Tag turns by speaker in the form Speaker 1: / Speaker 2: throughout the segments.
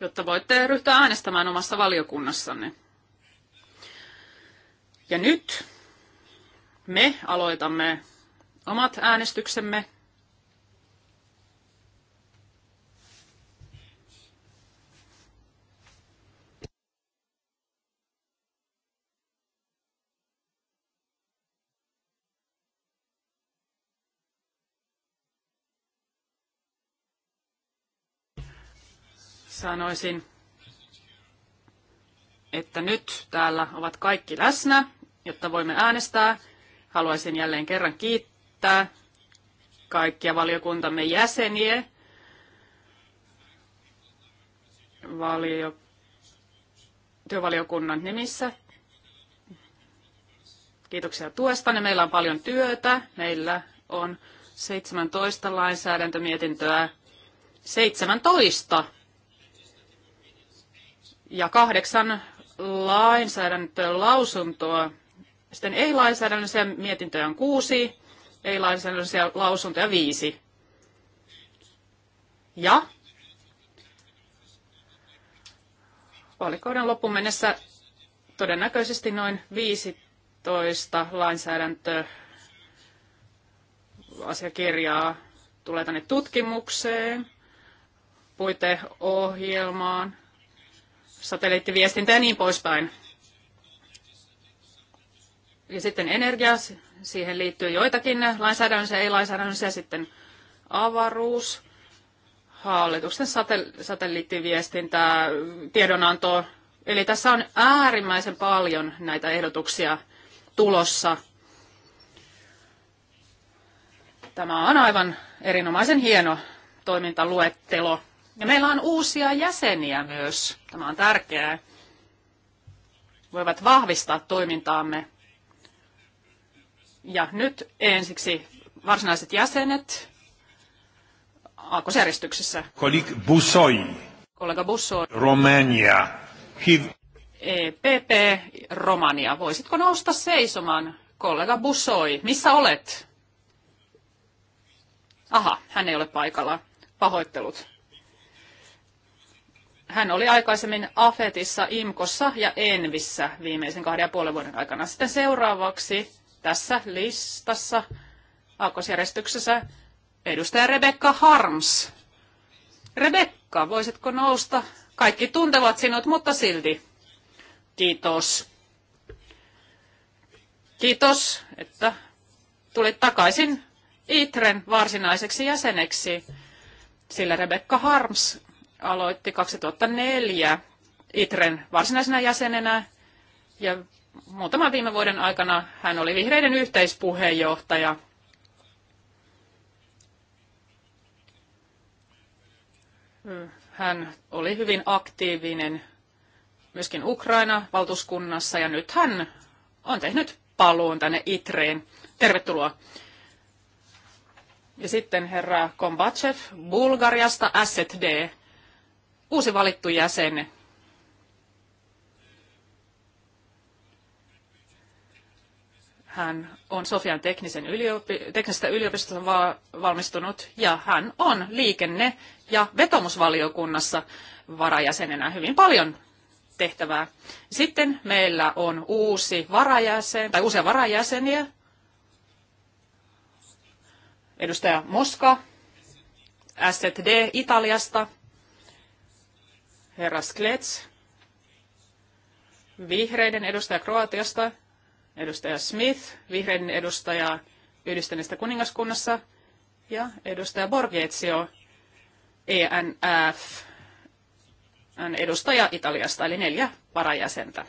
Speaker 1: jotta voitte ryhtyä äänestämään omassa valiokunnassanne. Ja nyt me aloitamme omat äänestyksemme sanoisin, että nyt täällä ovat kaikki läsnä, jotta voimme äänestää. Haluaisin jälleen kerran kiittää kaikkia valiokuntamme jäseniä. Valio, työvaliokunnan nimissä. Kiitoksia tuestanne. Meillä on paljon työtä. Meillä on 17 lainsäädäntömietintöä. 17 ja kahdeksan lainsäädäntölausuntoa. Sitten ei-lainsäädännöllisiä mietintöjä on kuusi, ei-lainsäädännöllisiä lausuntoja viisi. Ja vaalikauden loppuun mennessä todennäköisesti noin 15 lainsäädäntöasiakirjaa tulee tänne tutkimukseen, puiteohjelmaan, satelliittiviestintä ja niin poispäin. Ja sitten energia, siihen liittyy joitakin lainsäädännöllisiä ja ei-lainsäädännöllisiä, sitten avaruus, hallituksen satelliittiviestintä, tiedonanto. Eli tässä on äärimmäisen paljon näitä ehdotuksia tulossa. Tämä on aivan erinomaisen hieno toimintaluettelo. Ja meillä on uusia jäseniä myös. Tämä on tärkeää. Voivat vahvistaa toimintaamme. Ja nyt ensiksi varsinaiset jäsenet aakkosjärjestyksessä.
Speaker 2: Kolik Bussoi.
Speaker 1: Kollega Bussoi.
Speaker 2: Romania. Hiv.
Speaker 1: EPP Romania. Voisitko nousta seisomaan, kollega Bussoi? Missä olet? Aha, hän ei ole paikalla. Pahoittelut. Hän oli aikaisemmin Afetissa, Imkossa ja Envissä viimeisen kahden ja puolen vuoden aikana. Sitten seuraavaksi tässä listassa aakkosjärjestyksessä edustaja Rebekka Harms. Rebekka, voisitko nousta? Kaikki tuntevat sinut, mutta silti. Kiitos. Kiitos, että tulit takaisin Itren varsinaiseksi jäseneksi, sillä Rebekka Harms aloitti 2004 ITREN varsinaisena jäsenenä ja muutaman viime vuoden aikana hän oli vihreiden yhteispuheenjohtaja. Hän oli hyvin aktiivinen myöskin Ukraina-valtuuskunnassa ja nyt hän on tehnyt paluun tänne Itreen. Tervetuloa. Ja sitten herra Kombachev Bulgariasta, SSD uusi valittu jäsen Hän on Sofian teknisen yliopi- teknisestä yliopistosta va- valmistunut ja hän on liikenne- ja vetomusvaliokunnassa varajäsenenä hyvin paljon tehtävää. Sitten meillä on uusi varajäsen, tai uusia varajäseniä. Edustaja Moska, SZD Italiasta herra Sklets, vihreiden edustaja Kroatiasta, edustaja Smith, vihreiden edustaja Yhdistyneestä kuningaskunnassa ja edustaja Borgetsio, ENF, edustaja Italiasta, eli neljä varajäsentä.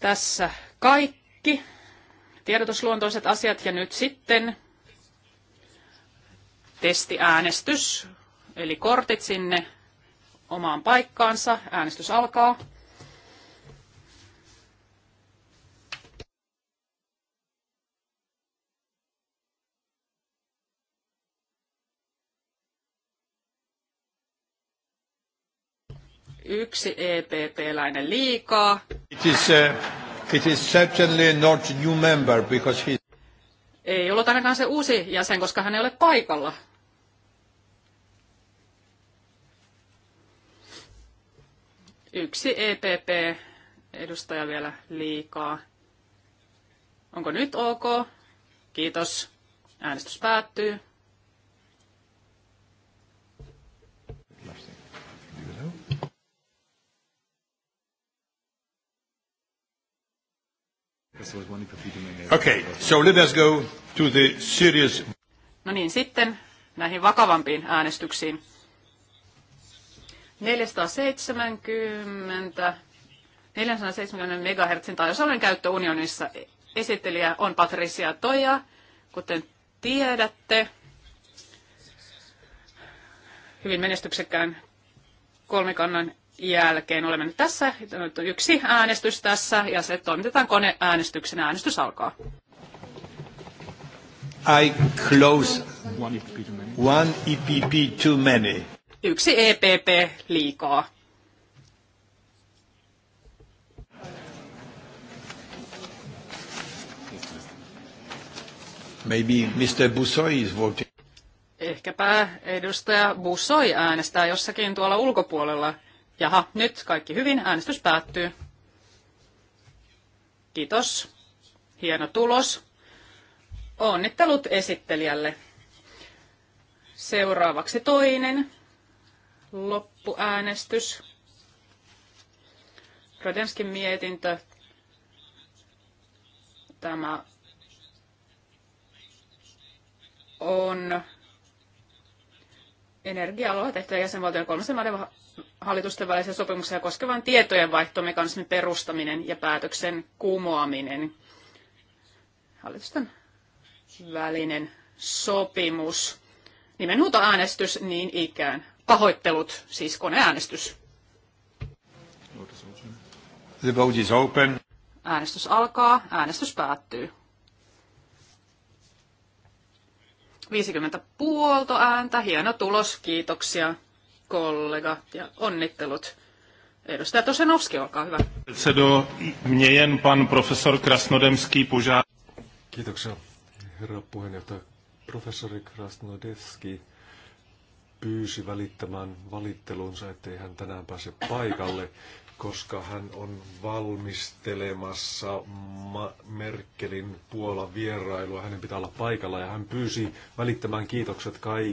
Speaker 1: Tässä kaikki tiedotusluontoiset asiat ja nyt sitten testiäänestys Eli kortit sinne omaan paikkaansa. Äänestys alkaa. Yksi EPP-läinen liikaa.
Speaker 2: It is, uh, it is certainly not new member because he...
Speaker 1: Ei ollut ainakaan se uusi jäsen, koska hän ei ole paikalla. Yksi EPP-edustaja vielä liikaa. Onko nyt ok? Kiitos. Äänestys päättyy. Okay, so let us go to the serious... No niin, sitten näihin vakavampiin äänestyksiin. 470, 470 MHz taajuusalueen käyttö unionissa. Esittelijä on Patricia Toja, kuten tiedätte. Hyvin menestyksekkään kolmikannan jälkeen olemme nyt tässä. Nyt on yksi äänestys tässä ja se toimitetaan koneäänestyksen. Äänestys alkaa.
Speaker 2: I close one EPP too many
Speaker 1: yksi EPP liikaa.
Speaker 2: Maybe Mr. Busoy is voting.
Speaker 1: Ehkäpä edustaja Busoy äänestää jossakin tuolla ulkopuolella. Jaha, nyt kaikki hyvin, äänestys päättyy. Kiitos. Hieno tulos. Onnittelut esittelijälle. Seuraavaksi toinen Loppuäänestys. Radenskin mietintö. Tämä on energia-alalla tehtyä jäsenvaltion kolmasen maiden hallitusten välisiä sopimuksia koskevan tietojenvaihtomekanismin perustaminen ja päätöksen kumoaminen. Hallitusten välinen sopimus. Nimenhuutoäänestys niin ikään. Pahoittelut, siis koneäänestys.
Speaker 2: The vote is open.
Speaker 1: Äänestys alkaa, äänestys päättyy. 50 puolto ääntä, hieno tulos, kiitoksia kollega ja onnittelut. Edustaja Tosenovski, olkaa hyvä.
Speaker 2: Předsedo, mě pan professor Krasnodemski požádá. Kiitoksia, herra puheenjohtaja. Professori Krasnodemski pyysi välittämään valittelunsa, ettei hän tänään pääse paikalle, koska hän on valmistelemassa Ma- Merkelin Puolan vierailua. Hänen pitää olla paikalla ja hän pyysi välittämään kiitokset kai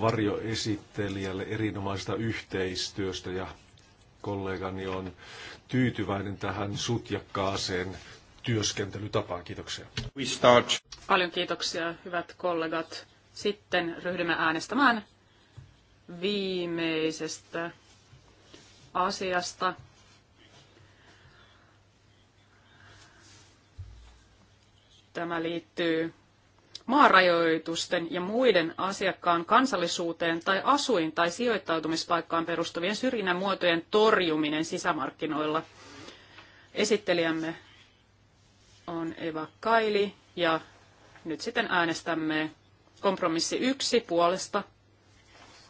Speaker 2: varjoesittelijälle erinomaisesta yhteistyöstä ja kollegani on tyytyväinen tähän sutjakkaaseen työskentelytapaan. Kiitoksia. We start.
Speaker 1: Paljon kiitoksia, hyvät kollegat. Sitten ryhdymme äänestämään viimeisestä asiasta. Tämä liittyy maarajoitusten ja muiden asiakkaan kansallisuuteen tai asuin- tai sijoittautumispaikkaan perustuvien syrjinnän muotojen torjuminen sisämarkkinoilla. Esittelijämme on Eva Kaili ja nyt sitten äänestämme kompromissi yksi puolesta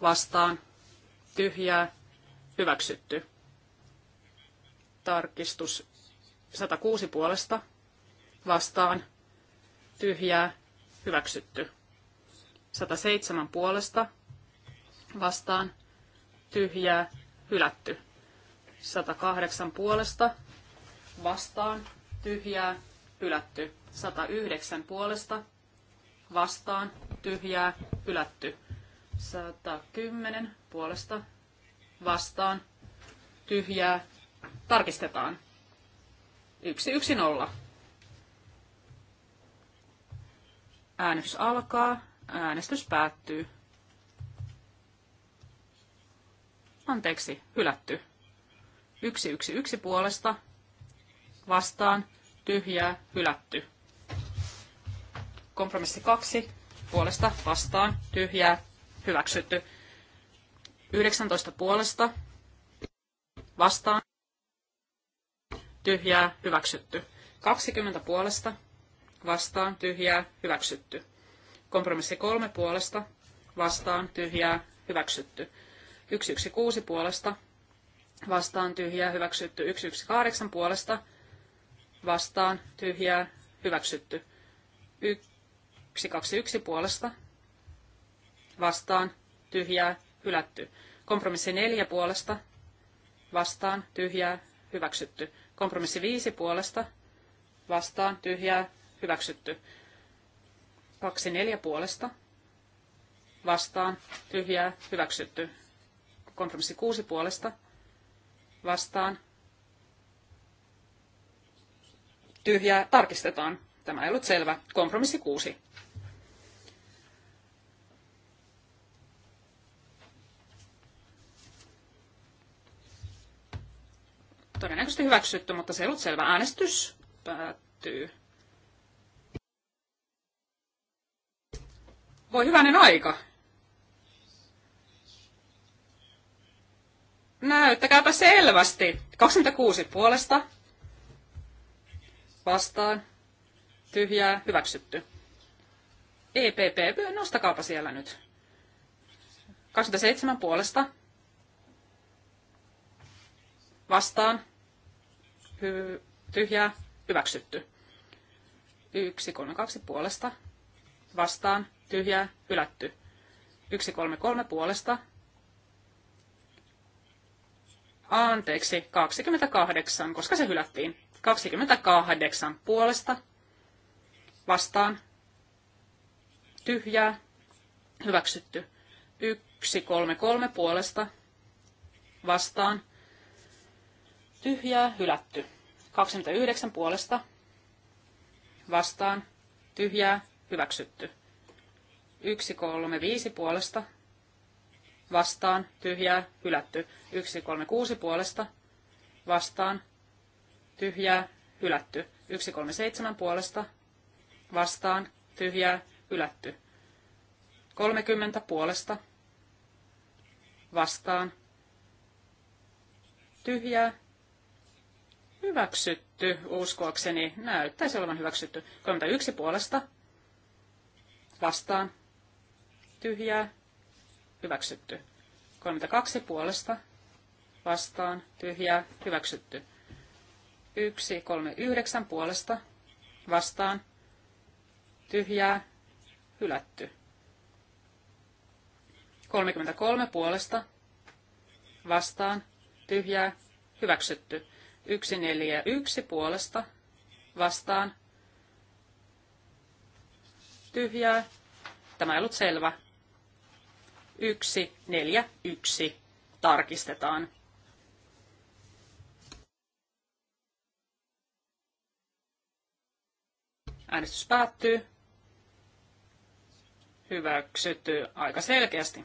Speaker 1: vastaan tyhjää hyväksytty. Tarkistus 106 puolesta vastaan tyhjää hyväksytty. 107 puolesta vastaan tyhjää hylätty. 108 puolesta vastaan tyhjää hylätty. 109 puolesta vastaan tyhjää hylätty. 110 puolesta vastaan tyhjää tarkistetaan. 110. Äänestys alkaa. Äänestys päättyy. Anteeksi, hylätty. 111 puolesta vastaan tyhjää hylätty. Kompromissi 2 puolesta vastaan tyhjää hyväksytty. 19 puolesta vastaan tyhjää hyväksytty. 20 puolesta vastaan tyhjää hyväksytty. Kompromissi 3 puolesta vastaan tyhjää hyväksytty. 116 puolesta vastaan tyhjää hyväksytty. 118 puolesta vastaan tyhjää hyväksytty. 121 puolesta vastaan, tyhjää, hylätty. Kompromissi neljä puolesta, vastaan, tyhjää, hyväksytty. Kompromissi viisi puolesta, vastaan, tyhjää, hyväksytty. Kaksi neljä puolesta, vastaan, tyhjää, hyväksytty. Kompromissi kuusi puolesta, vastaan, tyhjää, tarkistetaan. Tämä ei ollut selvä. Kompromissi kuusi. Todennäköisesti hyväksytty, mutta se ei ollut selvä. Äänestys päättyy. Voi hyvänen aika. Näyttäkääpä selvästi. 26 puolesta. Vastaan. Tyhjää. Hyväksytty. EPP, nostakaapa siellä nyt. 27 puolesta. Vastaan hy- tyhjää, hyväksytty. 132 puolesta, vastaan, tyhjää, hylätty. 133 puolesta, anteeksi, 28, koska se hylättiin. 28 puolesta, vastaan, tyhjää, hyväksytty. 133 puolesta, vastaan, tyhjää, hylätty. 29 puolesta vastaan, tyhjää, hyväksytty. 135 puolesta vastaan, tyhjää, hylätty. 136 puolesta vastaan, tyhjää, hylätty. 137 puolesta vastaan, tyhjää, hylätty. 30 puolesta vastaan, tyhjää, Hyväksytty, uskoakseni. Näyttäisi olevan hyväksytty. 31 puolesta. Vastaan. Tyhjää. Hyväksytty. 32 puolesta. Vastaan. Tyhjää. Hyväksytty. 1, 3, 9 puolesta. Vastaan. Tyhjää. Hylätty. 33 puolesta. Vastaan. Tyhjää. Hyväksytty. 141 puolesta vastaan tyhjää. Tämä ei ollut selvä. 141 tarkistetaan. Äänestys päättyy. Hyväksytty aika selkeästi.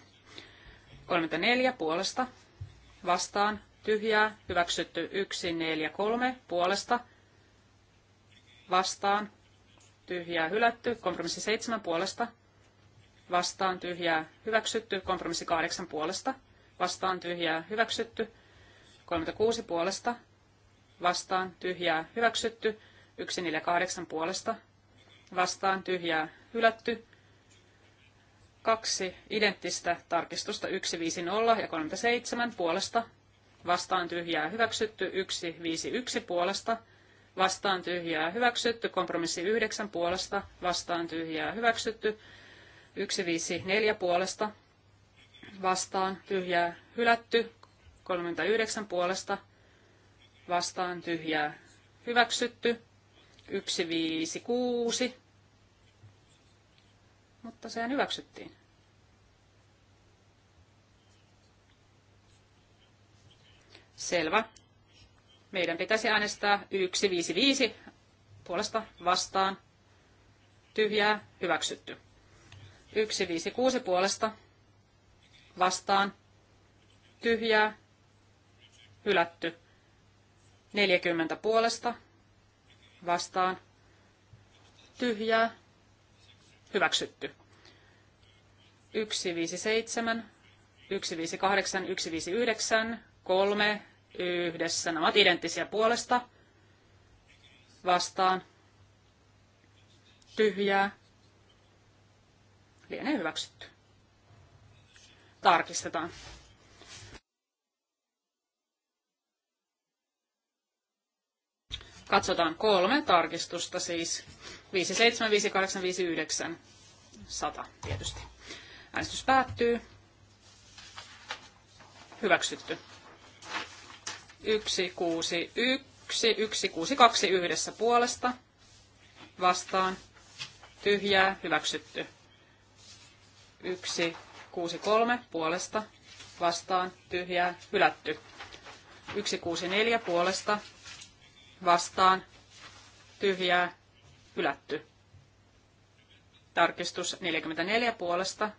Speaker 1: 34 puolesta vastaan tyhjää, hyväksytty 1, 4, 3 puolesta, vastaan, tyhjää, hylätty, kompromissi 7 puolesta, vastaan, tyhjää, hyväksytty, kompromissi 8 puolesta, vastaan, tyhjää, hyväksytty, 36 puolesta, vastaan, tyhjää, hyväksytty, kahdeksan puolesta, vastaan, tyhjää, hylätty, kaksi identtistä tarkistusta 150 ja 37 puolesta vastaan tyhjää hyväksytty, yksi puolesta, vastaan tyhjää hyväksytty, kompromissi 9 puolesta, vastaan tyhjää hyväksytty, neljä puolesta, vastaan tyhjää hylätty, 39 puolesta, vastaan tyhjää hyväksytty, kuusi, mutta sehän hyväksyttiin. Selvä. Meidän pitäisi äänestää 155 puolesta vastaan. Tyhjää hyväksytty. 156 puolesta vastaan. Tyhjää hylätty. 40 puolesta vastaan. Tyhjää hyväksytty. 157, 158, 159, 3, yhdessä. Nämä ovat identtisiä puolesta vastaan tyhjää. Lienee hyväksytty. Tarkistetaan. Katsotaan kolme tarkistusta, siis 5, 7, 5, 8, 5, 9, 100 tietysti. Äänestys päättyy. Hyväksytty. 161, 162 yhdessä puolesta, vastaan, tyhjää, hyväksytty. 163 puolesta, vastaan, tyhjää, hylätty. 164 puolesta, vastaan, tyhjää, hylätty. Tarkistus 44 puolesta,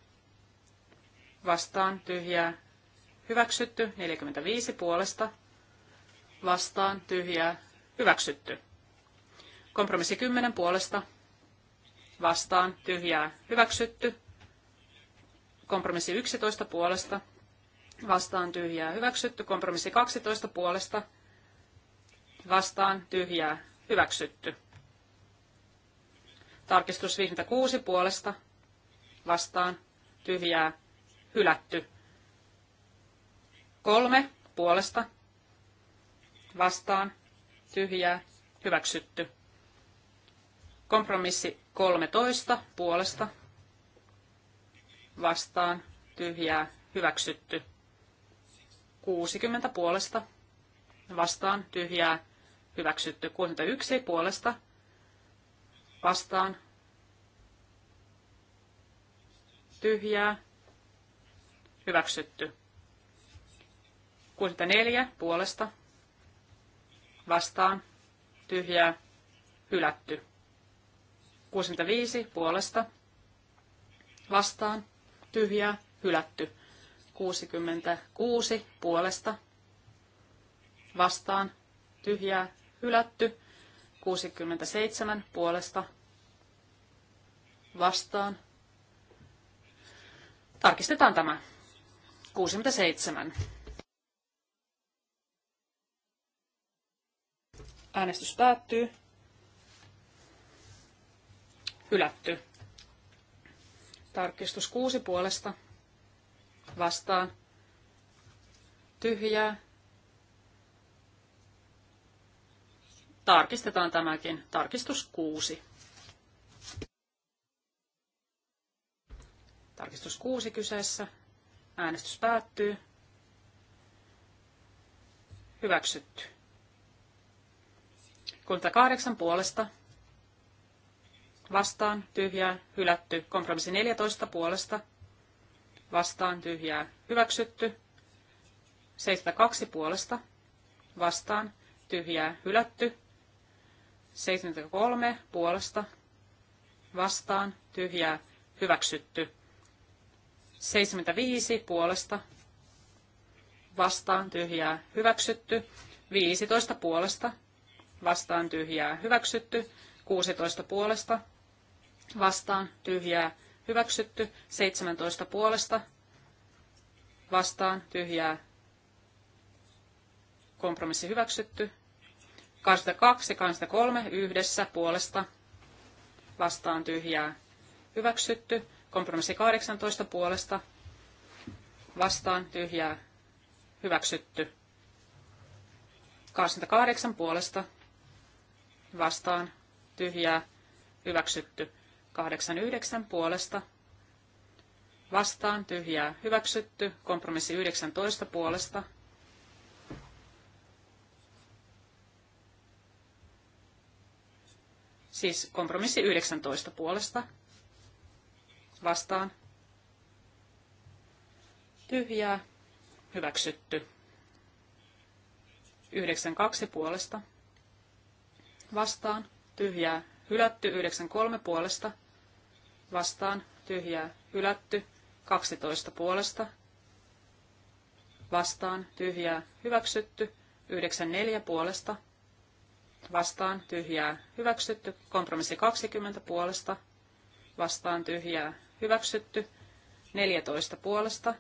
Speaker 1: vastaan, tyhjää, hyväksytty. 45 puolesta, vastaan tyhjää hyväksytty. Kompromissi 10 puolesta vastaan tyhjää hyväksytty. Kompromissi 11 puolesta vastaan tyhjää hyväksytty. Kompromissi 12 puolesta vastaan tyhjää hyväksytty. Tarkistus 56 puolesta vastaan tyhjää hylätty. Kolme puolesta vastaan, tyhjää, hyväksytty. Kompromissi 13 puolesta, vastaan, tyhjää, hyväksytty. 60 puolesta, vastaan, tyhjää, hyväksytty. 61 puolesta, vastaan, tyhjää, hyväksytty. 64 puolesta, vastaan, tyhjää, hylätty. 65 puolesta, vastaan, tyhjää, hylätty. 66 puolesta, vastaan, tyhjää, hylätty. 67 puolesta, vastaan. Tarkistetaan tämä. 67. Äänestys päättyy. Hylätty. Tarkistus kuusi puolesta. Vastaan. Tyhjää. Tarkistetaan tämäkin. Tarkistus kuusi. Tarkistus kuusi kyseessä. Äänestys päättyy. Hyväksytty. 38 puolesta vastaan tyhjää hylätty. Kompromissi 14 puolesta vastaan tyhjää hyväksytty. 72 puolesta vastaan tyhjää hylätty. 73 puolesta vastaan tyhjää hyväksytty. 75 puolesta vastaan tyhjää hyväksytty. 15 puolesta vastaan tyhjää hyväksytty, 16 puolesta vastaan tyhjää hyväksytty, 17 puolesta vastaan tyhjää kompromissi hyväksytty, 22 ja 3 yhdessä puolesta vastaan tyhjää hyväksytty, kompromissi 18 puolesta vastaan tyhjää hyväksytty. 28 puolesta vastaan tyhjää hyväksytty. 89 puolesta vastaan tyhjää hyväksytty. Kompromissi 19 puolesta siis kompromissi 19 puolesta vastaan tyhjää hyväksytty. 92 puolesta vastaan, tyhjää, hylätty 93 puolesta, vastaan, tyhjää, hylätty 12 puolesta, vastaan, tyhjää, hyväksytty 94 puolesta, vastaan, tyhjää, hyväksytty kompromissi 20 puolesta, vastaan, tyhjää, hyväksytty 14 puolesta,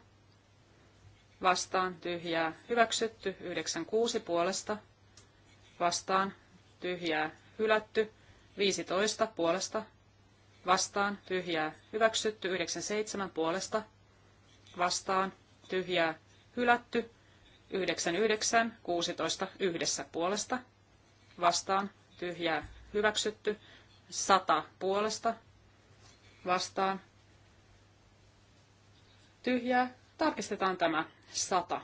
Speaker 1: vastaan, tyhjää, hyväksytty 96 puolesta, vastaan, tyhjää, hylätty. 15 puolesta, vastaan, tyhjää, hyväksytty. 97 puolesta, vastaan, tyhjää, hylätty. 99, 16 yhdessä puolesta, vastaan, tyhjää, hyväksytty. 100 puolesta, vastaan, tyhjää, tarkistetaan tämä 100.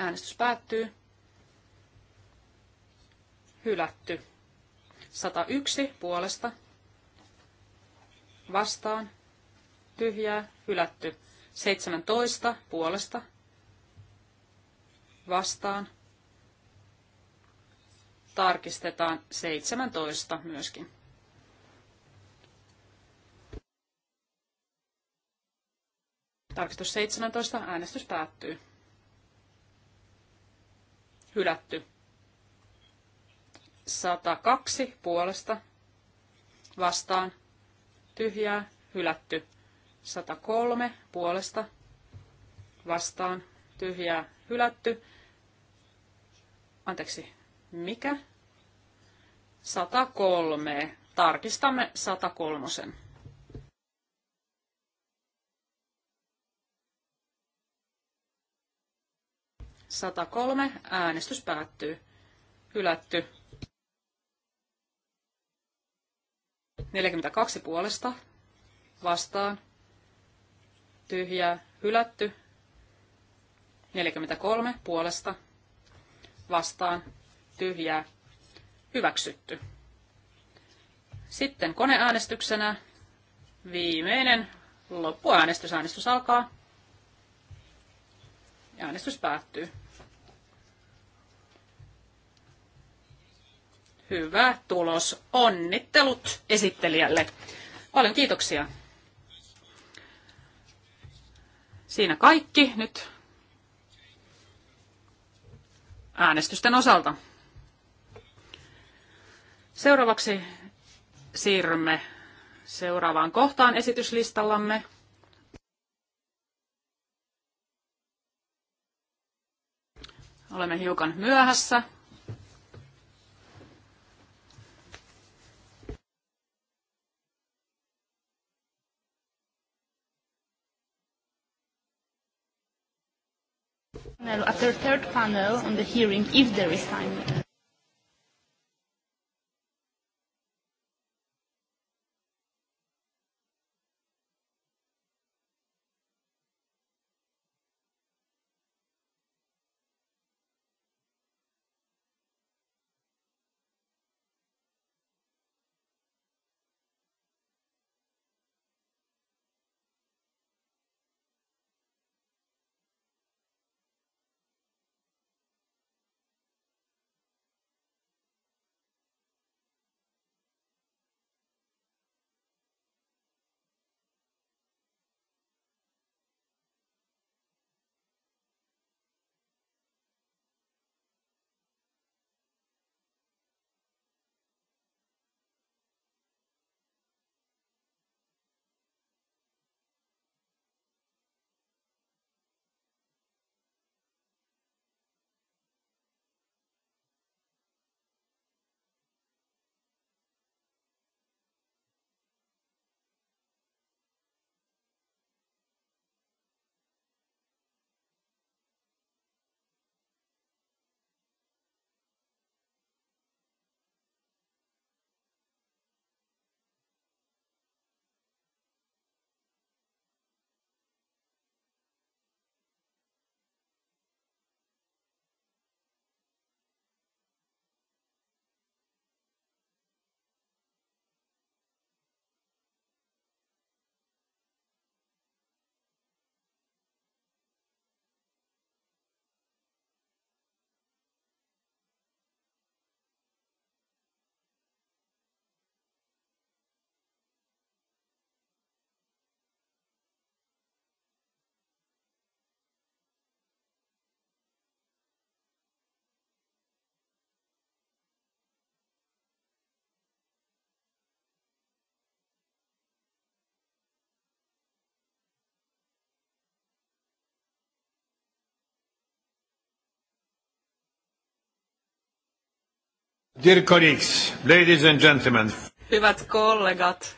Speaker 1: Äänestys päättyy. Hylätty. 101 puolesta. Vastaan. Tyhjää. Hylätty. 17 puolesta. Vastaan. Tarkistetaan 17 myöskin. Tarkistus 17. Äänestys päättyy hylätty. 102 puolesta vastaan tyhjää hylätty. 103 puolesta vastaan tyhjää hylätty. Anteeksi, mikä? 103. Tarkistamme 103. 103. Äänestys päättyy. Hylätty. 42 puolesta. Vastaan. Tyhjää. Hylätty. 43 puolesta. Vastaan. Tyhjää. Hyväksytty. Sitten koneäänestyksenä viimeinen loppuäänestys. Äänestys alkaa. Äänestys päättyy. Hyvä tulos. Onnittelut esittelijälle. Paljon kiitoksia. Siinä kaikki nyt äänestysten osalta. Seuraavaksi siirrymme seuraavaan kohtaan esityslistallamme. Olemme hiukan myöhässä.
Speaker 3: After third panel on the hearing, if there is time.
Speaker 2: Dear colleagues, ladies and gentlemen.
Speaker 1: Hyvät kollegat,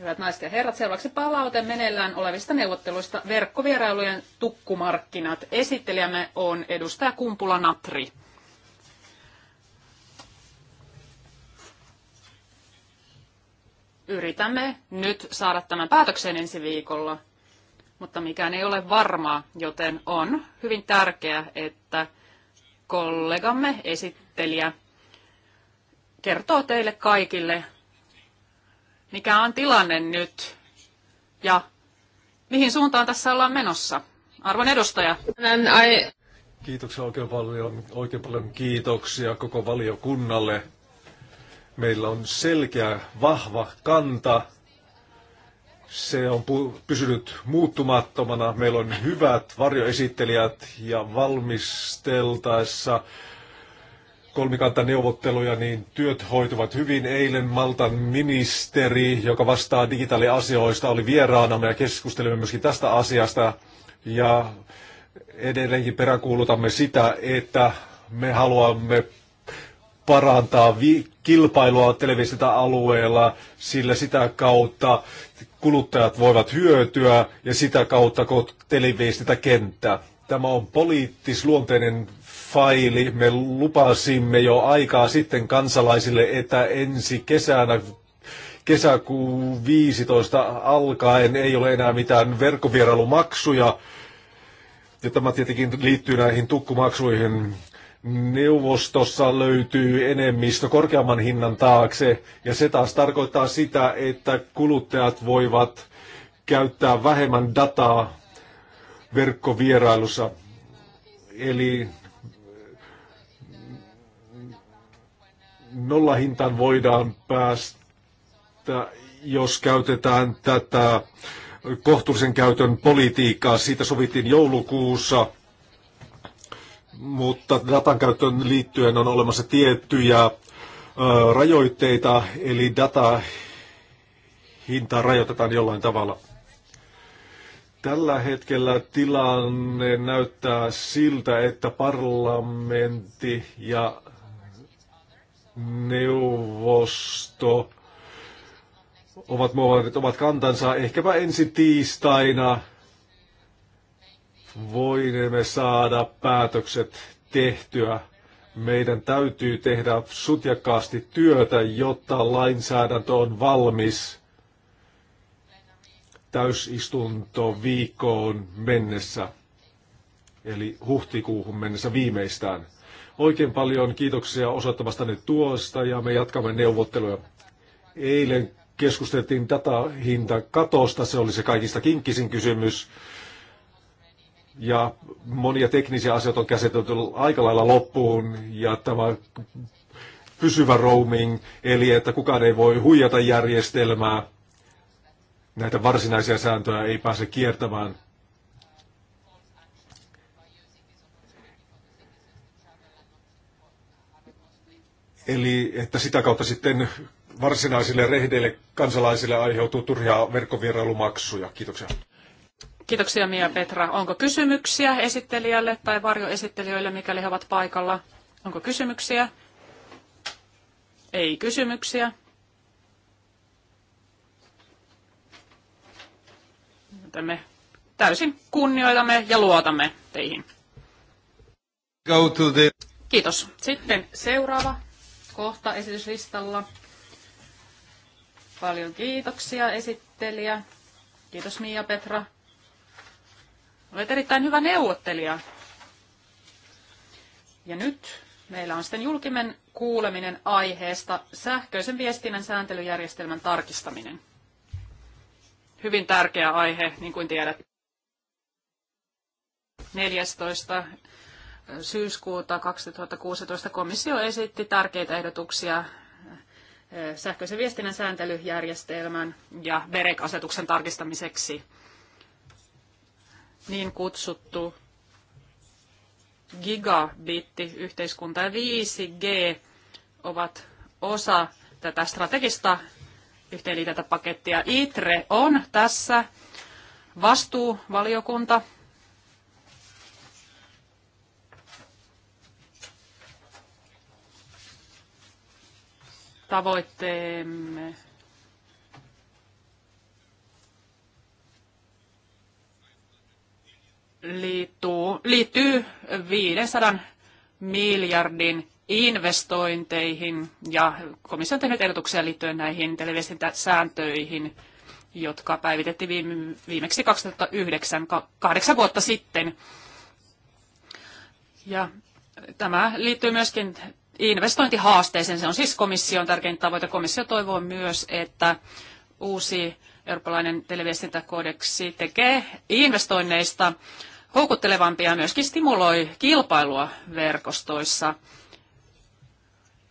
Speaker 1: hyvät naiset ja herrat, seuraavaksi palaute meneillään olevista neuvotteluista verkkovierailujen tukkumarkkinat. Esittelijämme on edustaja Kumpula Natri. Yritämme nyt saada tämän päätökseen ensi viikolla, mutta mikään ei ole varmaa, joten on hyvin tärkeää, että kollegamme esittelijä kertoo teille kaikille, mikä on tilanne nyt ja mihin suuntaan tässä ollaan menossa. Arvon edustaja.
Speaker 2: Kiitoksia oikein paljon, oikein paljon kiitoksia koko valiokunnalle. Meillä on selkeä, vahva kanta. Se on pysynyt muuttumattomana. Meillä on hyvät varjoesittelijät ja valmisteltaessa neuvotteluja, niin työt hoituvat hyvin. Eilen Maltan ministeri, joka vastaa digitaaliasioista, oli vieraanamme ja keskustelimme myöskin tästä asiasta. Ja edelleenkin peräkuulutamme sitä, että me haluamme parantaa vi- kilpailua alueella, sillä sitä kautta kuluttajat voivat hyötyä ja sitä kautta kenttä. Tämä on poliittisluonteinen faili. Me lupasimme jo aikaa sitten kansalaisille, että ensi kesänä kesäkuun 15 alkaen ei ole enää mitään verkkovierailumaksuja. Ja tämä tietenkin liittyy näihin tukkumaksuihin. Neuvostossa löytyy enemmistö korkeamman hinnan taakse, ja se taas tarkoittaa sitä, että kuluttajat voivat käyttää vähemmän dataa verkkovierailussa. Eli nollahintaan voidaan päästä, jos käytetään tätä kohtuullisen käytön politiikkaa. Siitä sovittiin joulukuussa, mutta datan käyttöön liittyen on olemassa tiettyjä rajoitteita, eli data hintaa rajoitetaan jollain tavalla. Tällä hetkellä tilanne näyttää siltä, että parlamentti ja neuvosto ovat muovanneet omat kantansa. Ehkäpä ensi tiistaina voimme saada päätökset tehtyä. Meidän täytyy tehdä sutjakkaasti työtä, jotta lainsäädäntö on valmis täysistunto viikkoon mennessä, eli huhtikuuhun mennessä viimeistään. Oikein paljon kiitoksia osoittamastanne tuosta ja me jatkamme neuvotteluja. Eilen keskusteltiin katosta, se oli se kaikista kinkkisin kysymys. Ja monia teknisiä asioita on käsitelty aika lailla loppuun ja tämä pysyvä roaming, eli että kukaan ei voi huijata järjestelmää. Näitä varsinaisia sääntöjä ei pääse kiertämään. Eli että sitä kautta sitten varsinaisille rehdeille kansalaisille aiheutuu turhia verkkovierailumaksuja. Kiitoksia.
Speaker 1: Kiitoksia Mia Petra. Onko kysymyksiä esittelijälle tai varjoesittelijöille, mikäli he ovat paikalla? Onko kysymyksiä? Ei kysymyksiä. Joten me täysin kunnioitamme ja luotamme teihin.
Speaker 2: Go to the...
Speaker 1: Kiitos. Sitten seuraava kohta esityslistalla. Paljon kiitoksia esittelijä. Kiitos Mia Petra. Olet erittäin hyvä neuvottelija. Ja nyt meillä on sitten julkimen kuuleminen aiheesta sähköisen viestinnän sääntelyjärjestelmän tarkistaminen. Hyvin tärkeä aihe, niin kuin tiedät. 14 syyskuuta 2016 komissio esitti tärkeitä ehdotuksia eh, sähköisen viestinnän sääntelyjärjestelmän ja BEREC-asetuksen tarkistamiseksi niin kutsuttu gigabitti-yhteiskunta ja 5G ovat osa tätä strategista yhteenliitäntäpakettia. ITRE on tässä vastuuvaliokunta tavoitteemme. Liittuu, liittyy 500 miljardin investointeihin ja komissio on tehnyt ehdotuksia liittyen näihin televiestintäsääntöihin, jotka päivitettiin viime, viimeksi 2009, kahdeksan vuotta sitten. Ja tämä liittyy myöskin investointihaasteeseen. Se on siis komission tärkein tavoite. Komissio toivoo myös, että uusi eurooppalainen televiestintäkodeksi tekee investoinneista houkuttelevampia ja myöskin stimuloi kilpailua verkostoissa.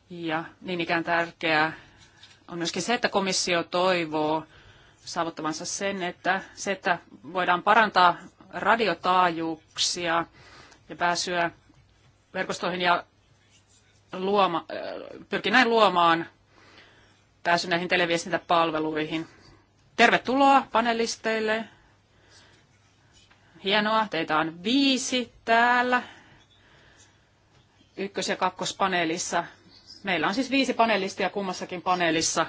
Speaker 1: Ja niin ikään tärkeää on myöskin se, että komissio toivoo saavuttavansa sen, että se, että voidaan parantaa radiotaajuuksia ja pääsyä verkostoihin ja luoma, äh, pyrki näin luomaan pääsy näihin televiestintäpalveluihin. Tervetuloa panelisteille. Hienoa, teitä on viisi täällä ykkös- ja kakkospaneelissa. Meillä on siis viisi panelistia kummassakin paneelissa.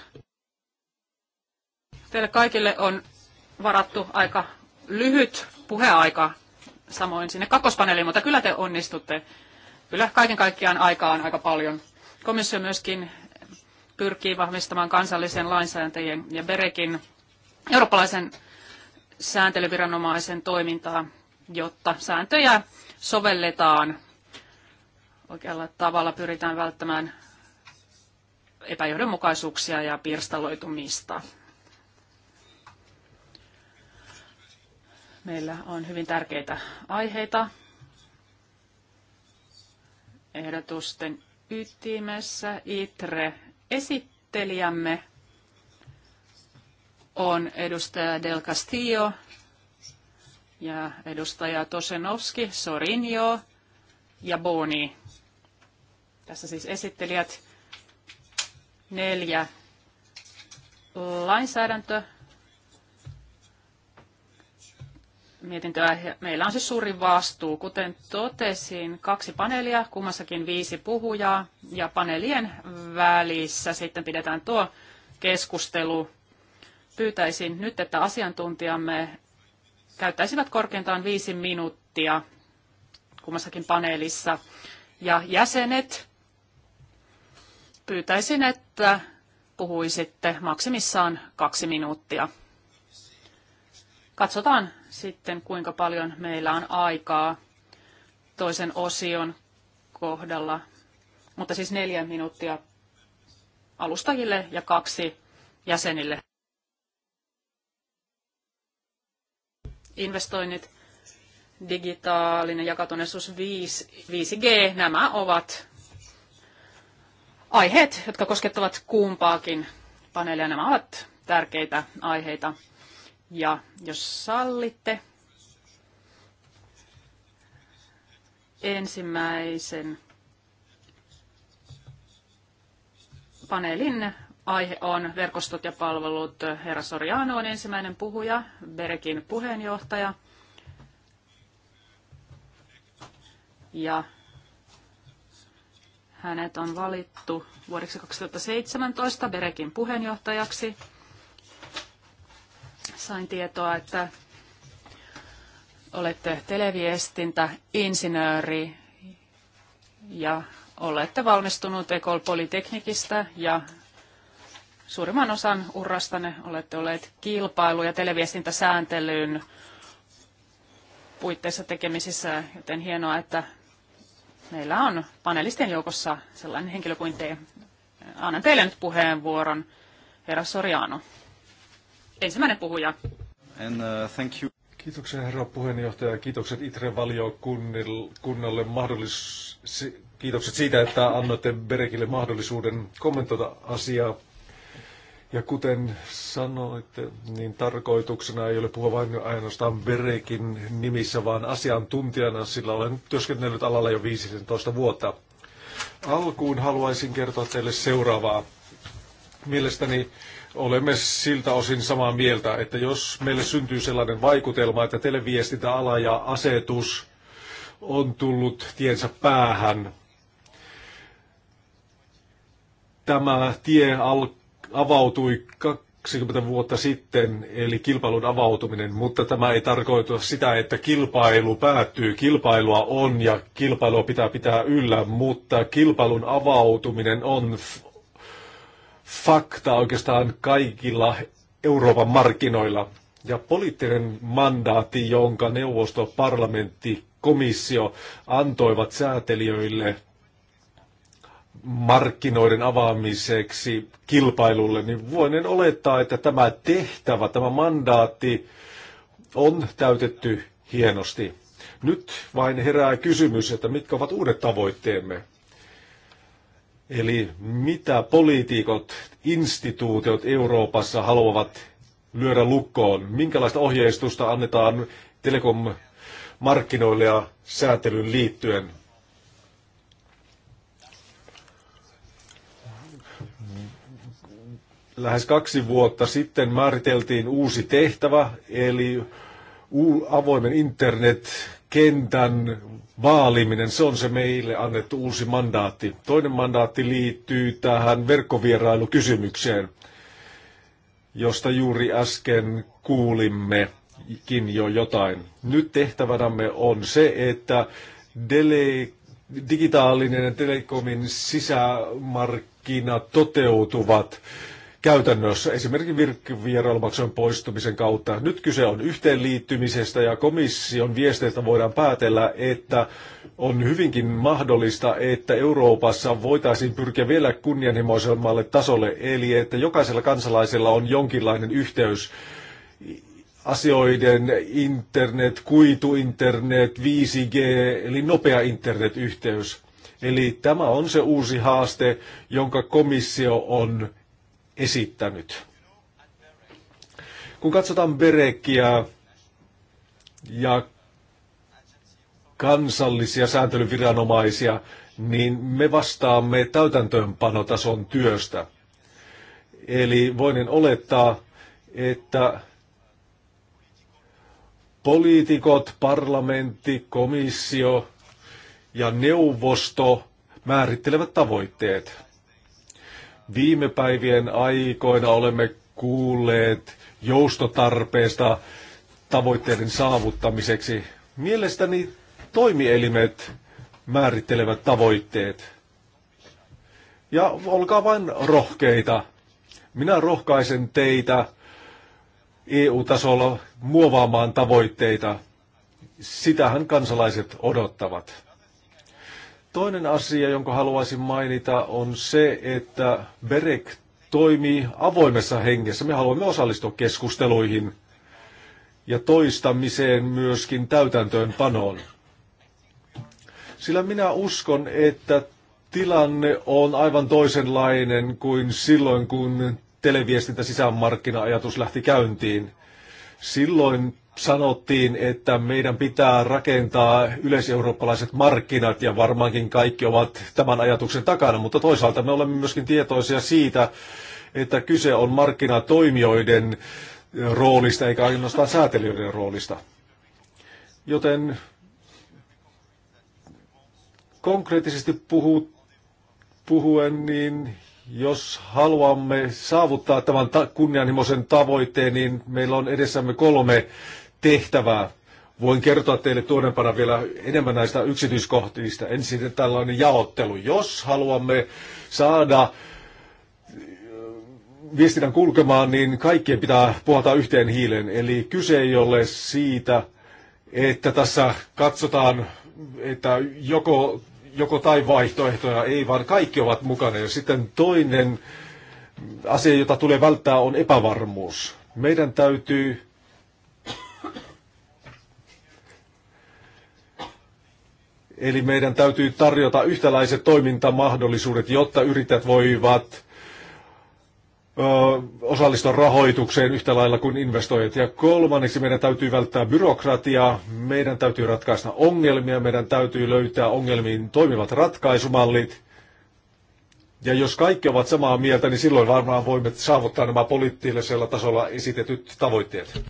Speaker 1: Teille kaikille on varattu aika lyhyt puheaika samoin sinne kakkospaneeliin, mutta kyllä te onnistutte kyllä kaiken kaikkiaan aikaan aika paljon. Komissio myöskin pyrkii vahvistamaan kansallisen lainsäätäjien ja Berekin eurooppalaisen sääntelyviranomaisen toimintaa, jotta sääntöjä sovelletaan oikealla tavalla, pyritään välttämään epäjohdonmukaisuuksia ja pirstaloitumista. Meillä on hyvin tärkeitä aiheita ehdotusten ytimessä. ITRE esittelijämme on edustaja Del Castillo ja edustaja Tosenovski, Sorinio ja Boni. Tässä siis esittelijät neljä lainsäädäntö mietintöä. Meillä on siis suuri vastuu. Kuten totesin, kaksi paneelia, kummassakin viisi puhujaa ja paneelien välissä sitten pidetään tuo keskustelu. Pyytäisin nyt, että asiantuntijamme käyttäisivät korkeintaan viisi minuuttia kummassakin paneelissa. Ja jäsenet, pyytäisin, että puhuisitte maksimissaan kaksi minuuttia. Katsotaan, sitten, kuinka paljon meillä on aikaa toisen osion kohdalla. Mutta siis neljä minuuttia alustajille ja kaksi jäsenille. Investoinnit, digitaalinen jakautuneisuus 5, 5G, nämä ovat aiheet, jotka koskettavat kumpaakin paneelia. Nämä ovat tärkeitä aiheita. Ja jos sallitte, ensimmäisen paneelin aihe on verkostot ja palvelut. Herra Soriano on ensimmäinen puhuja, Berekin puheenjohtaja. Ja hänet on valittu vuodeksi 2017 Berekin puheenjohtajaksi sain tietoa, että olette televiestintäinsinööri ja olette valmistunut Ecol Polyteknikistä ja suurimman osan urrastanne olette olleet kilpailu- ja televiestintäsääntelyyn puitteissa tekemisissä, joten hienoa, että meillä on panelistien joukossa sellainen henkilö kuin te. Annan teille nyt puheenvuoron, herra Soriano ensimmäinen puhuja.
Speaker 2: And, uh, thank you. Kiitoksia herra puheenjohtaja ja kiitokset itre valiokunnalle mahdollis... Kiitokset siitä, että annoitte Berekille mahdollisuuden kommentoida asiaa. Ja kuten sanoitte, niin tarkoituksena ei ole puhua vain ainoastaan Berekin nimissä, vaan asiantuntijana, sillä olen työskennellyt alalla jo 15 vuotta. Alkuun haluaisin kertoa teille seuraavaa. Mielestäni Olemme siltä osin samaa mieltä, että jos meille syntyy sellainen vaikutelma, että televiestintäala ja asetus on tullut tiensä päähän, tämä tie al- avautui 20 vuotta sitten, eli kilpailun avautuminen, mutta tämä ei tarkoita sitä, että kilpailu päättyy. Kilpailua on ja kilpailua pitää pitää yllä, mutta kilpailun avautuminen on fakta oikeastaan kaikilla Euroopan markkinoilla. Ja poliittinen mandaatti, jonka neuvosto, parlamentti, komissio antoivat säätelijöille markkinoiden avaamiseksi kilpailulle, niin voinen olettaa, että tämä tehtävä, tämä mandaatti on täytetty hienosti. Nyt vain herää kysymys, että mitkä ovat uudet tavoitteemme. Eli mitä poliitikot, instituutiot Euroopassa haluavat lyödä lukkoon? Minkälaista ohjeistusta annetaan telekom-markkinoille ja sääntelyyn liittyen? Lähes kaksi vuotta sitten määriteltiin uusi tehtävä, eli avoimen internetkentän vaaliminen, se on se meille annettu uusi mandaatti. Toinen mandaatti liittyy tähän verkkovierailukysymykseen, josta juuri äsken kuulimmekin jo jotain. Nyt tehtävänämme on se, että dele- digitaalinen ja telekomin sisämarkkina toteutuvat käytännössä, esimerkiksi virkkivierailumaksujen poistumisen kautta. Nyt kyse on yhteenliittymisestä ja komission viesteistä voidaan päätellä, että on hyvinkin mahdollista, että Euroopassa voitaisiin pyrkiä vielä kunnianhimoisemmalle tasolle, eli että jokaisella kansalaisella on jonkinlainen yhteys asioiden internet, kuituinternet, 5G, eli nopea internetyhteys. Eli tämä on se uusi haaste, jonka komissio on esittänyt. Kun katsotaan Berekkiä ja kansallisia sääntelyviranomaisia, niin me vastaamme täytäntöönpanotason työstä. Eli voinen olettaa, että poliitikot, parlamentti, komissio ja neuvosto määrittelevät tavoitteet. Viime päivien aikoina olemme kuulleet joustotarpeesta tavoitteiden saavuttamiseksi. Mielestäni toimielimet määrittelevät tavoitteet. Ja olkaa vain rohkeita. Minä rohkaisen teitä EU-tasolla muovaamaan tavoitteita. Sitähän kansalaiset odottavat. Toinen asia, jonka haluaisin mainita, on se, että BEREC toimii avoimessa hengessä. Me haluamme osallistua keskusteluihin ja toistamiseen myöskin täytäntöönpanoon. Sillä minä uskon, että tilanne on aivan toisenlainen kuin silloin, kun televiestintä sisämarkkina-ajatus lähti käyntiin. Silloin sanottiin, että meidän pitää rakentaa yleiseurooppalaiset markkinat ja varmaankin kaikki ovat tämän ajatuksen takana, mutta toisaalta me olemme myöskin tietoisia siitä, että kyse on markkinatoimijoiden roolista eikä ainoastaan säätelijöiden roolista. Joten konkreettisesti puhu, puhuen, niin jos haluamme saavuttaa tämän kunnianhimoisen tavoitteen, niin meillä on edessämme kolme tehtävää. Voin kertoa teille tuonnepana vielä enemmän näistä yksityiskohtista. Ensin tällainen jaottelu. Jos haluamme saada äh, viestinnän kulkemaan, niin kaikkien pitää puhata yhteen hiilen. Eli kyse ei ole siitä, että tässä katsotaan, että joko, joko tai vaihtoehtoja ei, vaan kaikki ovat mukana. Ja sitten toinen asia, jota tulee välttää, on epävarmuus. Meidän täytyy Eli meidän täytyy tarjota yhtäläiset toimintamahdollisuudet, jotta yrittäjät voivat osallistua rahoitukseen yhtä lailla kuin investoijat. Ja kolmanneksi meidän täytyy välttää byrokratiaa, meidän täytyy ratkaista ongelmia, meidän täytyy löytää ongelmiin toimivat ratkaisumallit. Ja jos kaikki ovat samaa mieltä, niin silloin varmaan voimme saavuttaa nämä poliittisella tasolla esitetyt tavoitteet.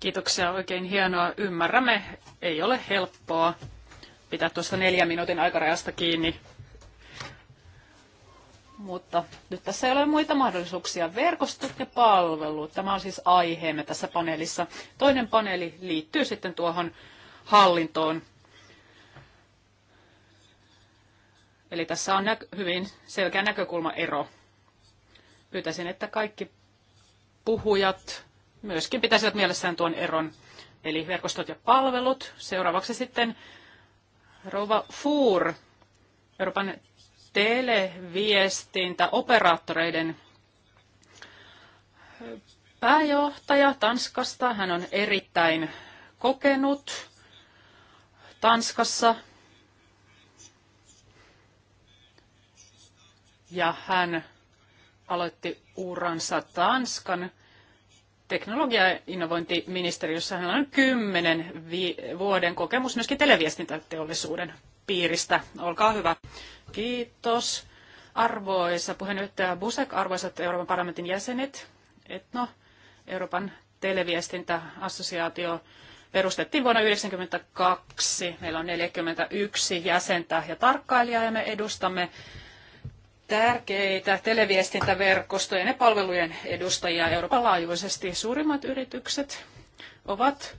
Speaker 1: Kiitoksia, oikein hienoa. Ymmärrämme, ei ole helppoa pitää tuosta neljän minuutin aikarajasta kiinni. Mutta nyt tässä ei ole muita mahdollisuuksia. Verkostot ja palvelut, tämä on siis aiheemme tässä paneelissa. Toinen paneeli liittyy sitten tuohon hallintoon. Eli tässä on hyvin selkeä näkökulmaero. Pyytäisin, että kaikki puhujat myöskin pitäisivät mielessään tuon eron, eli verkostot ja palvelut. Seuraavaksi sitten Rova Fuur, Euroopan televiestintäoperaattoreiden pääjohtaja Tanskasta. Hän on erittäin kokenut Tanskassa. Ja hän aloitti uransa Tanskan teknologia- ja innovointiministeriössä hän on kymmenen vuoden kokemus myöskin televiestintäteollisuuden piiristä. Olkaa hyvä. Kiitos. Arvoisa puheenjohtaja Busek, arvoisat Euroopan parlamentin jäsenet, Etno, Euroopan televiestintäassosiaatio perustettiin vuonna 1992. Meillä on 41 jäsentä ja tarkkailijaa ja me edustamme tärkeitä televiestintäverkostojen ja palvelujen edustajia Euroopan laajuisesti. Suurimmat yritykset ovat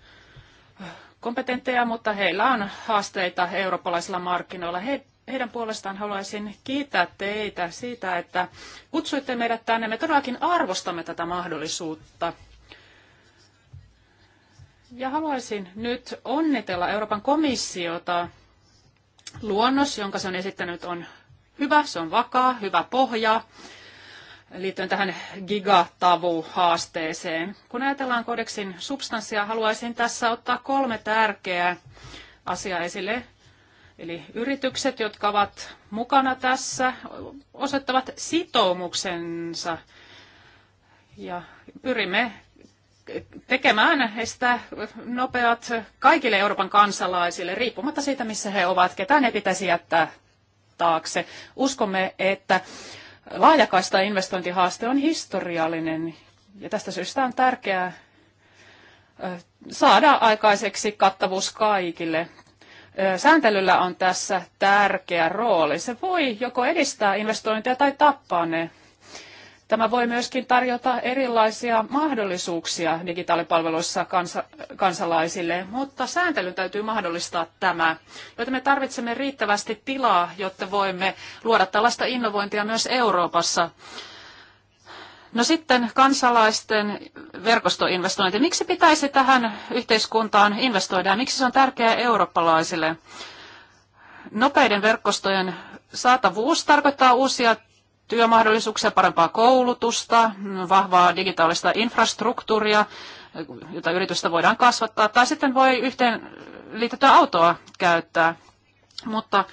Speaker 1: äh, kompetentteja, mutta heillä on haasteita eurooppalaisilla markkinoilla. He, heidän puolestaan haluaisin kiittää teitä siitä, että kutsuitte meidät tänne. Me todellakin arvostamme tätä mahdollisuutta. Ja haluaisin nyt onnitella Euroopan komissiota. Luonnos, jonka se on esittänyt, on hyvä, se on vakaa, hyvä pohja liittyen tähän gigatavu-haasteeseen. Kun ajatellaan kodeksin substanssia, haluaisin tässä ottaa kolme tärkeää asiaa esille. Eli yritykset, jotka ovat mukana tässä, osoittavat sitoumuksensa ja pyrimme tekemään sitä nopeat kaikille Euroopan kansalaisille, riippumatta siitä, missä he ovat. Ketään ei pitäisi jättää taakse. Uskomme, että laajakaista investointihaaste on historiallinen ja tästä syystä on tärkeää saada aikaiseksi kattavuus kaikille. Sääntelyllä on tässä tärkeä rooli. Se voi joko edistää investointeja tai tappaa ne. Tämä voi myöskin tarjota erilaisia mahdollisuuksia digitaalipalveluissa kansa- kansalaisille, mutta sääntelyn täytyy mahdollistaa tämä, joten me tarvitsemme riittävästi tilaa, jotta voimme luoda tällaista innovointia myös Euroopassa. No sitten kansalaisten verkostoinvestointi. Miksi pitäisi tähän yhteiskuntaan investoida ja miksi se on tärkeää eurooppalaisille? Nopeiden verkostojen saatavuus tarkoittaa uusia työmahdollisuuksia, parempaa koulutusta, vahvaa digitaalista infrastruktuuria, jota yritystä voidaan kasvattaa, tai sitten voi yhteen liitettyä autoa käyttää. Mutta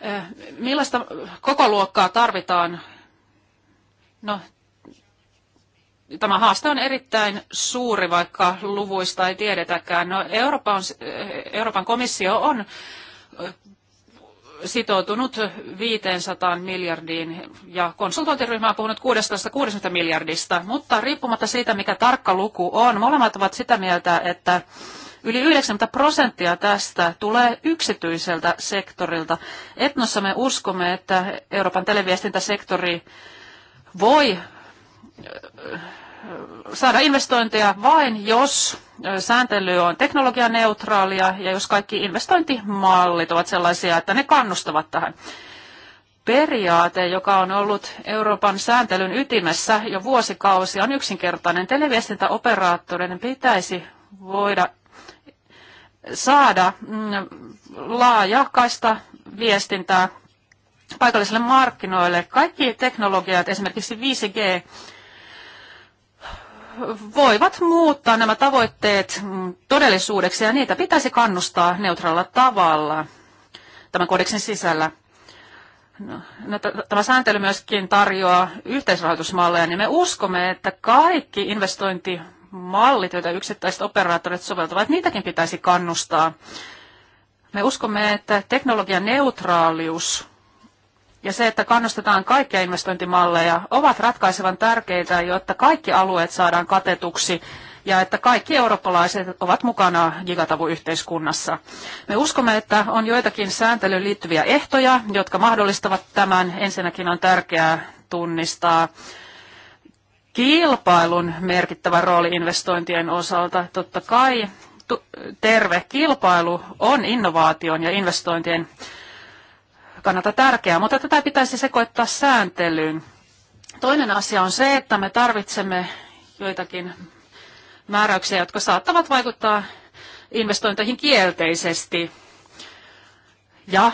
Speaker 1: eh, millaista koko luokkaa tarvitaan? No, tämä haaste on erittäin suuri, vaikka luvuista ei tiedetäkään. No, Euroopan, eh, Euroopan komissio on sitoutunut 500 miljardiin ja konsultointiryhmä on puhunut 1660 miljardista, mutta riippumatta siitä, mikä tarkka luku on, molemmat ovat sitä mieltä, että Yli 90 prosenttia tästä tulee yksityiseltä sektorilta. Etnossa me uskomme, että Euroopan televiestintäsektori voi saada investointeja vain, jos sääntely on teknologianeutraalia ja jos kaikki investointimallit ovat sellaisia, että ne kannustavat tähän. Periaate, joka on ollut Euroopan sääntelyn ytimessä jo vuosikausia, on yksinkertainen. Televiestintäoperaattoreiden pitäisi voida saada mm, laajakaista viestintää paikallisille markkinoille. Kaikki teknologiat, esimerkiksi 5G, voivat muuttaa nämä tavoitteet todellisuudeksi ja niitä pitäisi kannustaa neutraalilla tavalla tämän kodeksin sisällä. No, no, tämä sääntely myöskin tarjoaa yhteisrahoitusmalleja, niin me uskomme, että kaikki investointimallit, joita yksittäiset operaattorit soveltavat, niitäkin pitäisi kannustaa. Me uskomme, että teknologian neutraalius ja se, että kannustetaan kaikkia investointimalleja, ovat ratkaisevan tärkeitä, jotta kaikki alueet saadaan katetuksi ja että kaikki eurooppalaiset ovat mukana gigatavuyhteiskunnassa. Me uskomme, että on joitakin sääntelyyn liittyviä ehtoja, jotka mahdollistavat tämän. Ensinnäkin on tärkeää tunnistaa kilpailun merkittävä rooli investointien osalta. Totta kai terve kilpailu on innovaation ja investointien kannalta tärkeää, mutta tätä pitäisi sekoittaa sääntelyyn. Toinen asia on se, että me tarvitsemme joitakin määräyksiä, jotka saattavat vaikuttaa investointeihin kielteisesti. Ja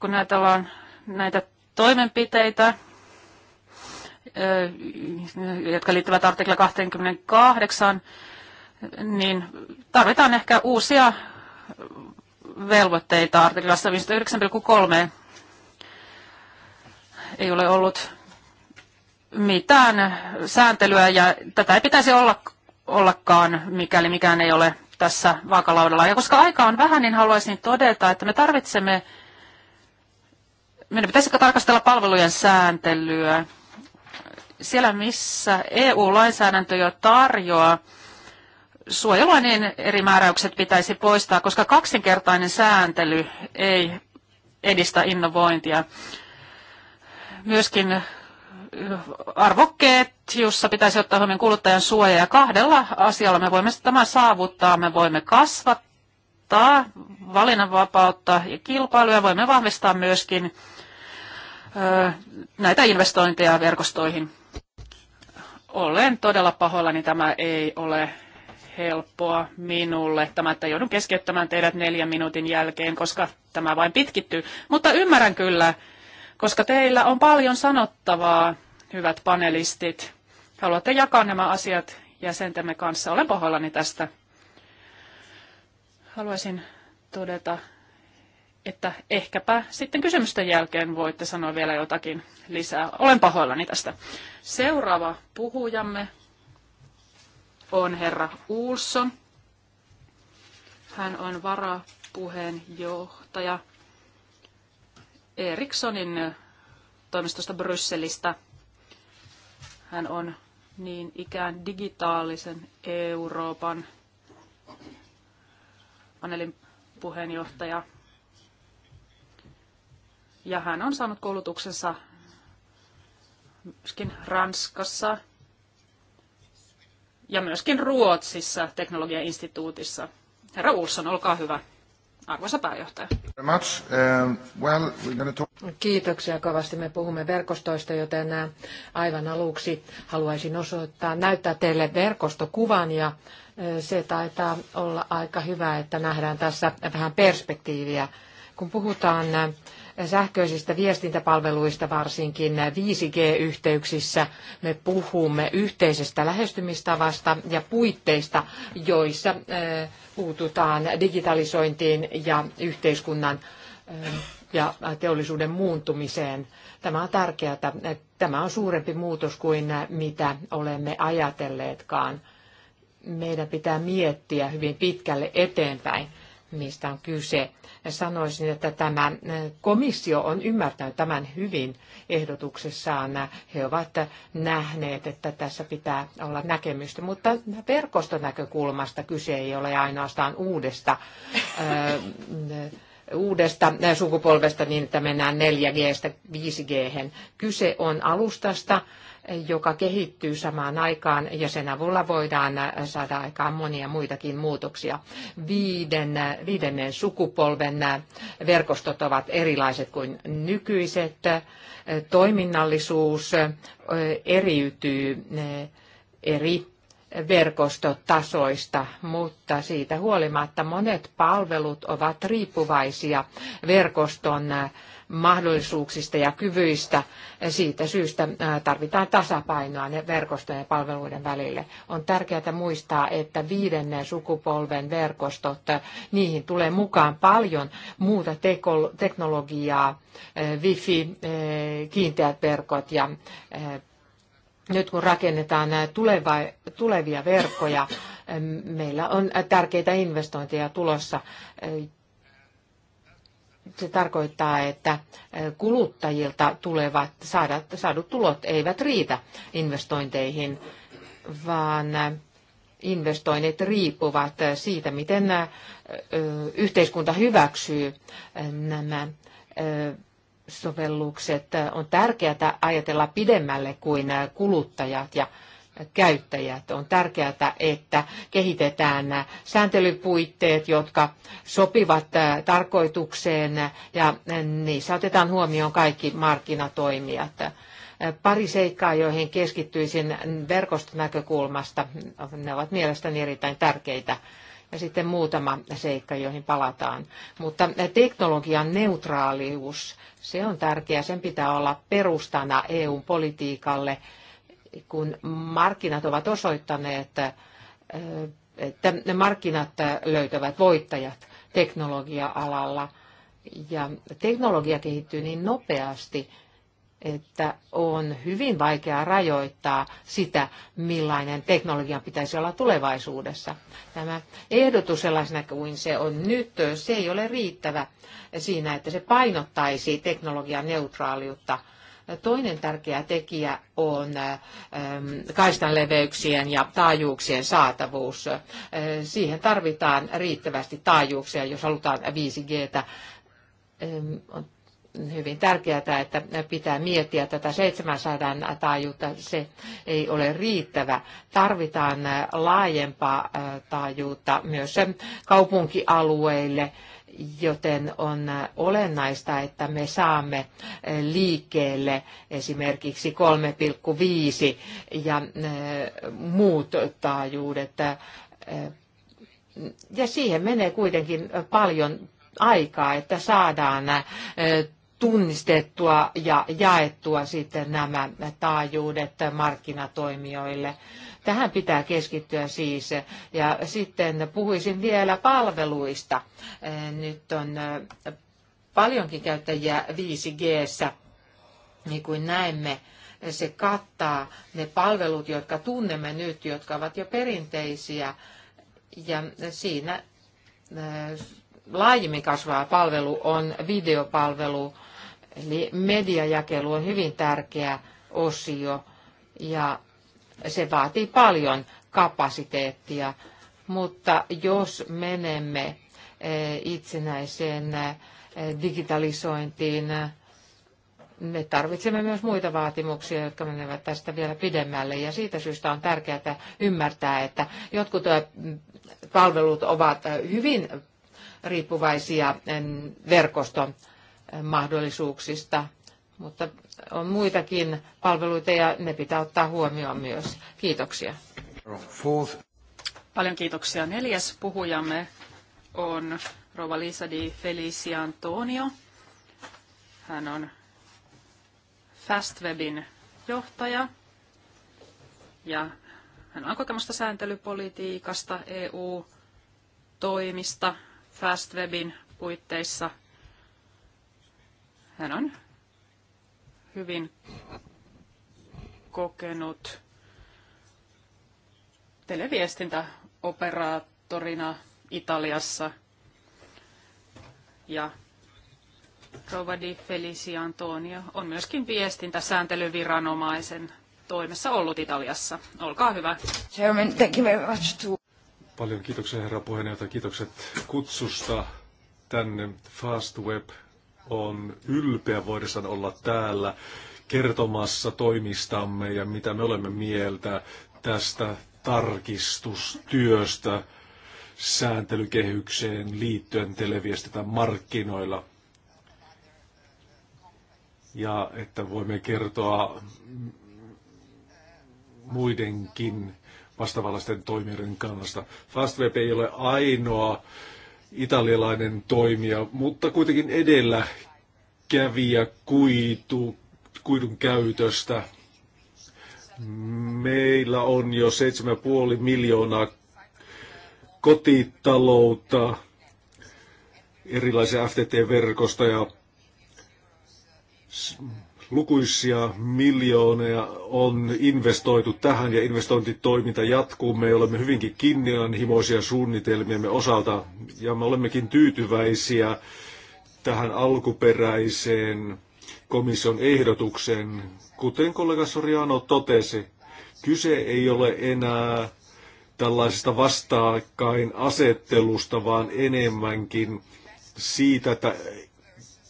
Speaker 1: kun ajatellaan näitä toimenpiteitä, jotka liittyvät artikla 28, niin tarvitaan ehkä uusia velvoitteita artiklassa 59,3 ei ole ollut mitään sääntelyä ja tätä ei pitäisi olla, ollakaan, mikäli mikään ei ole tässä vaakalaudalla. Ja koska aika on vähän, niin haluaisin todeta, että me tarvitsemme, meidän pitäisi tarkastella palvelujen sääntelyä. Siellä, missä EU-lainsäädäntö jo tarjoaa suojeluaineen eri määräykset pitäisi poistaa, koska kaksinkertainen sääntely ei edistä innovointia. Myöskin jossa pitäisi ottaa huomioon kuluttajan suoja ja kahdella asialla me voimme tämä saavuttaa. Me voimme kasvattaa valinnanvapautta ja kilpailuja. Voimme vahvistaa myöskin ö, näitä investointeja verkostoihin. Olen todella pahoillani, tämä ei ole helppoa minulle tämä, että joudun keskeyttämään teidät neljän minuutin jälkeen, koska tämä vain pitkittyy. Mutta ymmärrän kyllä, koska teillä on paljon sanottavaa, hyvät panelistit. Haluatte jakaa nämä asiat jäsentemme kanssa. Olen pahoillani tästä. Haluaisin todeta, että ehkäpä sitten kysymysten jälkeen voitte sanoa vielä jotakin lisää. Olen pahoillani tästä. Seuraava puhujamme on herra Uulsson. Hän on varapuheenjohtaja Erikssonin toimistosta Brysselistä. Hän on niin ikään digitaalisen Euroopan panelin puheenjohtaja. Ja hän on saanut koulutuksensa myöskin Ranskassa ja myöskin Ruotsissa teknologiainstituutissa. Herra Olsson, olkaa hyvä. Arvoisa pääjohtaja.
Speaker 2: Um,
Speaker 3: Kiitoksia kovasti. Me puhumme verkostoista, joten aivan aluksi haluaisin osoittaa, näyttää teille verkostokuvan ja se taitaa olla aika hyvä, että nähdään tässä vähän perspektiiviä. Kun puhutaan sähköisistä viestintäpalveluista varsinkin 5G-yhteyksissä. Me puhumme yhteisestä lähestymistavasta ja puitteista, joissa äh, puututaan digitalisointiin ja yhteiskunnan äh, ja teollisuuden muuntumiseen. Tämä on tärkeää. Tämä on suurempi muutos kuin mitä olemme ajatelleetkaan. Meidän pitää miettiä hyvin pitkälle eteenpäin mistä on kyse. Sanoisin, että tämä komissio on ymmärtänyt tämän hyvin ehdotuksessaan. He ovat nähneet, että tässä pitää olla näkemystä, mutta verkostonäkökulmasta näkökulmasta kyse ei ole ainoastaan uudesta uudesta sukupolvesta niin, että mennään 4 stä 5Ghen. Kyse on alustasta, joka kehittyy samaan aikaan ja sen avulla voidaan äh, saada aikaan monia muitakin muutoksia. Viiden, äh, viidennen sukupolven äh, verkostot ovat erilaiset kuin nykyiset. Toiminnallisuus eriytyy eri verkostotasoista, mutta siitä huolimatta monet palvelut ovat riippuvaisia verkoston mahdollisuuksista ja kyvyistä. Siitä syystä tarvitaan tasapainoa ne verkostojen ja palveluiden välille. On tärkeää muistaa, että viidennen sukupolven verkostot, niihin tulee mukaan paljon muuta teknologiaa, wifi, kiinteät verkot ja nyt kun rakennetaan tuleva, tulevia verkkoja, meillä on tärkeitä investointeja tulossa se tarkoittaa, että kuluttajilta tulevat saadat, saadut tulot eivät riitä investointeihin, vaan investoinnit riippuvat siitä, miten yhteiskunta hyväksyy nämä sovellukset. On tärkeää ajatella pidemmälle kuin kuluttajat ja kuluttajat käyttäjät. On tärkeää, että kehitetään sääntelypuitteet, jotka sopivat tarkoitukseen ja niissä otetaan huomioon kaikki markkinatoimijat. Pari seikkaa, joihin keskittyisin verkostonäkökulmasta, ne ovat mielestäni erittäin tärkeitä. Ja sitten muutama seikka, joihin palataan. Mutta teknologian neutraalius, se on tärkeää, sen pitää olla perustana EU-politiikalle kun markkinat ovat osoittaneet, että ne markkinat löytävät voittajat teknologia-alalla. Ja teknologia kehittyy niin nopeasti, että on hyvin vaikea rajoittaa sitä, millainen teknologian pitäisi olla tulevaisuudessa. Tämä ehdotus sellaisena kuin se on nyt, se ei ole riittävä siinä, että se painottaisi teknologian neutraaliutta – Toinen tärkeä tekijä on ähm, kaistanleveyksien ja taajuuksien saatavuus. Äh, siihen tarvitaan riittävästi taajuuksia, jos halutaan 5Gtä. Ähm, on hyvin tärkeää, että pitää miettiä tätä 700 taajuutta. Se ei ole riittävä. Tarvitaan laajempaa äh, taajuutta myös kaupunkialueille joten on olennaista, että me saamme liikkeelle esimerkiksi 3,5 ja muut taajuudet. Ja siihen menee kuitenkin paljon aikaa, että saadaan tunnistettua ja jaettua sitten nämä taajuudet markkinatoimijoille. Tähän pitää keskittyä siis. Ja sitten puhuisin vielä palveluista. Eh, nyt on eh, paljonkin käyttäjiä 5Gssä, niin kuin näemme se kattaa ne palvelut, jotka tunnemme nyt, jotka ovat jo perinteisiä. Ja siinä eh, laajemmin kasvaa palvelu on videopalvelu, Eli mediajakelu on hyvin tärkeä osio ja se vaatii paljon kapasiteettia, mutta jos menemme eh, itsenäiseen eh, digitalisointiin, eh, me tarvitsemme myös muita vaatimuksia, jotka menevät tästä vielä pidemmälle. Ja siitä syystä on tärkeää ymmärtää, että jotkut palvelut ovat hyvin riippuvaisia verkoston mahdollisuuksista, mutta on muitakin palveluita ja ne pitää ottaa huomioon myös. Kiitoksia.
Speaker 1: Paljon kiitoksia. Neljäs puhujamme on Rova Lisa di Felicia Antonio. Hän on Fastwebin johtaja ja hän on kokemusta sääntelypolitiikasta, EU-toimista Fastwebin puitteissa – hän on hyvin kokenut televiestintäoperaattorina Italiassa. Ja Rova di Felici Antonio on myöskin viestintäsääntelyviranomaisen toimessa ollut Italiassa. Olkaa hyvä. Chairman, thank you very much too.
Speaker 2: Paljon kiitoksia herra puheenjohtaja. Kiitokset kutsusta tänne Fast Web on ylpeä voidessaan olla täällä kertomassa toimistamme ja mitä me olemme mieltä tästä tarkistustyöstä sääntelykehykseen liittyen televiestetä markkinoilla. Ja että voimme kertoa muidenkin vastaavallaisten toimijoiden kannasta. FastWeb ei ole ainoa italialainen toimija, mutta kuitenkin edellä kävijä kuitu, kuidun käytöstä. Meillä on jo 7,5 miljoonaa kotitaloutta, erilaisia FTT-verkostoja, Lukuisia miljooneja on investoitu tähän ja investointitoiminta jatkuu. Me olemme hyvinkin kunnianhimoisia suunnitelmiemme osalta ja me olemmekin tyytyväisiä tähän alkuperäiseen komission ehdotukseen. Kuten kollega Soriano totesi, kyse ei ole enää tällaisesta vastaakkain asettelusta, vaan enemmänkin siitä, että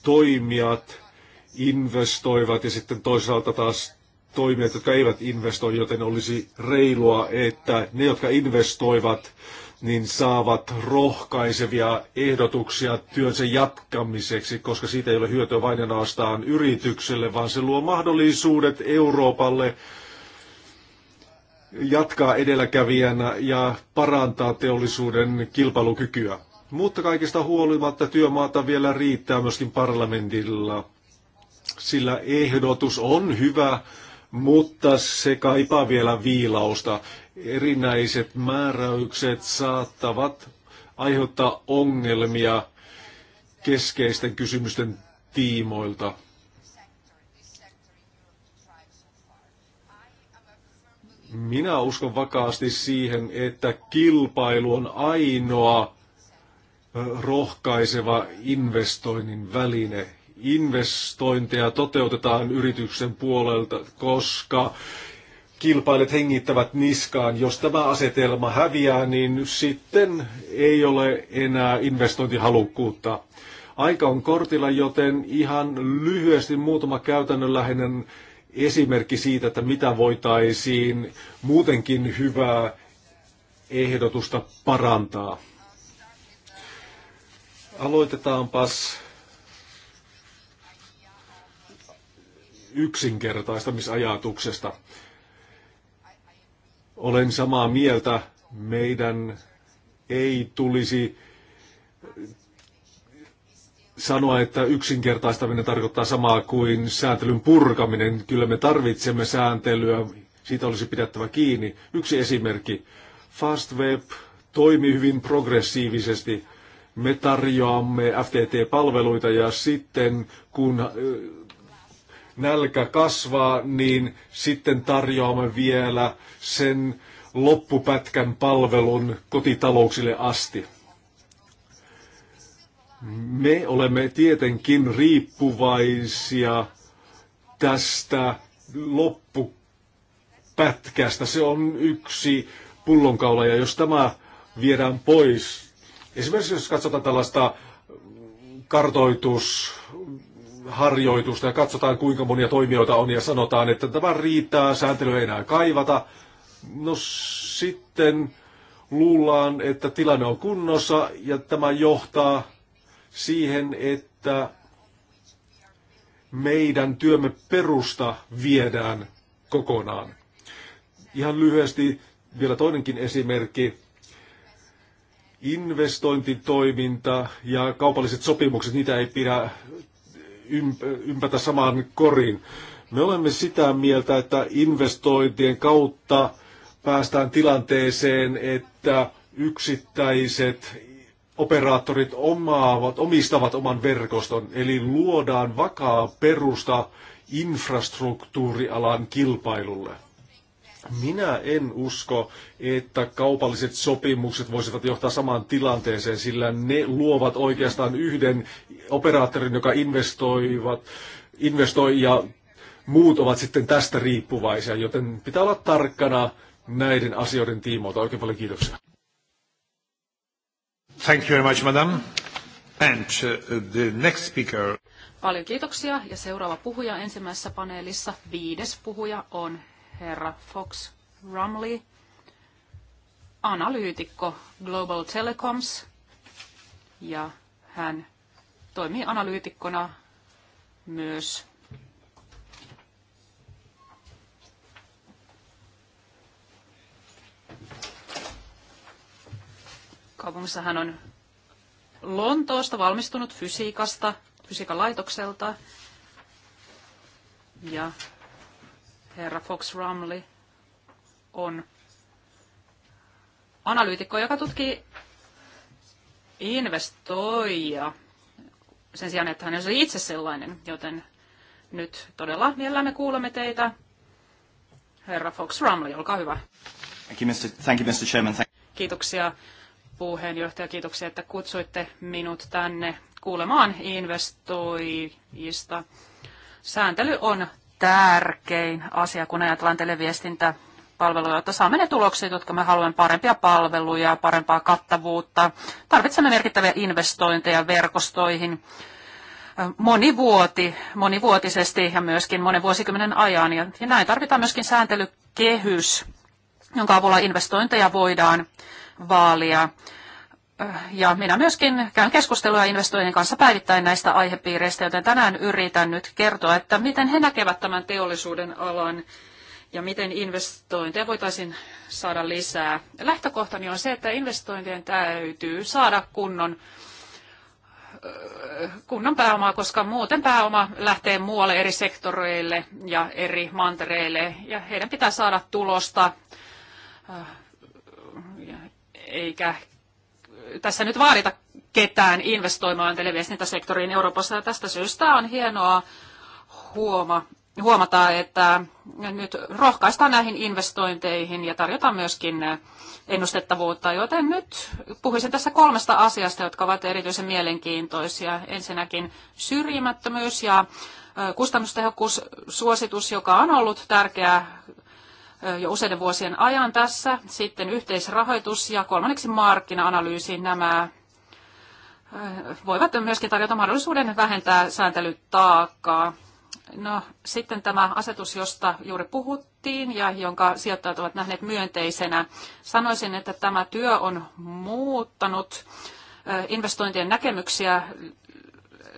Speaker 2: toimijat investoivat ja sitten toisaalta taas toimijat, jotka eivät investoi, joten olisi reilua, että ne, jotka investoivat, niin saavat rohkaisevia ehdotuksia työnsä jatkamiseksi, koska siitä ei ole hyötyä vain ainoastaan yritykselle, vaan se luo mahdollisuudet Euroopalle jatkaa edelläkävijänä ja parantaa teollisuuden kilpailukykyä. Mutta kaikista huolimatta työmaata vielä riittää myöskin parlamentilla sillä ehdotus on hyvä, mutta se kaipaa vielä viilausta. Erinäiset määräykset saattavat aiheuttaa ongelmia keskeisten kysymysten tiimoilta. Minä uskon vakaasti siihen, että kilpailu on ainoa rohkaiseva investoinnin väline investointeja toteutetaan yrityksen puolelta, koska kilpailijat hengittävät niskaan. Jos tämä asetelma häviää, niin sitten ei ole enää investointihalukkuutta. Aika on kortilla, joten ihan lyhyesti muutama käytännönläheinen esimerkki siitä, että mitä voitaisiin muutenkin hyvää ehdotusta parantaa. Aloitetaanpas yksinkertaistamisajatuksesta. Olen samaa mieltä, meidän ei tulisi sanoa, että yksinkertaistaminen tarkoittaa samaa kuin sääntelyn purkaminen. Kyllä me tarvitsemme sääntelyä, siitä olisi pidettävä kiinni. Yksi esimerkki. Fastweb toimii hyvin progressiivisesti. Me tarjoamme FTT-palveluita ja sitten kun nälkä kasvaa, niin sitten tarjoamme vielä sen loppupätkän palvelun kotitalouksille asti. Me olemme tietenkin riippuvaisia tästä loppupätkästä. Se on yksi pullonkaula ja jos tämä viedään pois, esimerkiksi jos katsotaan tällaista kartoitus harjoitusta ja katsotaan kuinka monia toimijoita on ja sanotaan, että tämä riittää, sääntely ei enää kaivata. No sitten luullaan, että tilanne on kunnossa ja tämä johtaa siihen, että meidän työmme perusta viedään kokonaan. Ihan lyhyesti vielä toinenkin esimerkki. Investointitoiminta ja kaupalliset sopimukset, niitä ei pidä ympätä samaan koriin. Me olemme sitä mieltä, että investointien kautta päästään tilanteeseen, että yksittäiset operaattorit omaavat, omistavat oman verkoston, eli luodaan vakaa perusta infrastruktuurialan kilpailulle. Minä en usko, että kaupalliset sopimukset voisivat johtaa samaan tilanteeseen, sillä ne luovat oikeastaan yhden operaattorin, joka investoivat, investoi ja muut ovat sitten tästä riippuvaisia, joten pitää olla tarkkana näiden asioiden tiimoilta. Oikein paljon kiitoksia. Thank you very much, madam. And uh, the next speaker.
Speaker 1: Paljon kiitoksia. Ja seuraava puhuja ensimmäisessä paneelissa, viides puhuja, on herra Fox Rumley, analyytikko Global Telecoms, ja hän toimii analyytikkona myös kaupungissa hän on Lontoosta valmistunut fysiikasta, fysiikan laitokselta. Ja herra Fox Rumley on analyytikko, joka tutkii investoijia sen sijaan, että hän olisi itse sellainen, joten nyt todella mielellämme kuulemme teitä. Herra Fox Rumley, olkaa hyvä. Thank you, Mr. Thank you, Mr. Chairman. Thank Kiitoksia puheenjohtaja, kiitoksia, että kutsuitte minut tänne kuulemaan investoijista. Sääntely on tärkein asia, kun ajatellaan televiestintä palveluja, että saamme ne tulokset, jotka me haluamme, parempia palveluja, parempaa kattavuutta. Tarvitsemme merkittäviä investointeja verkostoihin monivuoti, monivuotisesti ja myöskin monen vuosikymmenen ajan. Ja, ja näin tarvitaan myöskin sääntelykehys, jonka avulla investointeja voidaan vaalia ja minä myöskin käyn keskustelua investoijien kanssa päivittäin näistä aihepiireistä, joten tänään yritän nyt kertoa, että miten he näkevät tämän teollisuuden alan ja miten investointeja voitaisiin saada lisää. Lähtökohtani on se, että investointien täytyy saada kunnon, äh, kunnon pääomaa, koska muuten pääoma lähtee muualle eri sektoreille ja eri mantereille, ja heidän pitää saada tulosta äh, eikä tässä nyt vaadita ketään investoimaan televiestintäsektoriin Euroopassa. Ja tästä syystä on hienoa huoma, huomata, että nyt rohkaistaan näihin investointeihin ja tarjotaan myöskin ennustettavuutta, joten nyt puhuisin tässä kolmesta asiasta, jotka ovat erityisen mielenkiintoisia. Ensinnäkin syrjimättömyys ja kustannustehokkuussuositus, joka on ollut tärkeä jo useiden vuosien ajan tässä. Sitten yhteisrahoitus ja kolmanneksi markkina-analyysi. Nämä äh, voivat myöskin tarjota mahdollisuuden vähentää sääntelytaakkaa. No, sitten tämä asetus, josta juuri puhuttiin ja jonka sijoittajat ovat nähneet myönteisenä. Sanoisin, että tämä työ on muuttanut äh, investointien näkemyksiä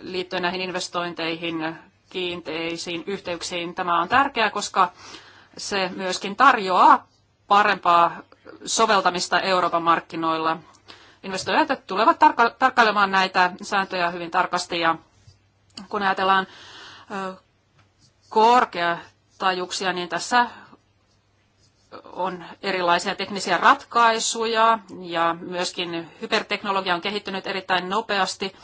Speaker 1: liittyen näihin investointeihin, kiinteisiin yhteyksiin. Tämä on tärkeää, koska se myöskin tarjoaa parempaa soveltamista Euroopan markkinoilla. Investoijat tulevat tarkka- tarkkailemaan näitä sääntöjä hyvin tarkasti ja kun ajatellaan korkeatajuuksia, niin tässä on erilaisia teknisiä ratkaisuja ja myöskin hyperteknologia on kehittynyt erittäin nopeasti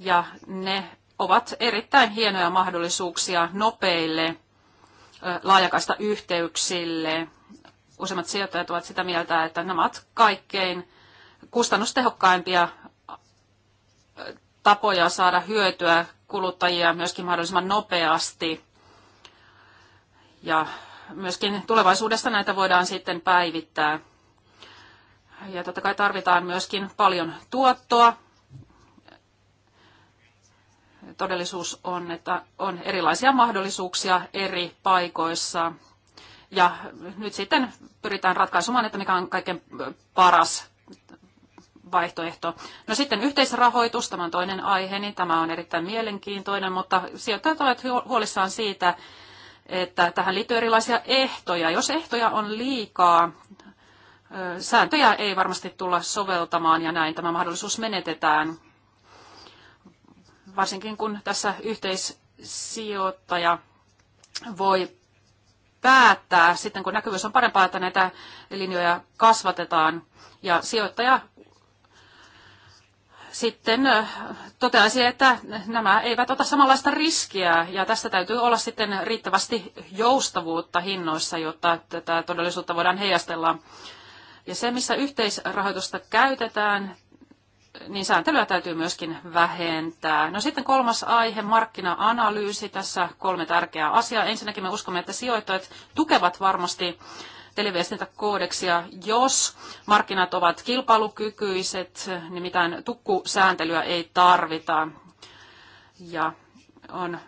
Speaker 1: ja ne ovat erittäin hienoja mahdollisuuksia nopeille laajakaista yhteyksille. Useimmat sijoittajat ovat sitä mieltä, että nämä ovat kaikkein kustannustehokkaimpia tapoja saada hyötyä kuluttajia myöskin mahdollisimman nopeasti. Ja myöskin tulevaisuudessa näitä voidaan sitten päivittää. Ja totta kai tarvitaan myöskin paljon tuottoa todellisuus on, että on erilaisia mahdollisuuksia eri paikoissa. Ja nyt sitten pyritään ratkaisemaan, että mikä on kaiken paras vaihtoehto. No sitten yhteisrahoitus, tämä on toinen aihe, niin tämä on erittäin mielenkiintoinen, mutta sijoittajat ovat huolissaan siitä, että tähän liittyy erilaisia ehtoja. Jos ehtoja on liikaa, sääntöjä ei varmasti tulla soveltamaan ja näin tämä mahdollisuus menetetään varsinkin kun tässä yhteissijoittaja voi päättää sitten, kun näkyvyys on parempaa, että näitä linjoja kasvatetaan ja sijoittaja sitten toteaisi, että nämä eivät ota samanlaista riskiä ja tästä täytyy olla sitten riittävästi joustavuutta hinnoissa, jotta tätä todellisuutta voidaan heijastella. Ja se, missä yhteisrahoitusta käytetään, niin sääntelyä täytyy myöskin vähentää. No sitten kolmas aihe, markkina-analyysi. Tässä kolme tärkeää asiaa. Ensinnäkin me uskomme, että sijoittajat tukevat varmasti televiestintäkoodeksia, jos markkinat ovat kilpailukykyiset, niin mitään tukkusääntelyä ei tarvita. Ja on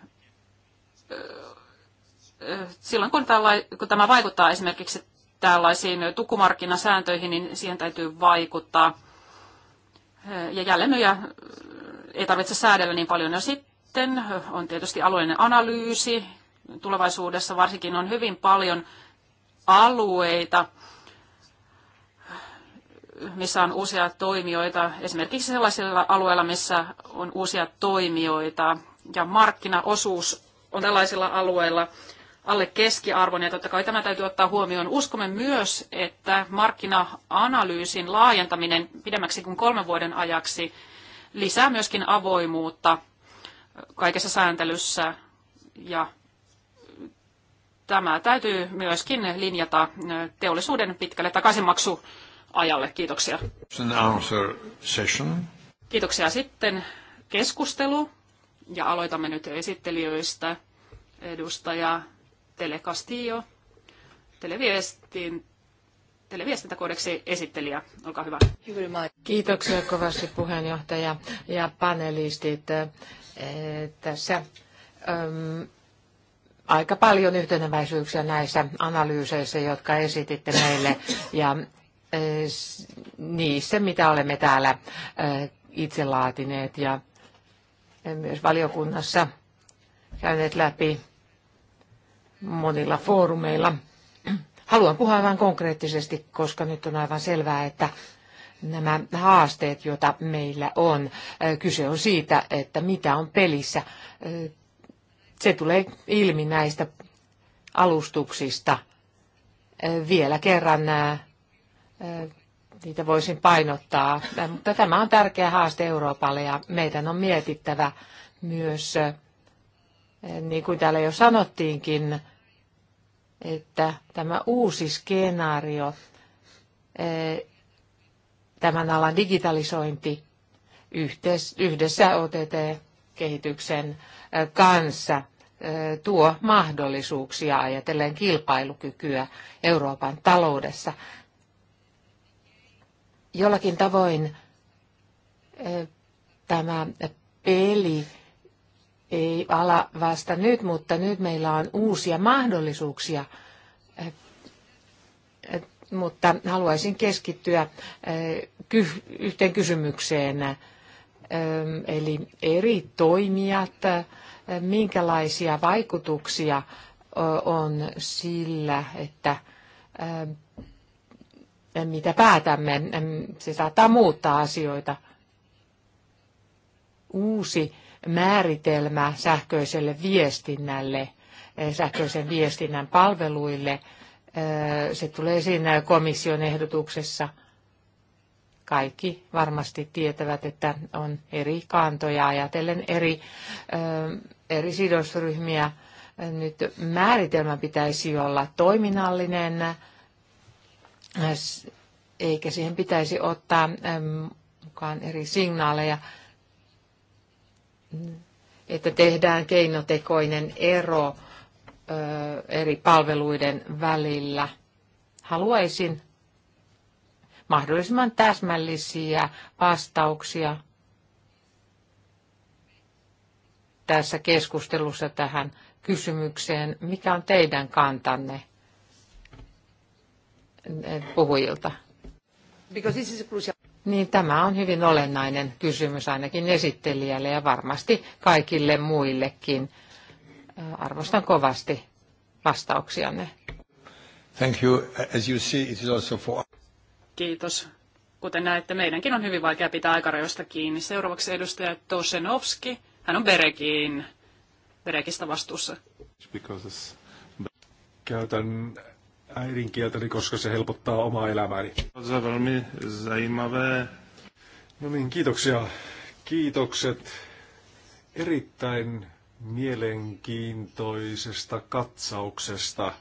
Speaker 1: silloin kun, tällai, kun tämä vaikuttaa esimerkiksi tällaisiin tukumarkkinasääntöihin, niin siihen täytyy vaikuttaa. Ja jälleen myyjä ei tarvitse säädellä niin paljon. Ja no sitten on tietysti alueellinen analyysi. Tulevaisuudessa varsinkin on hyvin paljon alueita, missä on uusia toimijoita, esimerkiksi sellaisilla alueilla, missä on uusia toimijoita, ja markkinaosuus on tällaisilla alueilla alle keskiarvon, ja totta kai tämä täytyy ottaa huomioon. Uskomme myös, että markkina-analyysin laajentaminen pidemmäksi kuin kolmen vuoden ajaksi lisää myöskin avoimuutta kaikessa sääntelyssä, ja tämä täytyy myöskin linjata teollisuuden pitkälle takaisinmaksuajalle. Kiitoksia. Kiitoksia sitten keskustelu, ja aloitamme nyt esittelijöistä edustaja Tele Castillo, televiestin, televiestintäkodeksi esittelijä. Olkaa hyvä.
Speaker 3: Kiitoksia kovasti puheenjohtaja ja panelistit. Tässä aika paljon yhteneväisyyksiä näissä analyyseissä, jotka esititte meille ja niissä, mitä olemme täällä itse laatineet ja myös valiokunnassa käyneet läpi monilla foorumeilla. Haluan puhua aivan konkreettisesti, koska nyt on aivan selvää, että nämä haasteet, joita meillä on, kyse on siitä, että mitä on pelissä. Se tulee ilmi näistä alustuksista. Vielä kerran niitä voisin painottaa, mutta tämä on tärkeä haaste Euroopalle ja meidän on mietittävä myös, niin kuin täällä jo sanottiinkin, että tämä uusi skenaario, eh, tämän alan digitalisointi yhdessä OTT-kehityksen eh, kanssa eh, tuo mahdollisuuksia ajatellen kilpailukykyä Euroopan taloudessa. Jollakin tavoin tämä peli ei ala vasta nyt, mutta nyt meillä on uusia mahdollisuuksia. Mutta haluaisin keskittyä e, yhteen kysymykseen. E, eli eri toimijat, e, minkälaisia vaikutuksia on sillä, että mitä päätämme, se saattaa muuttaa asioita. Uusi määritelmä sähköiselle viestinnälle, eh, sähköisen viestinnän palveluille. Eh, se tulee siinä komission ehdotuksessa. Kaikki varmasti tietävät, että on eri kantoja ajatellen eri, eh, eri sidosryhmiä. Nyt määritelmä pitäisi olla toiminnallinen, eikä siihen pitäisi ottaa mukaan eri signaaleja että tehdään keinotekoinen ero eri palveluiden välillä. Haluaisin mahdollisimman täsmällisiä vastauksia tässä keskustelussa tähän kysymykseen. Mikä on teidän kantanne puhujilta? Niin tämä on hyvin olennainen kysymys ainakin esittelijälle ja varmasti kaikille muillekin. Äh, arvostan kovasti vastauksianne.
Speaker 1: Thank you. As you see, it is also for... Kiitos. Kuten näette, meidänkin on hyvin vaikea pitää aikarajoista kiinni. Seuraavaksi edustaja Tosenovski. Hän on Berekin, Berekistä vastuussa.
Speaker 2: Käytän äidinkieltäni, koska se helpottaa omaa elämääni. No niin, kiitoksia. Kiitokset erittäin mielenkiintoisesta katsauksesta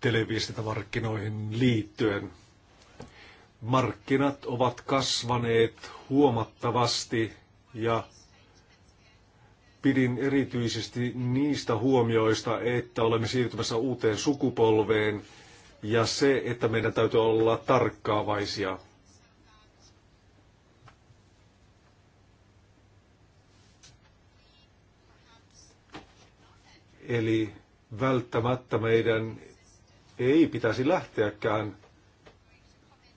Speaker 2: televiestintämarkkinoihin liittyen. Markkinat ovat kasvaneet huomattavasti ja pidin erityisesti niistä huomioista, että olemme siirtymässä uuteen sukupolveen ja se, että meidän täytyy olla tarkkaavaisia. Eli välttämättä meidän ei pitäisi lähteäkään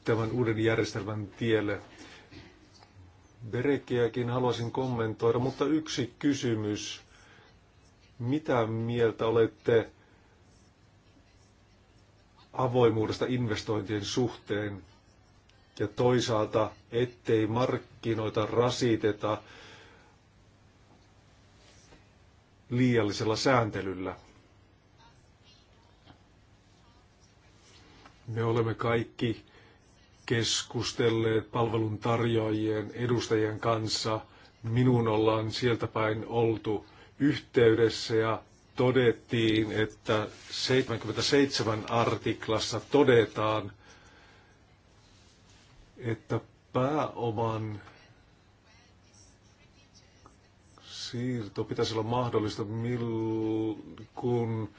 Speaker 2: tämän uuden järjestelmän tielle. Berekkiäkin haluaisin kommentoida, mutta yksi kysymys. Mitä mieltä olette avoimuudesta investointien suhteen ja toisaalta, ettei markkinoita rasiteta liiallisella sääntelyllä? Me olemme kaikki keskustelleet palveluntarjoajien edustajien kanssa. Minun ollaan sieltä päin oltu yhteydessä ja todettiin, että 77 artiklassa todetaan, että pääoman siirto pitäisi olla mahdollista, kun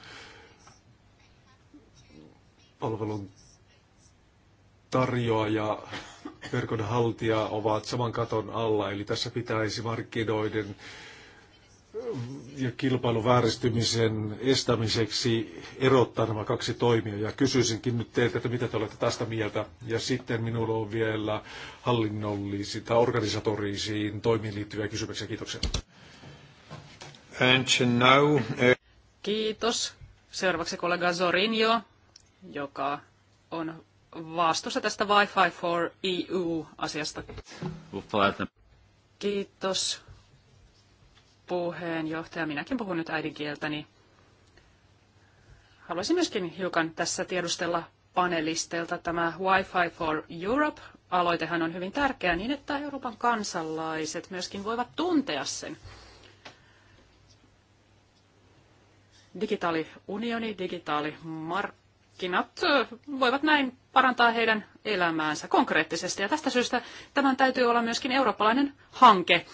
Speaker 2: palvelun tarjoaja, verkon haltija ovat saman katon alla, eli tässä pitäisi markkinoiden ja kilpailuvääristymisen estämiseksi erottaa nämä kaksi toimia. Ja kysyisinkin nyt teiltä, että mitä te olette tästä mieltä. Ja sitten minulla on vielä hallinnollisiin tai organisatorisiin toimiin liittyviä kysymyksiä. Kiitoksia. Eh,
Speaker 1: Kiitos. Seuraavaksi kollega Zorinjo, joka on vastuussa tästä Wi-Fi for EU-asiasta. Kiitos puheenjohtaja. Minäkin puhun nyt äidinkieltäni. Haluaisin myöskin hiukan tässä tiedustella panelisteilta. Tämä Wi-Fi for Europe aloitehan on hyvin tärkeä niin, että Euroopan kansalaiset myöskin voivat tuntea sen. Digitaaliunioni, digitaalimarkkinointi markkinat voivat näin parantaa heidän elämäänsä konkreettisesti. Ja tästä syystä tämän täytyy olla myöskin eurooppalainen hanke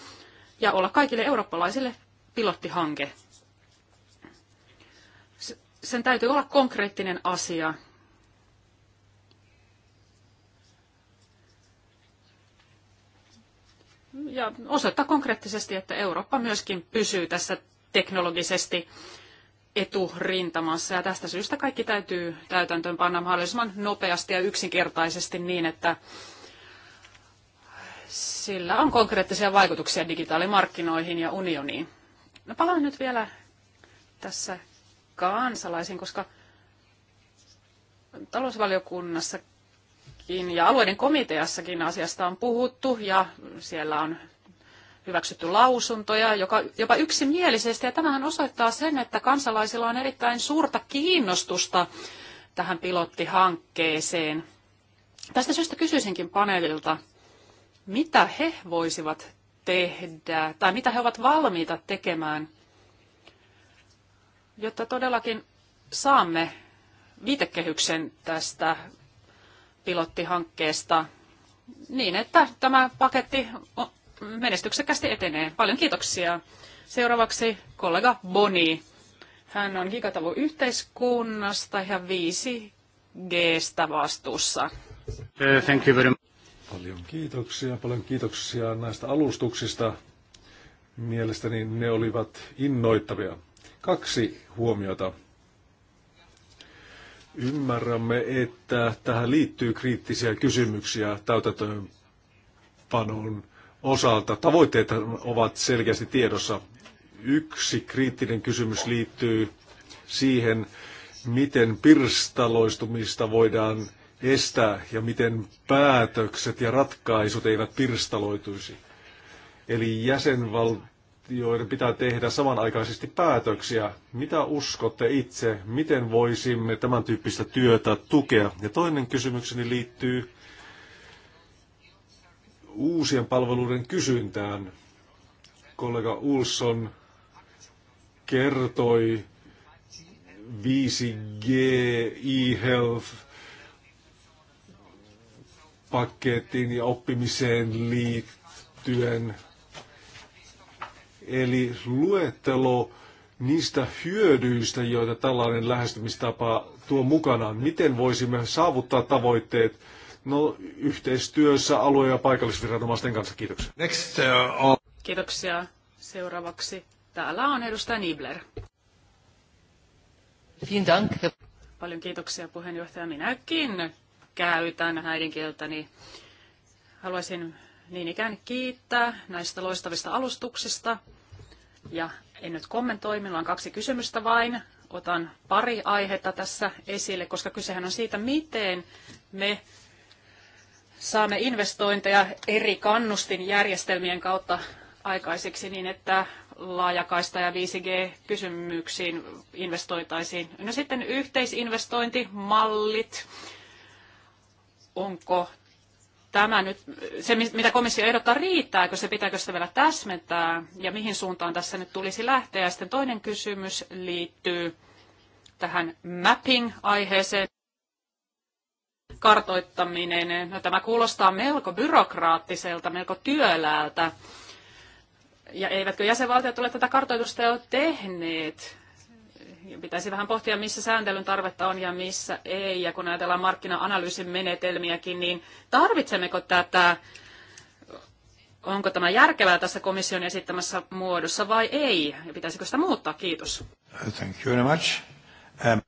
Speaker 1: ja olla kaikille eurooppalaisille pilottihanke. Sen täytyy olla konkreettinen asia. Ja osoittaa konkreettisesti, että Eurooppa myöskin pysyy tässä teknologisesti eturintamassa ja tästä syystä kaikki täytyy täytäntöön panna mahdollisimman nopeasti ja yksinkertaisesti niin, että sillä on konkreettisia vaikutuksia digitaalimarkkinoihin ja unioniin. No palaan nyt vielä tässä kansalaisiin, koska talousvaliokunnassakin ja alueiden komiteassakin asiasta on puhuttu ja siellä on hyväksytty lausuntoja, joka, jopa yksimielisesti. Ja tämähän osoittaa sen, että kansalaisilla on erittäin suurta kiinnostusta tähän pilottihankkeeseen. Tästä syystä kysyisinkin paneelilta, mitä he voisivat tehdä tai mitä he ovat valmiita tekemään, jotta todellakin saamme viitekehyksen tästä pilottihankkeesta niin, että tämä paketti menestyksekkästi etenee. Paljon kiitoksia. Seuraavaksi kollega Boni. Hän on Gigatavu yhteiskunnasta ja 5 g vastuussa. Uh, thank you
Speaker 2: very much. Paljon kiitoksia, paljon kiitoksia näistä alustuksista. Mielestäni ne olivat innoittavia. Kaksi huomiota. Ymmärrämme, että tähän liittyy kriittisiä kysymyksiä panon osalta. Tavoitteet ovat selkeästi tiedossa. Yksi kriittinen kysymys liittyy siihen, miten pirstaloistumista voidaan estää ja miten päätökset ja ratkaisut eivät pirstaloituisi. Eli jäsenvaltioiden pitää tehdä samanaikaisesti päätöksiä. Mitä uskotte itse? Miten voisimme tämän tyyppistä työtä tukea? Ja toinen kysymykseni liittyy uusien palveluiden kysyntään. Kollega Ulsson kertoi 5G, e-health, pakettiin ja oppimiseen liittyen. Eli luettelo niistä hyödyistä, joita tällainen lähestymistapa tuo mukanaan. Miten voisimme saavuttaa tavoitteet, No yhteistyössä alue- ja paikallisviranomaisten kanssa. Kiitoksia. Next, uh, on...
Speaker 1: Kiitoksia. Seuraavaksi täällä on edustaja Nibler. Dank. Paljon kiitoksia puheenjohtaja. Minäkin käytän äidinkieltäni. Haluaisin niin ikään kiittää näistä loistavista alustuksista. Ja en nyt kommentoi, minulla on kaksi kysymystä vain. Otan pari aihetta tässä esille, koska kysehän on siitä, miten me saamme investointeja eri kannustinjärjestelmien kautta aikaiseksi niin, että laajakaista ja 5G-kysymyksiin investoitaisiin. No sitten yhteisinvestointimallit. Onko tämä nyt, se mitä komissio ehdottaa, riittääkö se, pitääkö sitä vielä täsmentää ja mihin suuntaan tässä nyt tulisi lähteä. Ja sitten toinen kysymys liittyy tähän mapping-aiheeseen kartoittaminen. No, tämä kuulostaa melko byrokraattiselta, melko työläältä. Ja eivätkö jäsenvaltiot ole tätä kartoitusta jo tehneet? pitäisi vähän pohtia, missä sääntelyn tarvetta on ja missä ei. Ja kun ajatellaan markkina-analyysin menetelmiäkin, niin tarvitsemmeko tätä, onko tämä järkevää tässä komission esittämässä muodossa vai ei? Ja pitäisikö sitä muuttaa? Kiitos.
Speaker 2: Thank you very much. Um...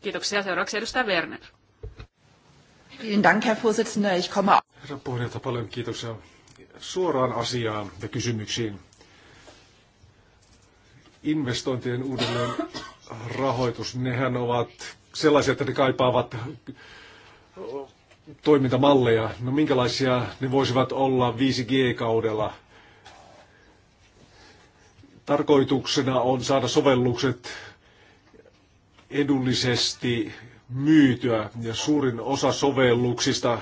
Speaker 1: Kiitoksia. Seuraavaksi edustaja Werner. Dank, Herr Vorsitzender. Ich
Speaker 2: komme... Herra puheenjohtaja, paljon suoraan asiaan ja kysymyksiin. Investointien uudelleen rahoitus, nehän ovat sellaisia, että ne kaipaavat toimintamalleja. No minkälaisia ne voisivat olla 5G-kaudella? Tarkoituksena on saada sovellukset edullisesti myytyä ja suurin osa sovelluksista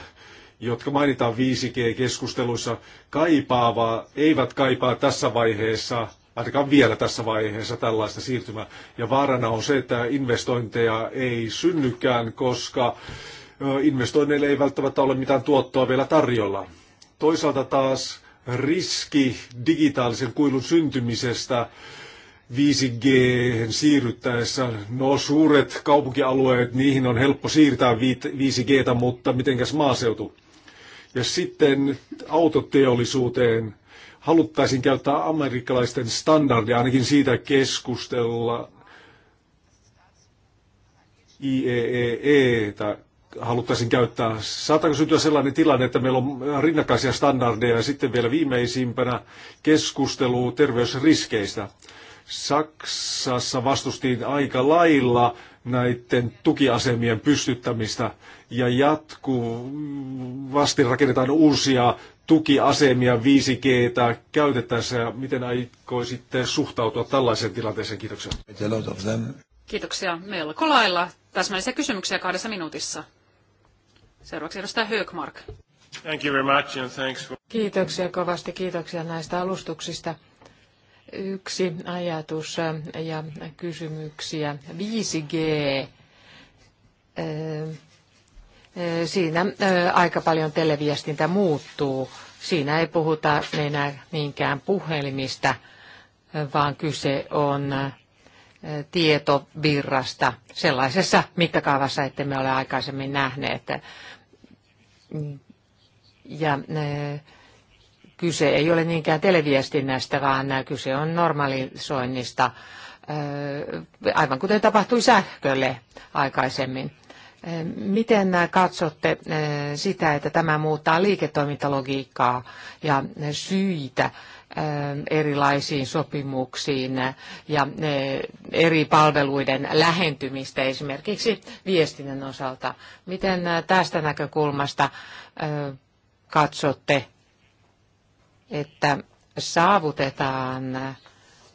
Speaker 2: jotka mainitaan 5G-keskusteluissa, kaipaavaa, eivät kaipaa tässä vaiheessa, ainakaan vielä tässä vaiheessa tällaista siirtymää. Ja vaarana on se, että investointeja ei synnykään, koska investoinneille ei välttämättä ole mitään tuottoa vielä tarjolla. Toisaalta taas riski digitaalisen kuilun syntymisestä 5G siirryttäessä, no suuret kaupunkialueet, niihin on helppo siirtää 5 g mutta mitenkäs maaseutu? Ja sitten autoteollisuuteen haluttaisiin käyttää amerikkalaisten standardia, ainakin siitä keskustella IEEE, e tai haluttaisiin käyttää. Saattaako syntyä sellainen tilanne, että meillä on rinnakkaisia standardeja ja sitten vielä viimeisimpänä keskustelu terveysriskeistä. Saksassa vastustiin aika lailla näiden tukiasemien pystyttämistä ja jatkuvasti rakennetaan uusia tukiasemia 5Gtä käytettäessä. Miten aikoisitte suhtautua tällaiseen tilanteeseen? Kiitoksia.
Speaker 1: Kiitoksia. Melko lailla täsmällisiä kysymyksiä kahdessa minuutissa. Seuraavaksi edustaja Högmark. Thank you very much and thanks for...
Speaker 3: Kiitoksia kovasti, kiitoksia näistä alustuksista. Yksi ajatus äh, ja kysymyksiä. 5G. Äh, äh, siinä aika paljon televiestintä muuttuu. Siinä ei puhuta enää niinkään puhelimista, vaan kyse on tietovirrasta sellaisessa mittakaavassa, että me ole aikaisemmin nähneet. Ja kyse ei ole niinkään televiestinnästä, vaan kyse on normalisoinnista, äh, aivan kuten tapahtui sähkölle aikaisemmin. Äh, miten katsotte äh, sitä, että tämä muuttaa liiketoimintalogiikkaa ja syitä erilaisiin sopimuksiin ja eri palveluiden lähentymistä esimerkiksi viestinnän osalta? Miten tästä näkökulmasta katsotte että saavutetaan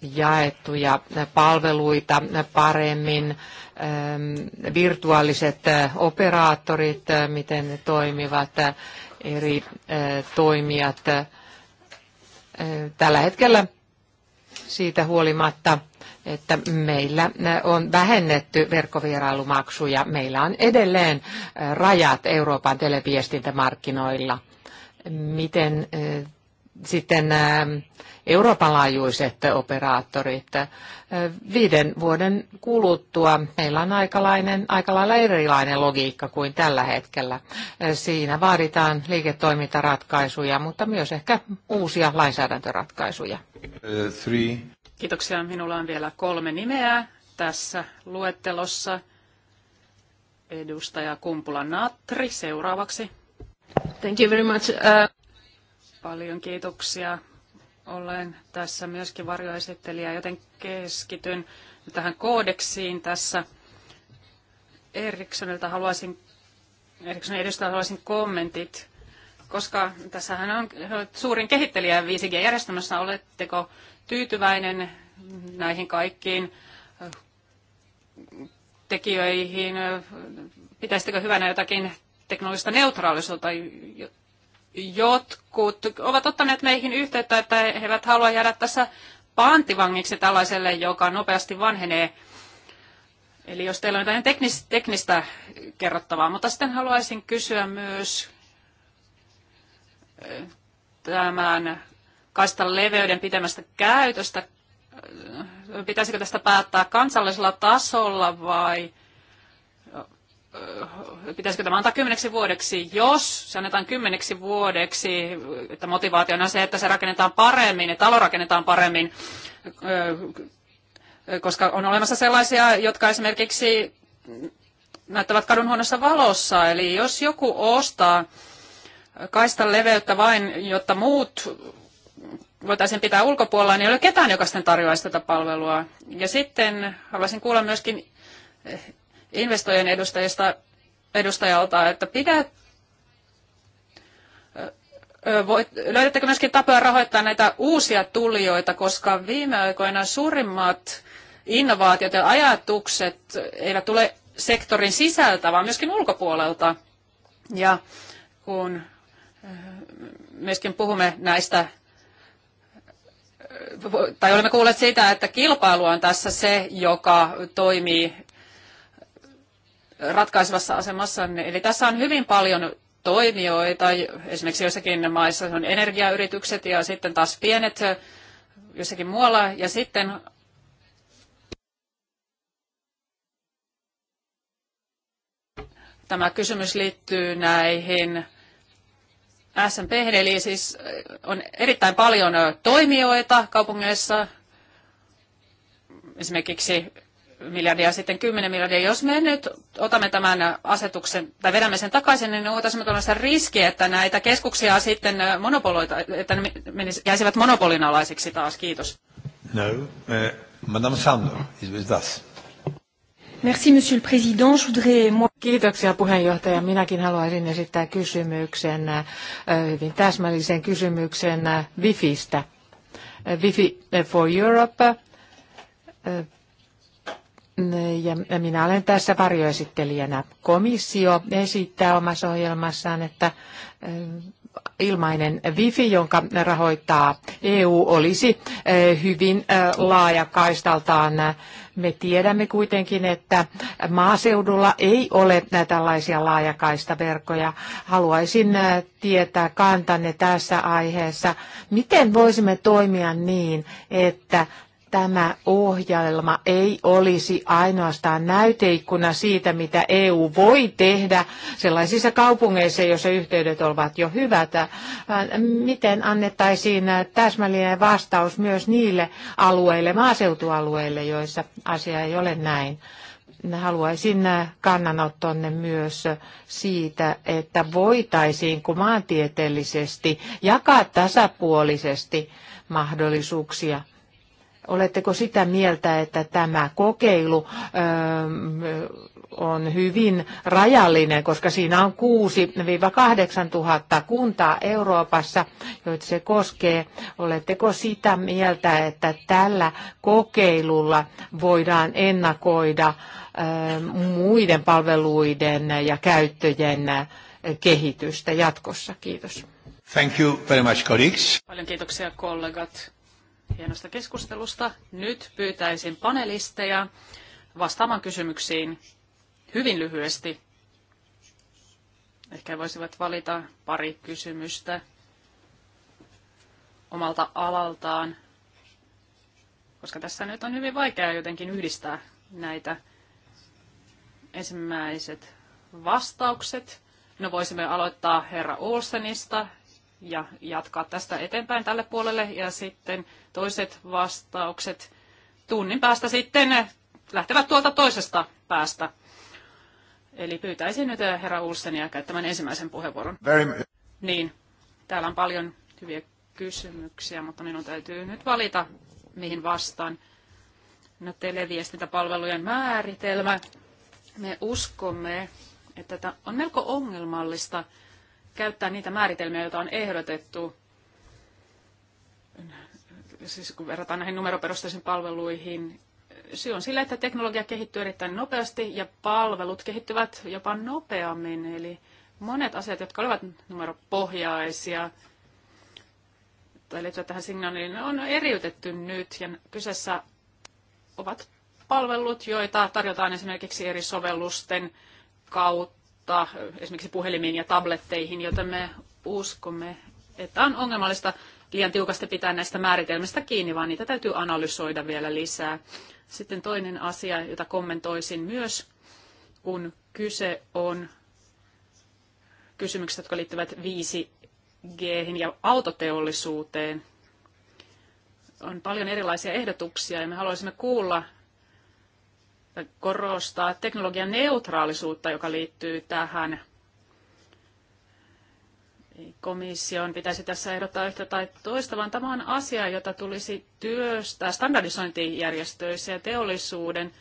Speaker 3: jaettuja palveluita paremmin, ähm, virtuaaliset äh, operaattorit, äh, miten ne toimivat, äh, eri toimijat. Tällä hetkellä siitä huolimatta, että meillä on vähennetty verkkovierailumaksuja. Meillä on edelleen rajat Euroopan televiestintämarkkinoilla. Miten sitten Euroopan laajuiset operaattorit. Viiden vuoden kuluttua meillä on aikalainen, aika lailla erilainen logiikka kuin tällä hetkellä. Siinä vaaditaan liiketoimintaratkaisuja, mutta myös ehkä uusia lainsäädäntöratkaisuja.
Speaker 2: Three.
Speaker 1: Kiitoksia. Minulla on vielä kolme nimeä tässä luettelossa. Edustaja Kumpula Natri seuraavaksi. Thank you very much. Uh... Paljon kiitoksia. Olen tässä myöskin varjoesittelijä, joten keskityn tähän koodeksiin tässä. Erikssonilta haluaisin, Erikssonin edustajalta haluaisin kommentit, koska tässähän on suurin kehittelijä 5G-järjestelmässä. Oletteko tyytyväinen näihin kaikkiin tekijöihin? Pitäisikö hyvänä jotakin teknologista neutraalisuutta, jotkut ovat ottaneet meihin yhteyttä, että he eivät halua jäädä tässä pantivangiksi tällaiselle, joka nopeasti vanhenee. Eli jos teillä on jotain teknistä, teknistä kerrottavaa, mutta sitten haluaisin kysyä myös tämän kaistan leveyden pitämästä käytöstä. Pitäisikö tästä päättää kansallisella tasolla vai pitäisikö tämä antaa kymmeneksi vuodeksi, jos se annetaan kymmeneksi vuodeksi, että motivaationa se, että se rakennetaan paremmin ja talo rakennetaan paremmin, koska on olemassa sellaisia, jotka esimerkiksi näyttävät kadun huonossa valossa, eli jos joku ostaa kaistan leveyttä vain, jotta muut voitaisiin pitää ulkopuolella, niin ei ole ketään, joka sitten tarjoaisi tätä palvelua. Ja sitten haluaisin kuulla myöskin investoijien edustajista, edustajalta, että pitää, voit, löydättekö myöskin tapoja rahoittaa näitä uusia tulijoita, koska viime aikoina suurimmat innovaatiot ja ajatukset eivät tule sektorin sisältä, vaan myöskin ulkopuolelta. Ja kun myöskin puhumme näistä, tai olemme kuulleet siitä, että kilpailu on tässä se, joka toimii ratkaisevassa asemassa. Eli tässä on hyvin paljon toimijoita, esimerkiksi joissakin maissa on energiayritykset ja sitten taas pienet jossakin muualla ja sitten tämä kysymys liittyy näihin SMP, eli siis on erittäin paljon toimijoita kaupungeissa, esimerkiksi miljardia ja sitten 10 miljardia. Jos me nyt otamme tämän asetuksen tai vedämme sen takaisin, niin otaisimme tuollaista riski että näitä keskuksia sitten äh, monopoloita, että ne jäisivät monopolinalaisiksi taas. Kiitos.
Speaker 2: No, eh, Madame Sandor, is with us.
Speaker 3: Merci, Monsieur le Président. Je voudrais... Kiitoksia puheenjohtaja. Minäkin haluaisin esittää kysymyksen, äh, hyvin täsmällisen kysymyksen äh, Wifistä. Wifi for Europe ja minä olen tässä varjoesittelijänä. Komissio esittää omassa ohjelmassaan, että ilmainen wifi, jonka rahoittaa EU, olisi hyvin laaja kaistaltaan. Me tiedämme kuitenkin, että maaseudulla ei ole tällaisia laajakaistaverkkoja. Haluaisin tietää kantanne tässä aiheessa. Miten voisimme toimia niin, että tämä ohjelma ei olisi ainoastaan näyteikkuna siitä, mitä EU voi tehdä sellaisissa kaupungeissa, joissa yhteydet ovat jo hyvät, vaan miten annettaisiin täsmällinen vastaus myös niille alueille, maaseutualueille, joissa asia ei ole näin. Haluaisin kannanottonne myös siitä, että voitaisiin maantieteellisesti jakaa tasapuolisesti mahdollisuuksia Oletteko sitä mieltä, että tämä kokeilu öö, on hyvin rajallinen, koska siinä on 6-8 tuhatta kuntaa Euroopassa, joita se koskee. Oletteko sitä mieltä, että tällä kokeilulla voidaan ennakoida öö, muiden palveluiden ja käyttöjen kehitystä jatkossa? Kiitos.
Speaker 2: Thank you very much, colleagues.
Speaker 1: Paljon kiitoksia kollegat hienosta keskustelusta. Nyt pyytäisin panelisteja vastaamaan kysymyksiin hyvin lyhyesti. Ehkä voisivat valita pari kysymystä omalta alaltaan, koska tässä nyt on hyvin vaikeaa jotenkin yhdistää näitä ensimmäiset vastaukset. No voisimme aloittaa herra Olsenista, ja jatkaa tästä eteenpäin tälle puolelle. Ja sitten toiset vastaukset tunnin päästä sitten lähtevät tuolta toisesta päästä. Eli pyytäisin nyt eh, herra Ulsenia käyttämään ensimmäisen puheenvuoron. Very... Niin, täällä on paljon hyviä kysymyksiä, mutta minun täytyy nyt valita, mihin vastaan. No televiestintäpalvelujen määritelmä. Me uskomme, että tämä on melko ongelmallista käyttää niitä määritelmiä, joita on ehdotettu, siis kun verrataan näihin numeroperusteisiin palveluihin, syy on sillä, että teknologia kehittyy erittäin nopeasti ja palvelut kehittyvät jopa nopeammin. Eli monet asiat, jotka olivat numeropohjaisia tai liittyvät tähän signaaliin, on eriytetty nyt ja kyseessä ovat palvelut, joita tarjotaan esimerkiksi eri sovellusten kautta vaikuttaa esimerkiksi puhelimiin ja tabletteihin, joten me uskomme, että on ongelmallista liian tiukasti pitää näistä määritelmistä kiinni, vaan niitä täytyy analysoida vielä lisää. Sitten toinen asia, jota kommentoisin myös, kun kyse on kysymyksistä, jotka liittyvät 5G ja autoteollisuuteen. On paljon erilaisia ehdotuksia ja me haluaisimme kuulla korostaa teknologian neutraalisuutta, joka liittyy tähän. Komission pitäisi tässä ehdottaa yhtä tai toista, vaan tämä on asia, jota tulisi työstää standardisointijärjestöissä ja teollisuuden,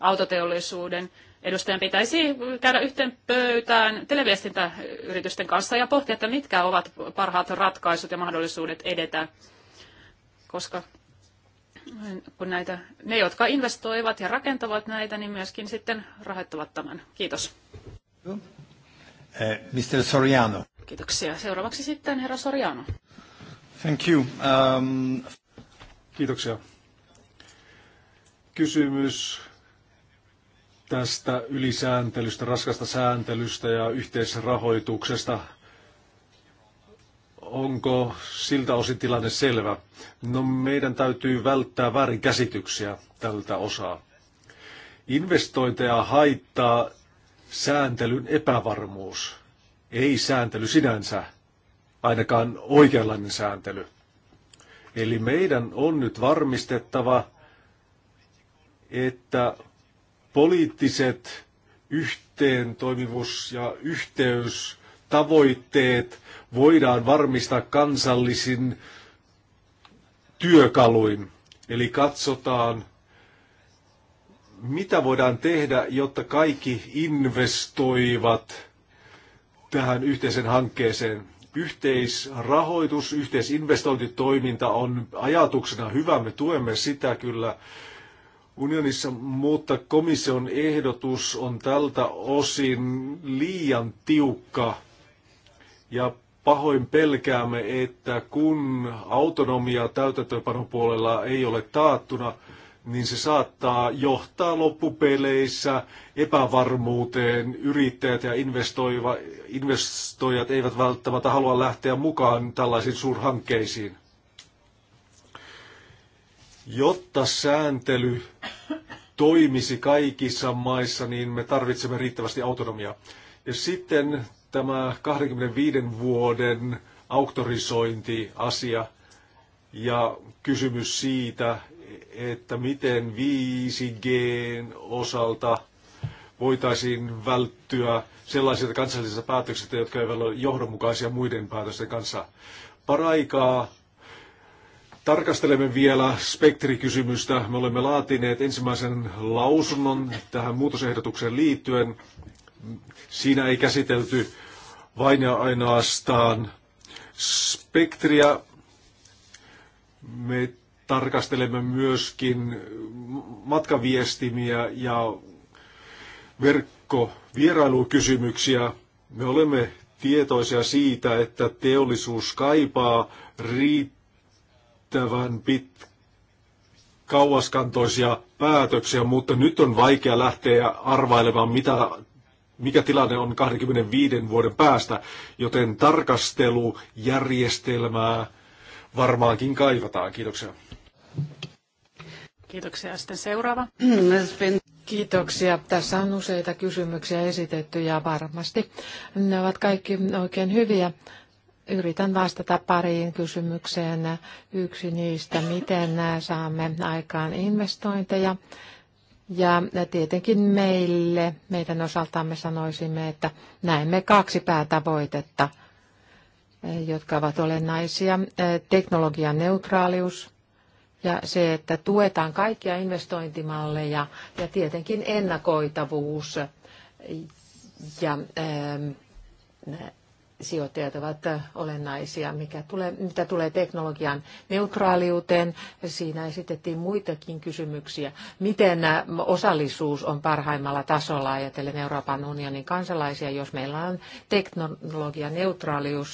Speaker 1: autoteollisuuden edustajan pitäisi käydä yhteen pöytään televiestintäyritysten kanssa ja pohtia, että mitkä ovat parhaat ratkaisut ja mahdollisuudet edetä, koska kun näitä, ne, jotka investoivat ja rakentavat näitä, niin myöskin sitten rahoittavat tämän. Kiitos.
Speaker 2: Eh, Mr. Soriano.
Speaker 1: Kiitoksia. Seuraavaksi sitten herra Soriano.
Speaker 2: Thank you. Um... Kiitoksia. Kysymys tästä ylisääntelystä, raskasta sääntelystä ja yhteisrahoituksesta onko siltä osin tilanne selvä? No meidän täytyy välttää väärinkäsityksiä tältä osaa. Investointeja haittaa sääntelyn epävarmuus. Ei sääntely sinänsä, ainakaan oikeanlainen sääntely. Eli meidän on nyt varmistettava, että poliittiset yhteen toimivuus ja yhteys tavoitteet voidaan varmistaa kansallisin työkaluin. Eli katsotaan, mitä voidaan tehdä, jotta kaikki investoivat tähän yhteisen hankkeeseen. Yhteisrahoitus, yhteisinvestointitoiminta on ajatuksena hyvä, me tuemme sitä kyllä unionissa, mutta komission ehdotus on tältä osin liian tiukka ja pahoin pelkäämme, että kun autonomia täytäntöönpanon puolella ei ole taattuna, niin se saattaa johtaa loppupeleissä epävarmuuteen. Yrittäjät ja investoijat eivät välttämättä halua lähteä mukaan tällaisiin suurhankkeisiin. Jotta sääntely toimisi kaikissa maissa, niin me tarvitsemme riittävästi autonomiaa. Ja sitten tämä 25 vuoden auktorisointiasia ja kysymys siitä, että miten 5 g osalta voitaisiin välttyä sellaisilta kansallisilta päätöksiltä, jotka eivät ole johdonmukaisia muiden päätösten kanssa. Paraikaa tarkastelemme vielä spektrikysymystä. Me olemme laatineet ensimmäisen lausunnon tähän muutosehdotukseen liittyen Siinä ei käsitelty vain ja ainoastaan spektriä. Me tarkastelemme myöskin matkaviestimiä ja verkkovierailukysymyksiä. Me olemme tietoisia siitä, että teollisuus kaipaa riittävän pit- kauaskantoisia päätöksiä, mutta nyt on vaikea lähteä arvailemaan, mitä mikä tilanne on 25 vuoden päästä, joten tarkastelujärjestelmää varmaankin kaivataan. Kiitoksia.
Speaker 1: Kiitoksia. Sitten seuraava.
Speaker 3: Kiitoksia. Tässä on useita kysymyksiä esitetty ja varmasti ne ovat kaikki oikein hyviä. Yritän vastata pariin kysymykseen. Yksi niistä, miten saamme aikaan investointeja ja tietenkin meille, meidän osaltamme sanoisimme, että näemme kaksi päätavoitetta, jotka ovat olennaisia. Teknologian neutraalius ja se, että tuetaan kaikkia investointimalleja ja tietenkin ennakoitavuus ja ähm, sijoittajat ovat olennaisia, mikä tulee, mitä tulee teknologian neutraaliuteen. Siinä esitettiin muitakin kysymyksiä. Miten osallisuus on parhaimmalla tasolla ajatellen Euroopan unionin kansalaisia, jos meillä on teknologianeutraalius,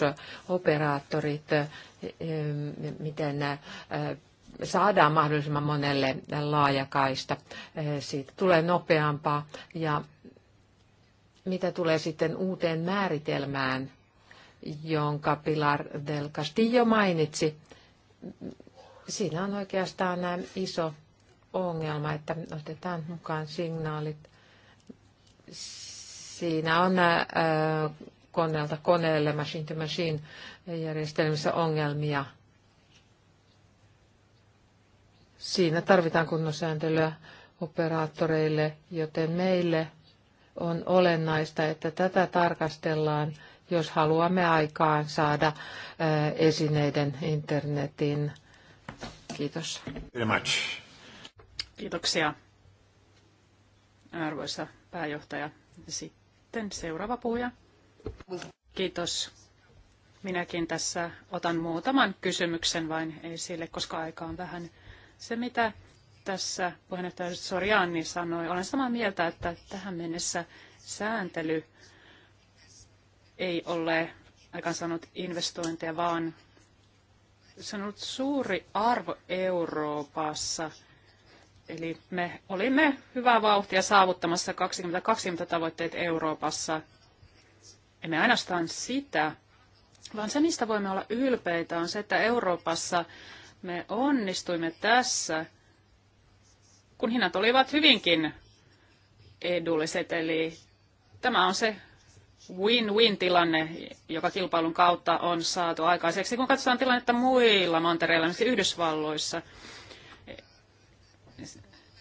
Speaker 3: operaattorit, eh, miten eh, saadaan mahdollisimman monelle laajakaista. Eh, siitä tulee nopeampaa ja mitä tulee sitten uuteen määritelmään jonka Pilar del Castillo mainitsi. Siinä on oikeastaan näin iso ongelma, että otetaan mukaan signaalit. Siinä on ää, äh, koneelta koneelle, machine to machine järjestelmissä ongelmia. Siinä tarvitaan kunnossääntelyä operaattoreille, joten meille on olennaista, että tätä tarkastellaan jos haluamme aikaan saada eh, esineiden internetin. Kiitos.
Speaker 1: Very much. Kiitoksia, arvoisa pääjohtaja. Sitten seuraava puhuja. Kiitos. Minäkin tässä otan muutaman kysymyksen vain esille, koska aika on vähän se, mitä tässä puheenjohtaja Soriani sanoi. Olen samaa mieltä, että tähän mennessä sääntely ei ole aikaansaanut investointeja, vaan se on ollut suuri arvo Euroopassa. Eli me olimme hyvää vauhtia saavuttamassa 2020 tavoitteet Euroopassa. Emme ainoastaan sitä, vaan se, mistä voimme olla ylpeitä, on se, että Euroopassa me onnistuimme tässä, kun hinnat olivat hyvinkin edulliset. Eli tämä on se win-win-tilanne, joka kilpailun kautta on saatu aikaiseksi. Kun katsotaan tilannetta muilla mantereilla, esimerkiksi Yhdysvalloissa,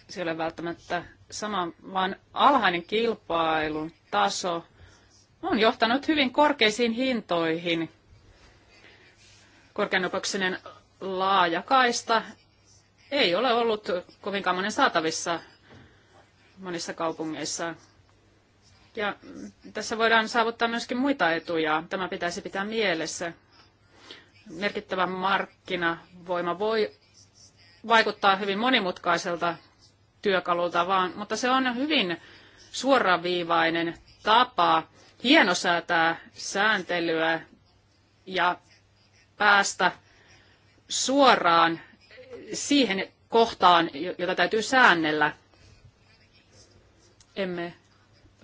Speaker 1: se ei ole välttämättä sama, vaan alhainen kilpailun taso on johtanut hyvin korkeisiin hintoihin. Korkeanopeuksinen laajakaista ei ole ollut kovinkaan monen saatavissa monissa kaupungeissa ja tässä voidaan saavuttaa myöskin muita etuja. Tämä pitäisi pitää mielessä. Merkittävä markkinavoima voi vaikuttaa hyvin monimutkaiselta työkalulta, vaan, mutta se on hyvin suoraviivainen tapa hienosäätää sääntelyä ja päästä suoraan siihen kohtaan, jota täytyy säännellä. Emme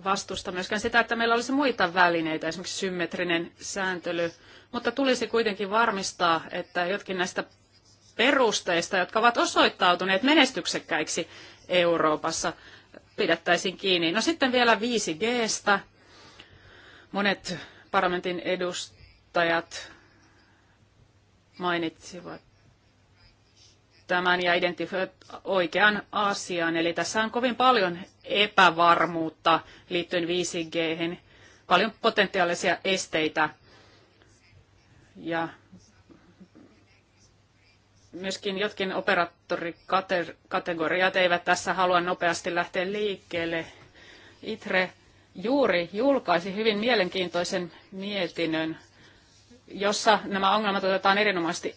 Speaker 1: vastusta myöskään sitä, että meillä olisi muita välineitä, esimerkiksi symmetrinen sääntely, mutta tulisi kuitenkin varmistaa, että jotkin näistä perusteista, jotka ovat osoittautuneet menestyksekkäiksi Euroopassa, pidettäisiin kiinni. No sitten vielä 5Gstä. Monet parlamentin edustajat mainitsivat tämän ja identifioit oikean asian. Eli tässä on kovin paljon epävarmuutta liittyen 5G, paljon potentiaalisia esteitä ja myöskin jotkin operaattorikategoriat eivät tässä halua nopeasti lähteä liikkeelle. ITRE juuri julkaisi hyvin mielenkiintoisen mietinnön, jossa nämä ongelmat otetaan erinomaisesti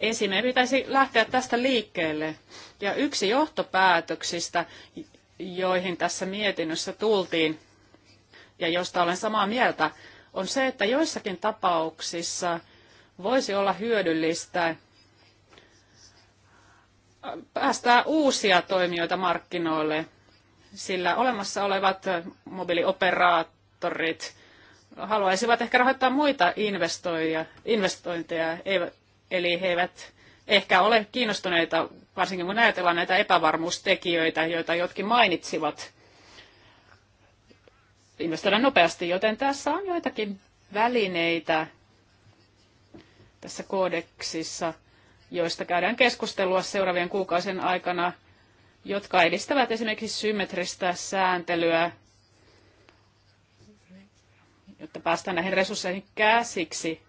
Speaker 1: esiin. Meidän pitäisi lähteä tästä liikkeelle. Ja yksi johtopäätöksistä, joihin tässä mietinnössä tultiin, ja josta olen samaa mieltä, on se, että joissakin tapauksissa voisi olla hyödyllistä äh, päästää uusia toimijoita markkinoille, sillä olemassa olevat äh, mobiilioperaattorit haluaisivat ehkä rahoittaa muita investointeja, eivät, Eli he eivät ehkä ole kiinnostuneita, varsinkin kun ajatellaan näitä epävarmuustekijöitä, joita jotkin mainitsivat, investoida nopeasti, joten tässä on joitakin välineitä tässä koodeksissa, joista käydään keskustelua seuraavien kuukausien aikana, jotka edistävät esimerkiksi symmetristä sääntelyä, jotta päästään näihin resursseihin käsiksi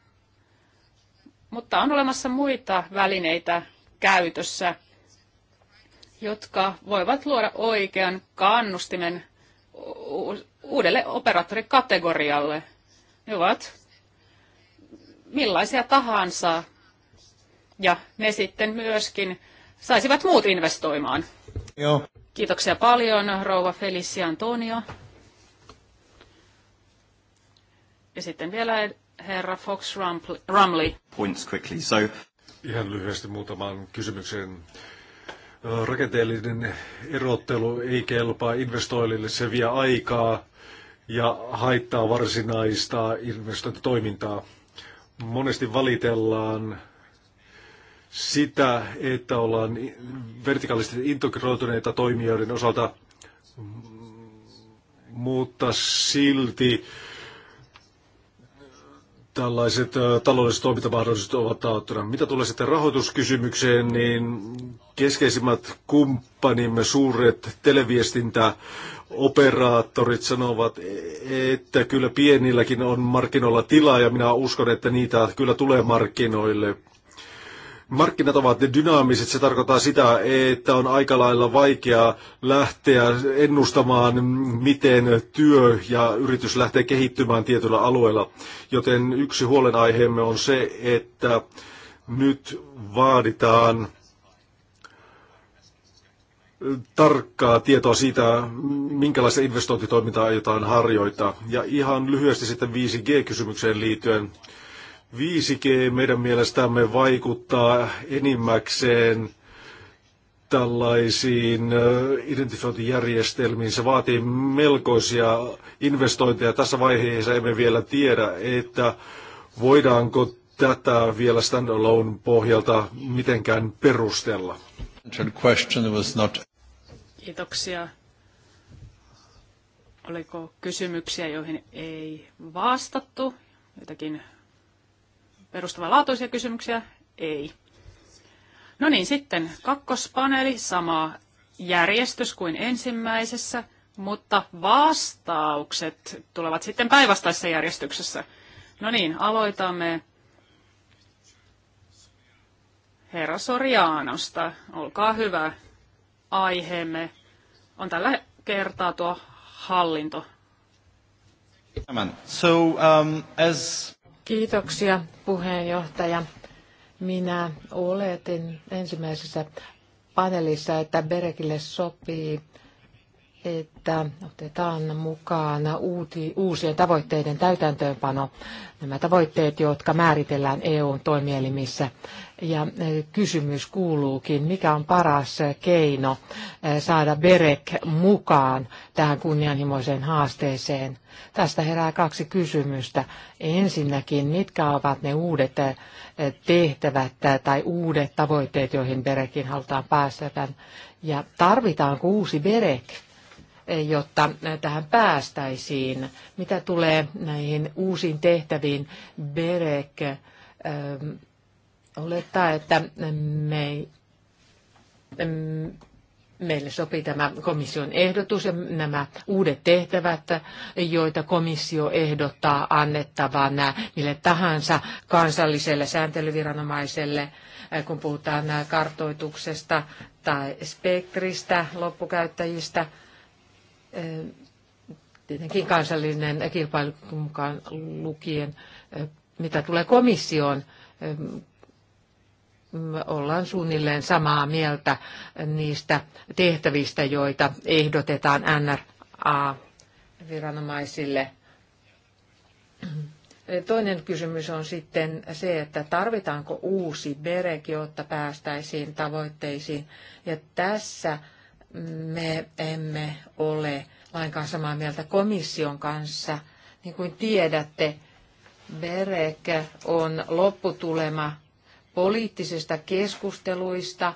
Speaker 1: mutta on olemassa muita välineitä käytössä, jotka voivat luoda oikean kannustimen uudelle operaattorikategorialle. Ne ovat millaisia tahansa ja ne sitten myöskin saisivat muut investoimaan. Joo. Kiitoksia paljon, rouva Felicia Antonio. Ja sitten vielä herra Fox Rumley.
Speaker 2: Points quickly. So... Ihan lyhyesti muutamaan kysymykseen. Rakenteellinen erottelu ei kelpaa investoijille, se vie aikaa ja haittaa varsinaista investointitoimintaa. Monesti valitellaan sitä, että ollaan vertikaalisesti integroituneita toimijoiden osalta, mutta silti tällaiset taloudelliset toimintamahdollisuudet ovat taattuna. Mitä tulee sitten rahoituskysymykseen, niin keskeisimmät kumppanimme, suuret televiestintäoperaattorit sanovat, että kyllä pienilläkin on markkinoilla tilaa ja minä uskon, että niitä kyllä tulee markkinoille markkinat ovat dynaamiset. Se tarkoittaa sitä, että on aika lailla vaikea lähteä ennustamaan, miten työ ja yritys lähtee kehittymään tietyllä alueella. Joten yksi huolenaiheemme on se, että nyt vaaditaan tarkkaa tietoa siitä, minkälaista investointitoimintaa aiotaan harjoittaa. Ja ihan lyhyesti sitten 5G-kysymykseen liittyen 5G meidän mielestämme vaikuttaa enimmäkseen tällaisiin identifiointijärjestelmiin. Se vaatii melkoisia investointeja. Tässä vaiheessa emme vielä tiedä, että voidaanko tätä vielä standalone pohjalta mitenkään perustella.
Speaker 1: Kiitoksia. Oliko kysymyksiä, joihin ei vastattu? Jotakin perustavanlaatuisia kysymyksiä? Ei. No niin, sitten kakkospaneeli, sama järjestys kuin ensimmäisessä, mutta vastaukset tulevat sitten päinvastaisessa järjestyksessä. No niin, aloitamme herra Sorianosta. Olkaa hyvä. Aiheemme on tällä kertaa tuo hallinto.
Speaker 2: So, um, as...
Speaker 3: Kiitoksia puheenjohtaja. Minä oletin ensimmäisessä panelissa, että Berekille sopii, että otetaan mukaan uusien tavoitteiden täytäntöönpano. Nämä tavoitteet, jotka määritellään EUn toimielimissä ja eh, kysymys kuuluukin, mikä on paras eh, keino eh, saada Berek mukaan tähän kunnianhimoiseen haasteeseen? Tästä herää kaksi kysymystä. Ensinnäkin, mitkä ovat ne uudet tehtävät tai uudet tavoitteet, joihin Berekin halutaan päästä? Ja tarvitaanko uusi Berek? jotta tähän päästäisiin. Mitä tulee näihin uusiin tehtäviin, Berek olettaa, että me, meille sopii tämä komission ehdotus ja nämä uudet tehtävät, joita komissio ehdottaa annettavana, mille tahansa kansalliselle sääntelyviranomaiselle, kun puhutaan kartoituksesta tai spektristä, loppukäyttäjistä. Tietenkin kansallinen kilpailu mukaan lukien, mitä tulee komissioon, ollaan suunnilleen samaa mieltä niistä tehtävistä, joita ehdotetaan NRA-viranomaisille. Toinen kysymys on sitten se, että tarvitaanko uusi BEREG, jotta päästäisiin tavoitteisiin. Ja tässä me emme ole lainkaan samaa mieltä komission kanssa. Niin kuin tiedätte, BEREG on lopputulema poliittisista keskusteluista.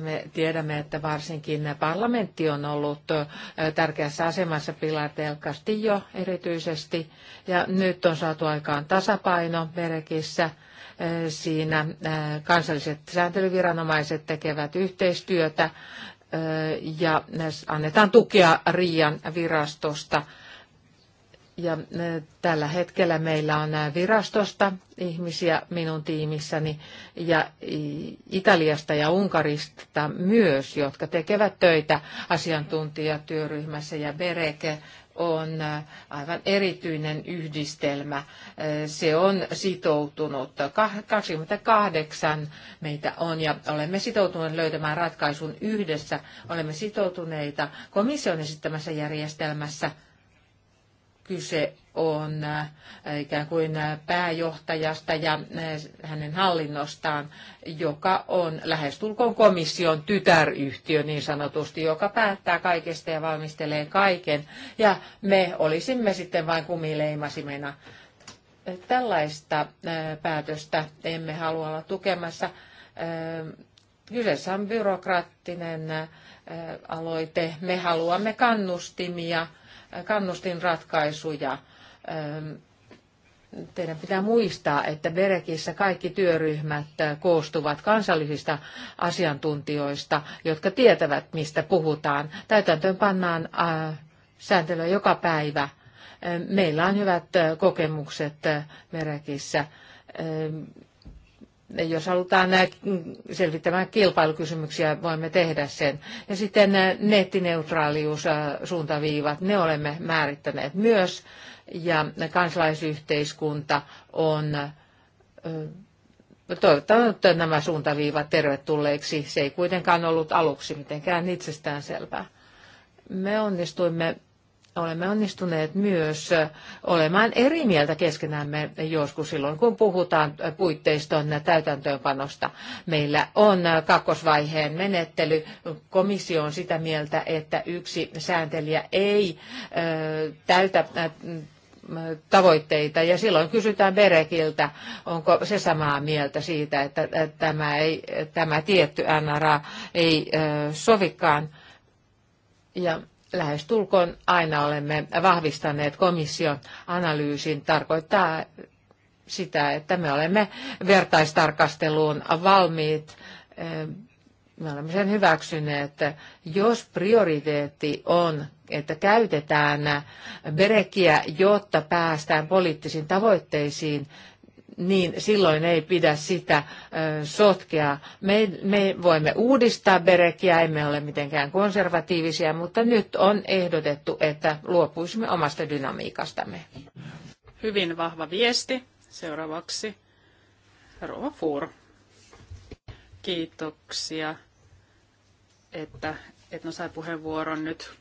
Speaker 3: Me tiedämme, että varsinkin parlamentti on ollut tärkeässä asemassa Pilar del Castillo erityisesti. Ja nyt on saatu aikaan tasapaino merekissä. Siinä kansalliset sääntelyviranomaiset tekevät yhteistyötä ja annetaan tukea rian virastosta ja eh, tällä hetkellä meillä on eh, virastosta ihmisiä minun tiimissäni ja Italiasta ja Unkarista myös, jotka tekevät töitä asiantuntijatyöryhmässä ja Bereke on eh, aivan erityinen yhdistelmä. Se on sitoutunut. 28 meitä on ja olemme sitoutuneet löytämään ratkaisun yhdessä. Olemme sitoutuneita komission esittämässä järjestelmässä – kyse on äh, ikään kuin äh, pääjohtajasta ja äh, hänen hallinnostaan, joka on lähestulkoon komission tytäryhtiö niin sanotusti, joka päättää kaikesta ja valmistelee kaiken. Ja me olisimme sitten vain kumileimasimena. Tällaista päätöstä emme halua olla tukemassa. Kyseessä on byrokraattinen aloite. Me haluamme kannustimia – kannustinratkaisuja. Ähm, teidän pitää muistaa, että Berekissä kaikki työryhmät äh, koostuvat kansallisista asiantuntijoista, jotka tietävät, mistä puhutaan. Täytäntöön pannaan äh, sääntelyä joka päivä. Äh, meillä on hyvät kokemukset Berekissä ähm, jos halutaan selvittämään kilpailukysymyksiä, voimme tehdä sen. Ja sitten äh, nettineutraalius, äh, suuntaviivat, ne olemme määrittäneet myös. Ja kansalaisyhteiskunta on äh, toivottanut nämä suuntaviivat tervetulleiksi. Se ei kuitenkaan ollut aluksi mitenkään itsestäänselvää. Me onnistuimme olemme onnistuneet myös olemaan eri mieltä keskenämme joskus silloin, kun puhutaan puitteiston täytäntöönpanosta. Meillä on kakkosvaiheen menettely. Komissio on sitä mieltä, että yksi sääntelijä ei täytä tavoitteita ja silloin kysytään Berekiltä, onko se samaa mieltä siitä, että tämä, ei, tämä tietty NRA ei sovikaan. Ja lähestulkoon aina olemme vahvistaneet komission analyysin, tarkoittaa sitä, että me olemme vertaistarkasteluun valmiit. Me olemme sen hyväksyneet, että jos prioriteetti on, että käytetään berekiä, jotta päästään poliittisiin tavoitteisiin, niin silloin ei pidä sitä sotkea. Me, me voimme uudistaa Berekiä, emme ole mitenkään konservatiivisia, mutta nyt on ehdotettu, että luopuisimme omasta dynamiikastamme.
Speaker 1: Hyvin vahva viesti. Seuraavaksi Rova Fuur. Kiitoksia, että, et no sai puheenvuoron nyt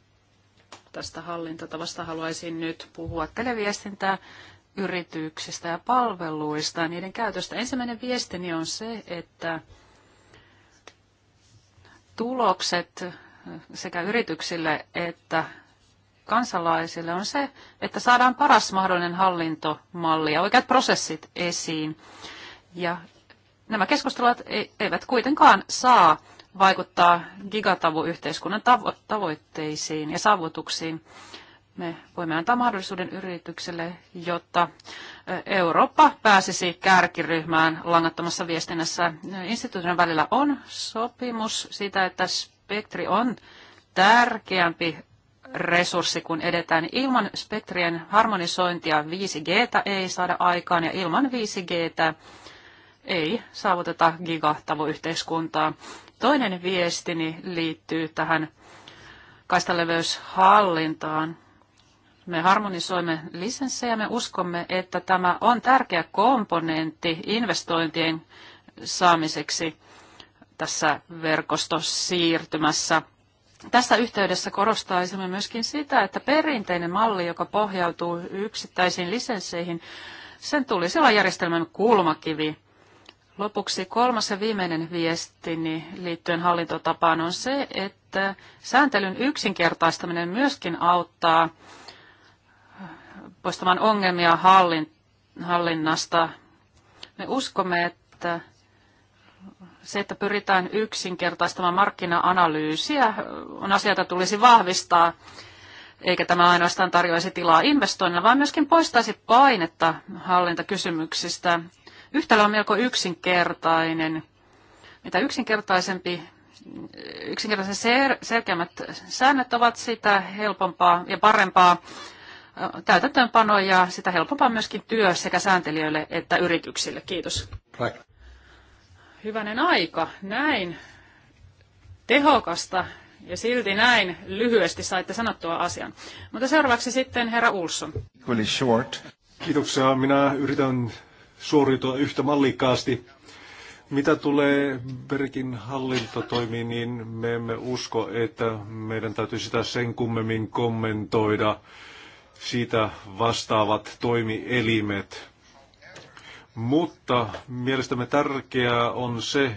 Speaker 1: tästä hallintotavasta. Haluaisin nyt puhua televiestintää yrityksistä ja palveluista ja niiden käytöstä. Ensimmäinen viestini on se, että tulokset sekä yrityksille että kansalaisille on se, että saadaan paras mahdollinen hallintomalli ja oikeat prosessit esiin. Ja nämä keskustelut e- eivät kuitenkaan saa vaikuttaa gigatavuyhteiskunnan tavo- tavoitteisiin ja saavutuksiin me voimme antaa mahdollisuuden yritykselle, jotta Eurooppa pääsisi kärkiryhmään langattomassa viestinnässä. Instituutin välillä on sopimus siitä, että spektri on tärkeämpi resurssi, kun edetään. Ilman spektrien harmonisointia 5G ei saada aikaan ja ilman 5G ei saavuteta gigatavoyhteiskuntaa. Toinen viestini liittyy tähän kaistaleveyshallintaan me harmonisoimme lisenssejä, me uskomme, että tämä on tärkeä komponentti investointien saamiseksi tässä verkostosiirtymässä. Tässä yhteydessä korostaisimme myöskin sitä, että perinteinen malli, joka pohjautuu yksittäisiin lisensseihin, sen tulisi olla järjestelmän kulmakivi. Lopuksi kolmas ja viimeinen viestini liittyen hallintotapaan on se, että sääntelyn yksinkertaistaminen myöskin auttaa poistamaan ongelmia hallin, hallinnasta. Me uskomme, että se, että pyritään yksinkertaistamaan markkina-analyysiä, on asia, jota tulisi vahvistaa, eikä tämä ainoastaan tarjoaisi tilaa investoinnilla, vaan myöskin poistaisi painetta hallintakysymyksistä. Yhtälö on melko yksinkertainen. Mitä yksinkertaisempi, yksinkertaisen sel- selkeämmät säännöt ovat sitä helpompaa ja parempaa täytäntöönpano ja sitä helpompaa myöskin työ sekä sääntelijöille että yrityksille. Kiitos. Hyvänen aika. Näin tehokasta ja silti näin lyhyesti saitte sanottua asian. Mutta seuraavaksi sitten herra Ulsson.
Speaker 2: Really short. Kiitoksia. Minä yritän suoriutua yhtä mallikkaasti. Mitä tulee Berkin hallintotoimiin, niin me emme usko, että meidän täytyy sitä sen kummemmin kommentoida siitä vastaavat toimielimet. Mutta mielestämme tärkeää on se,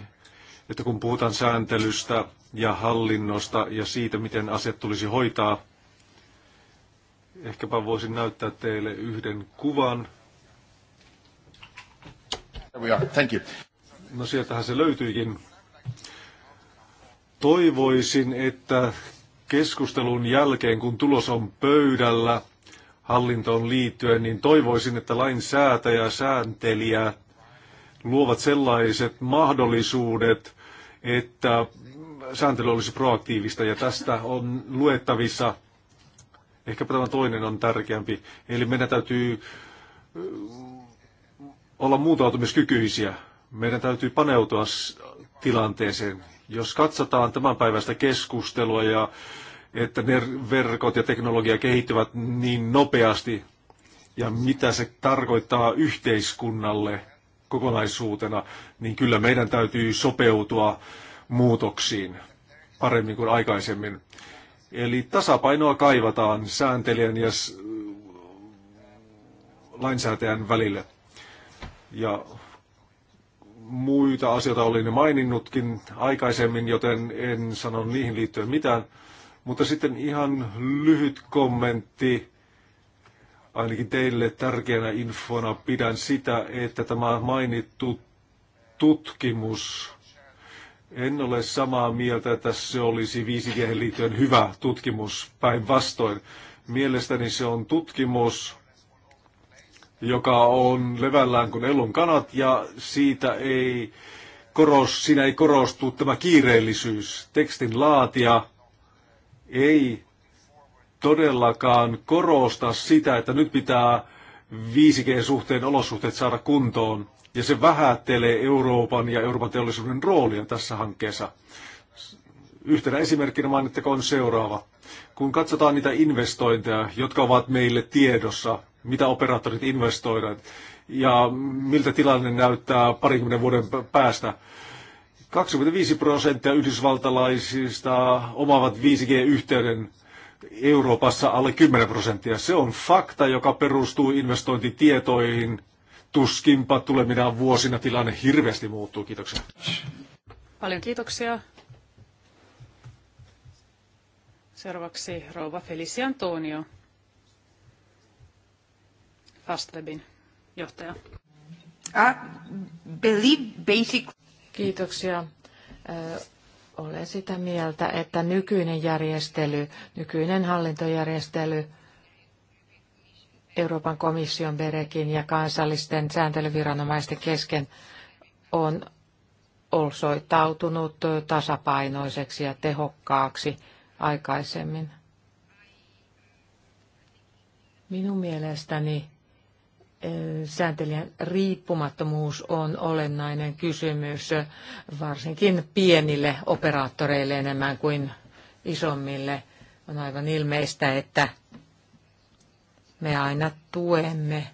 Speaker 2: että kun puhutaan sääntelystä ja hallinnosta ja siitä, miten asiat tulisi hoitaa, ehkäpä voisin näyttää teille yhden kuvan. Thank you. No sieltähän se löytyikin. Toivoisin, että keskustelun jälkeen, kun tulos on pöydällä, hallintoon liittyen, niin toivoisin, että lainsäätäjä, sääntelijä luovat sellaiset mahdollisuudet, että sääntely olisi proaktiivista ja tästä on luettavissa, ehkäpä tämä toinen on tärkeämpi, eli meidän täytyy olla muutautumiskykyisiä. Meidän täytyy paneutua tilanteeseen. Jos katsotaan tämän päivästä keskustelua ja että ne verkot ja teknologia kehittyvät niin nopeasti ja mitä se tarkoittaa yhteiskunnalle kokonaisuutena, niin kyllä meidän täytyy sopeutua muutoksiin paremmin kuin aikaisemmin. Eli tasapainoa kaivataan sääntelijän ja lainsäätäjän välille. Ja muita asioita olin maininnutkin aikaisemmin, joten en sano niihin liittyen mitään. Mutta sitten ihan lyhyt kommentti, ainakin teille tärkeänä infona pidän sitä, että tämä mainittu tutkimus, en ole samaa mieltä, että se olisi 5G liittyen hyvä tutkimus päinvastoin. Mielestäni se on tutkimus, joka on levällään kuin elun kanat ja siitä ei koros, siinä ei korostu tämä kiireellisyys. Tekstin laatia ei todellakaan korosta sitä, että nyt pitää 5G-suhteen olosuhteet saada kuntoon. Ja se vähättelee Euroopan ja Euroopan teollisuuden roolia tässä hankkeessa. Yhtenä esimerkkinä mainittakoon seuraava. Kun katsotaan niitä investointeja, jotka ovat meille tiedossa, mitä operaattorit investoivat ja miltä tilanne näyttää parikymmenen vuoden päästä, 25 prosenttia yhdysvaltalaisista omaavat 5G-yhteyden Euroopassa alle 10 prosenttia. Se on fakta, joka perustuu investointitietoihin. Tuskinpa tulevina vuosina tilanne hirveästi muuttuu. Kiitoksia.
Speaker 1: Paljon kiitoksia. Seuraavaksi rouva Felicia Antonio, Fastwebin johtaja.
Speaker 3: I believe basic Kiitoksia. Olen sitä mieltä, että nykyinen järjestely, nykyinen hallintojärjestely Euroopan komission Berekin ja kansallisten sääntelyviranomaisten kesken on osoittautunut tasapainoiseksi ja tehokkaaksi aikaisemmin. Minun mielestäni sääntelijän riippumattomuus on olennainen kysymys varsinkin pienille operaattoreille enemmän kuin isommille. On aivan ilmeistä, että me aina tuemme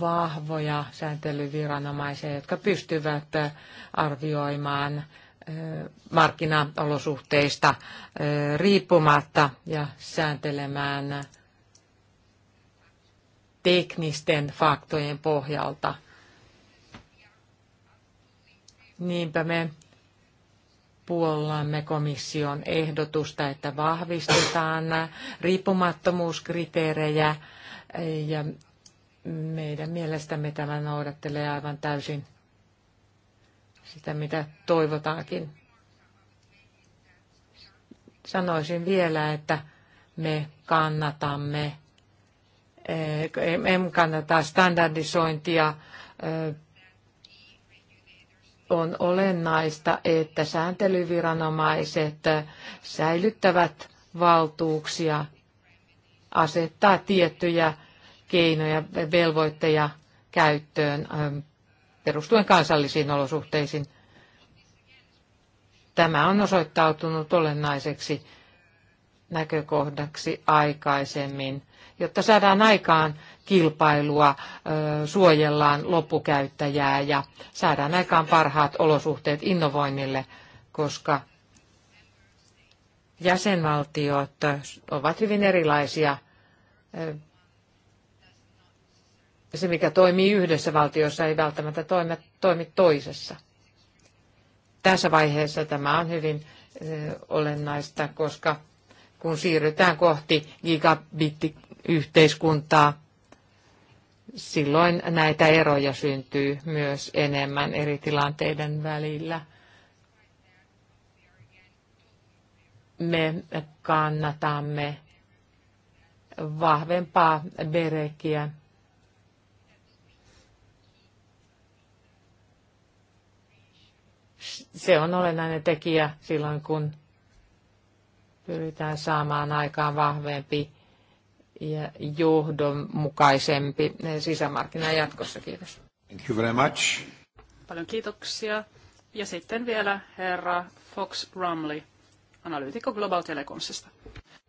Speaker 3: vahvoja sääntelyviranomaisia, jotka pystyvät arvioimaan markkinaolosuhteista riippumatta ja sääntelemään teknisten faktojen pohjalta. Niinpä me puollamme komission ehdotusta, että vahvistetaan riippumattomuuskriteerejä ja meidän mielestämme tämä noudattelee aivan täysin sitä, mitä toivotaankin. Sanoisin vielä, että me kannatamme Eh, emme kannata standardisointia. Eh, on olennaista, että sääntelyviranomaiset säilyttävät valtuuksia asettaa tiettyjä keinoja, velvoitteja käyttöön eh, perustuen kansallisiin olosuhteisiin. Tämä on osoittautunut olennaiseksi näkökohdaksi aikaisemmin jotta saadaan aikaan kilpailua, suojellaan loppukäyttäjää ja saadaan aikaan parhaat olosuhteet innovoinnille, koska jäsenvaltiot ovat hyvin erilaisia. Se, mikä toimii yhdessä valtiossa, ei välttämättä toimi, toimi toisessa. Tässä vaiheessa tämä on hyvin olennaista, koska kun siirrytään kohti gigabitti yhteiskuntaa. Silloin näitä eroja syntyy myös enemmän eri tilanteiden välillä. Me kannatamme vahvempaa berekiä. Se on olennainen tekijä silloin, kun pyritään saamaan aikaan vahvempi ja johdonmukaisempi sisämarkkina jatkossa. Kiitos.
Speaker 2: Thank you very much.
Speaker 1: Paljon kiitoksia. Ja sitten vielä herra Fox Rumley, analyytikko Global Telecomsista.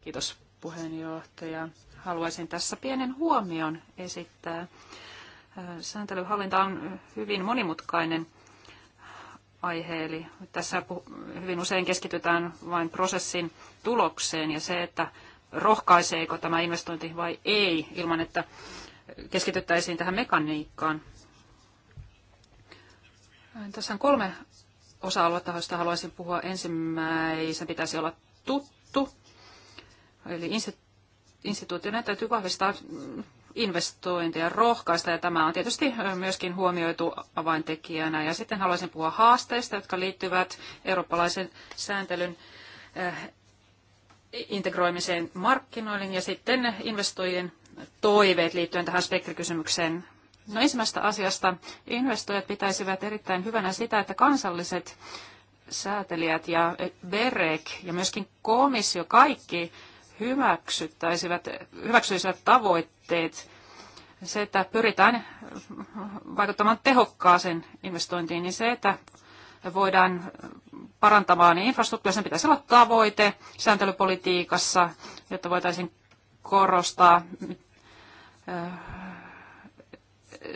Speaker 1: Kiitos puheenjohtaja. Haluaisin tässä pienen huomion esittää. Sääntelyhallinta on hyvin monimutkainen aihe, eli tässä hyvin usein keskitytään vain prosessin tulokseen ja se, että rohkaiseeko tämä investointi vai ei, ilman että keskityttäisiin tähän mekaniikkaan. Tässä on kolme osa-aluetta, joista haluaisin puhua. Ensimmäisen pitäisi olla tuttu, eli instituutioiden täytyy vahvistaa investointeja rohkaista, ja tämä on tietysti myöskin huomioitu avaintekijänä. Ja sitten haluaisin puhua haasteista, jotka liittyvät eurooppalaisen sääntelyn eh, integroimiseen markkinoille ja sitten investoijien toiveet liittyen tähän spektrikysymykseen. No ensimmäisestä asiasta investoijat pitäisivät erittäin hyvänä sitä, että kansalliset säätelijät ja BEREC ja myöskin komissio kaikki hyväksyttäisivät, hyväksyisivät tavoitteet. Se, että pyritään vaikuttamaan tehokkaaseen investointiin, niin se, että voidaan parantamaan niin infrastruktuuria. Sen pitäisi olla tavoite sääntelypolitiikassa, jotta voitaisiin korostaa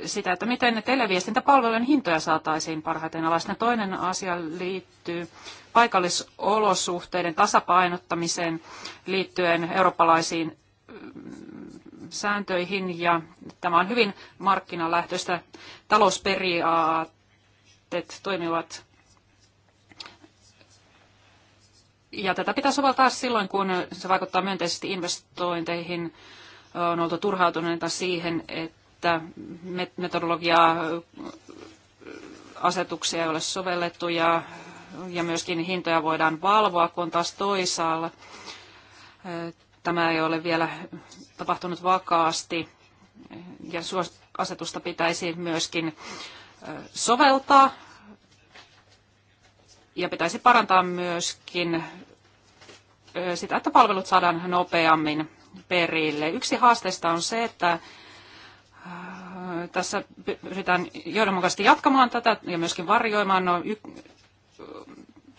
Speaker 1: sitä, että miten televiestintäpalvelujen hintoja saataisiin parhaiten alas. Ja toinen asia liittyy paikallisolosuhteiden tasapainottamiseen liittyen eurooppalaisiin sääntöihin ja tämä on hyvin markkinalähtöistä talousperiaatteet toimivat Ja tätä pitää soveltaa silloin, kun se vaikuttaa myönteisesti investointeihin. On oltu turhautuneita siihen, että metodologiaa äh, asetuksia ei ole sovellettu ja, ja myöskin hintoja voidaan valvoa, kun taas toisaalla äh, tämä ei ole vielä tapahtunut vakaasti ja asetusta pitäisi myöskin äh, soveltaa ja pitäisi parantaa myöskin sitä, että palvelut saadaan nopeammin perille. Yksi haasteista on se, että tässä pyritään johdonmukaisesti jatkamaan tätä ja myöskin varjoimaan. No, y-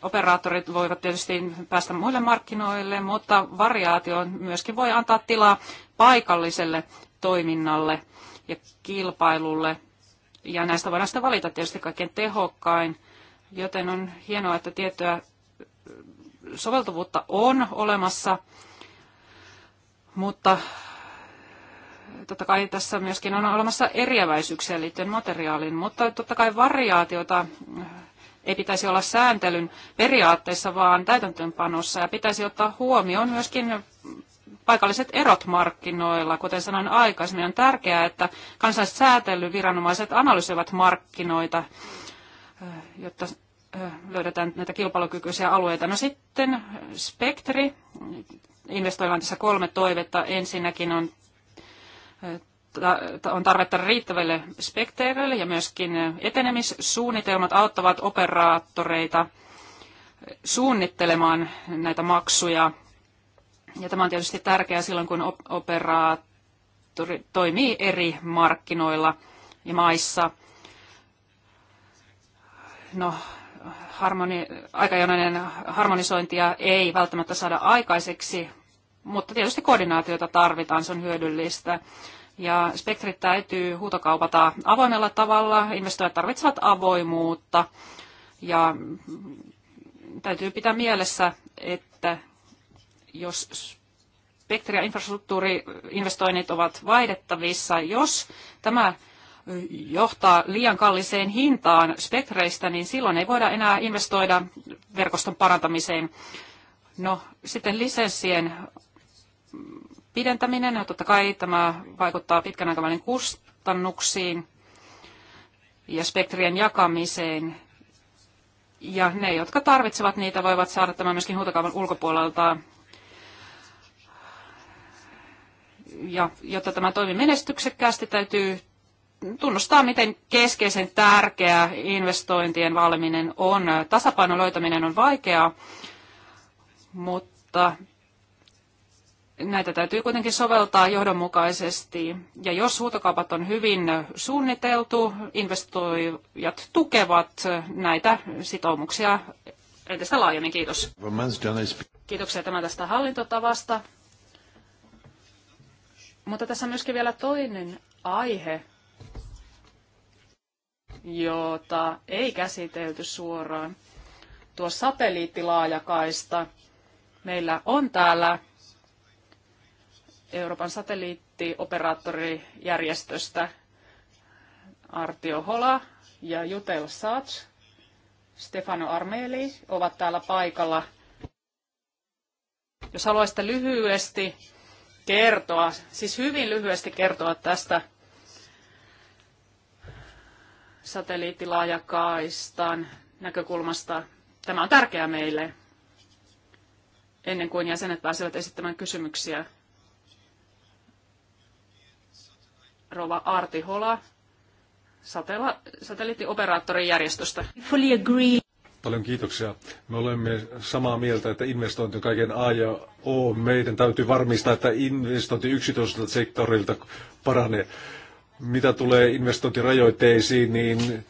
Speaker 1: operaattorit voivat tietysti päästä muille markkinoille, mutta variaatio myöskin voi antaa tilaa paikalliselle toiminnalle ja kilpailulle. Ja näistä voidaan sitten valita tietysti kaikkein tehokkain joten on hienoa, että tiettyä soveltuvuutta on olemassa, mutta totta kai tässä myöskin on olemassa eriäväisyyksiä liittyen materiaaliin, mutta totta kai variaatiota ei pitäisi olla sääntelyn periaatteessa, vaan täytäntöönpanossa ja pitäisi ottaa huomioon myöskin paikalliset erot markkinoilla. Kuten sanoin aikaisemmin, on tärkeää, että kansalliset säätelyviranomaiset analysoivat markkinoita Äh, jotta äh, löydetään näitä kilpailukykyisiä alueita. No sitten spektri. Investoidaan tässä kolme toivetta. Ensinnäkin on, äh, on tarvetta riittäville spektreille ja myöskin etenemissuunnitelmat auttavat operaattoreita suunnittelemaan näitä maksuja. Ja tämä on tietysti tärkeää silloin, kun operaattori toimii eri markkinoilla ja maissa – no, harmoni, aikajonainen harmonisointia ei välttämättä saada aikaiseksi, mutta tietysti koordinaatiota tarvitaan, se on hyödyllistä. Ja spektrit täytyy huutokaupata avoimella tavalla, investoijat tarvitsevat avoimuutta ja täytyy pitää mielessä, että jos spektri- ja infrastruktuuriinvestoinnit ovat vaihdettavissa, jos tämä johtaa liian kalliseen hintaan spektreistä, niin silloin ei voida enää investoida verkoston parantamiseen. No sitten lisenssien pidentäminen, no, totta kai tämä vaikuttaa pitkän aikavälin kustannuksiin ja spektrien jakamiseen. Ja ne, jotka tarvitsevat niitä, voivat saada tämän myöskin huutokaupan ulkopuolelta. Ja jotta tämä toimii menestyksekkäästi, täytyy tunnustaa, miten keskeisen tärkeä investointien valminen on. Tasapainon löytäminen on vaikeaa, mutta näitä täytyy kuitenkin soveltaa johdonmukaisesti. Ja jos huutokaupat on hyvin suunniteltu, investoijat tukevat näitä sitoumuksia entistä laajemmin. Kiitos. Kiitoksia tämä tästä hallintotavasta. Mutta tässä on myöskin vielä toinen aihe, jota ei käsitelty suoraan. Tuo satelliittilaajakaista. Meillä on täällä Euroopan satelliittioperaattorijärjestöstä Artio Hola ja Jutel Sats, Stefano Armeli ovat täällä paikalla. Jos haluaisitte lyhyesti kertoa, siis hyvin lyhyesti kertoa tästä satelliittilaajakaistan näkökulmasta. Tämä on tärkeää meille ennen kuin jäsenet pääsevät esittämään kysymyksiä. Rova Arti Hola, satella, satelliittioperaattorin järjestöstä. Fully agree.
Speaker 2: Paljon kiitoksia. Me olemme samaa mieltä, että investointi on kaiken A ja O. Meidän täytyy varmistaa, että investointi yksityiseltä sektorilta paranee. Mitä tulee investointirajoitteisiin, niin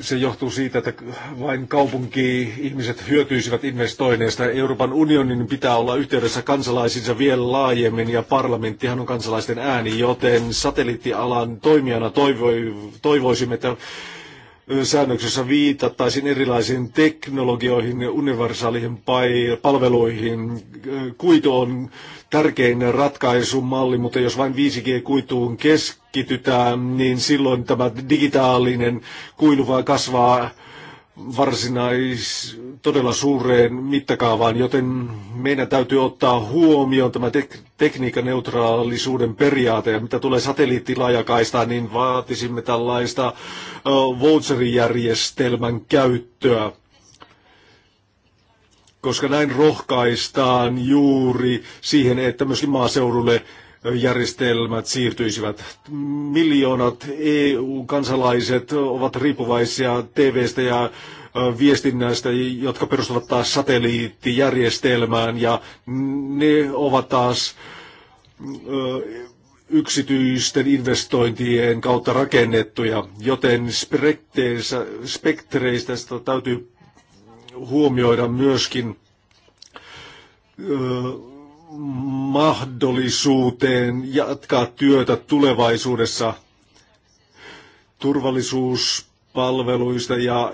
Speaker 2: se johtuu siitä, että vain kaupunki-ihmiset hyötyisivät investoinneista. Euroopan unionin pitää olla yhteydessä kansalaisinsa vielä laajemmin ja parlamenttihan on kansalaisten ääni, joten satelliittialan toimijana toivoi, toivoisimme, että säännöksessä viitattaisiin erilaisiin teknologioihin ja universaaleihin palveluihin. Kuitu on tärkein ratkaisumalli, mutta jos vain 5G-kuituun keskitytään, niin silloin tämä digitaalinen kuilu vaan kasvaa varsinais, todella suureen mittakaavaan, joten meidän täytyy ottaa huomioon tämä tek- tekniikaneutraalisuuden periaate. Ja mitä tulee satelliittilaajakaistaa, niin vaatisimme tällaista uh, voucherijärjestelmän käyttöä koska näin rohkaistaan juuri siihen, että myöskin maaseudulle järjestelmät siirtyisivät. Miljoonat EU-kansalaiset ovat riippuvaisia TVstä ja viestinnästä, jotka perustuvat taas satelliittijärjestelmään ja ne ovat taas yksityisten investointien kautta rakennettuja, joten spektreistä täytyy huomioida myöskin mahdollisuuteen jatkaa työtä tulevaisuudessa turvallisuuspalveluista ja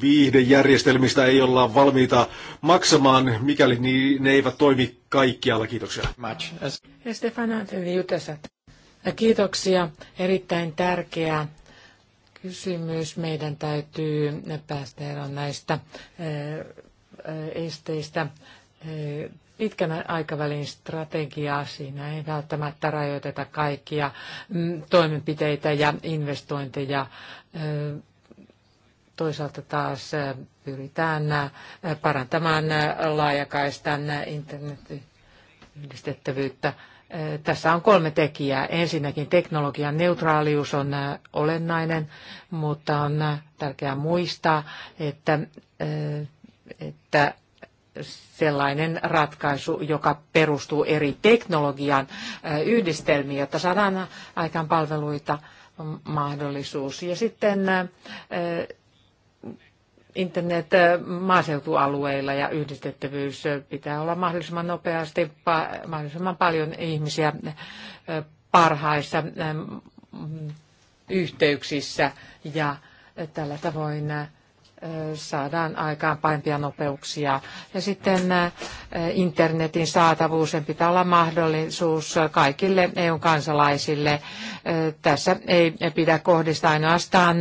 Speaker 2: viihdejärjestelmistä ei olla valmiita maksamaan, mikäli ne eivät toimi kaikkialla. Kiitoksia. Match.
Speaker 3: Stefana Kiitoksia. Erittäin tärkeä kysymys. Meidän täytyy päästä eroon näistä eh, eh, esteistä eh, pitkän aikavälin strategiaa. Siinä ei välttämättä rajoiteta kaikkia mm, toimenpiteitä ja investointeja. Toisaalta taas pyritään parantamaan laajakaistan internetyhdistettävyyttä. Tässä on kolme tekijää. Ensinnäkin teknologian neutraalius on olennainen, mutta on tärkeää muistaa, että, että sellainen ratkaisu, joka perustuu eri teknologian yhdistelmiin, jotta saadaan aikaan palveluita mahdollisuus. Ja sitten internet maaseutualueilla ja yhdistettävyys pitää olla mahdollisimman nopeasti, mahdollisimman paljon ihmisiä parhaissa yhteyksissä ja tällä tavoin saadaan aikaan painpia nopeuksia. Ja sitten internetin saatavuus, sen pitää olla mahdollisuus kaikille EUn kansalaisille. Tässä ei pidä kohdistaa ainoastaan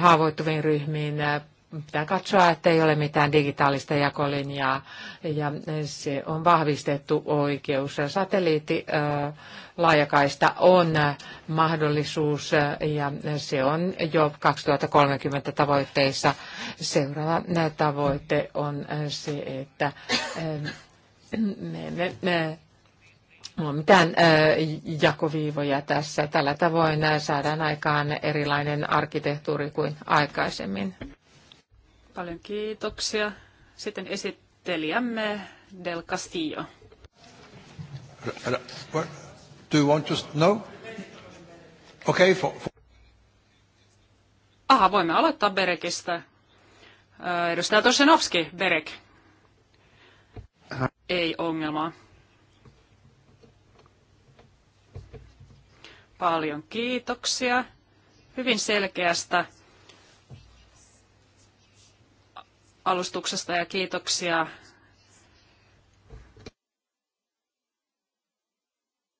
Speaker 3: haavoittuviin ryhmiin pitää katsoa, että ei ole mitään digitaalista jakolinjaa ja se on vahvistettu oikeus. Satelliitti laajakaista on mahdollisuus äh, ja se on jo 2030 tavoitteissa. Seuraava äh, tavoite on äh, se, että me, emme No, mitään jakoviivoja tässä. Tällä tavoin saadaan aikaan erilainen arkkitehtuuri kuin aikaisemmin.
Speaker 1: Paljon kiitoksia. Sitten esittelijämme Del Castillo.
Speaker 2: Do you want just No? Okay, for, for...
Speaker 1: Aha, voimme aloittaa Berekistä. Äh, edustaja Tosenovski, Berek. Ei ongelmaa. Paljon kiitoksia hyvin selkeästä alustuksesta ja kiitoksia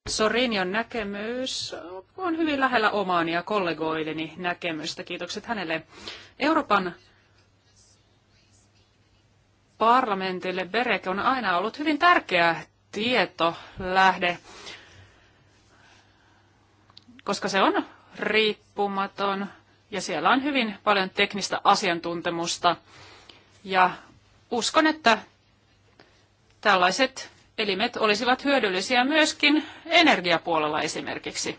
Speaker 1: Sorinion näkemys on hyvin lähellä omaani ja kollegoideni näkemystä. Kiitokset hänelle. Euroopan parlamentille Berek on aina ollut hyvin tärkeä tietolähde, koska se on riippumaton ja siellä on hyvin paljon teknistä asiantuntemusta. Ja uskon, että tällaiset elimet olisivat hyödyllisiä myöskin energiapuolella esimerkiksi.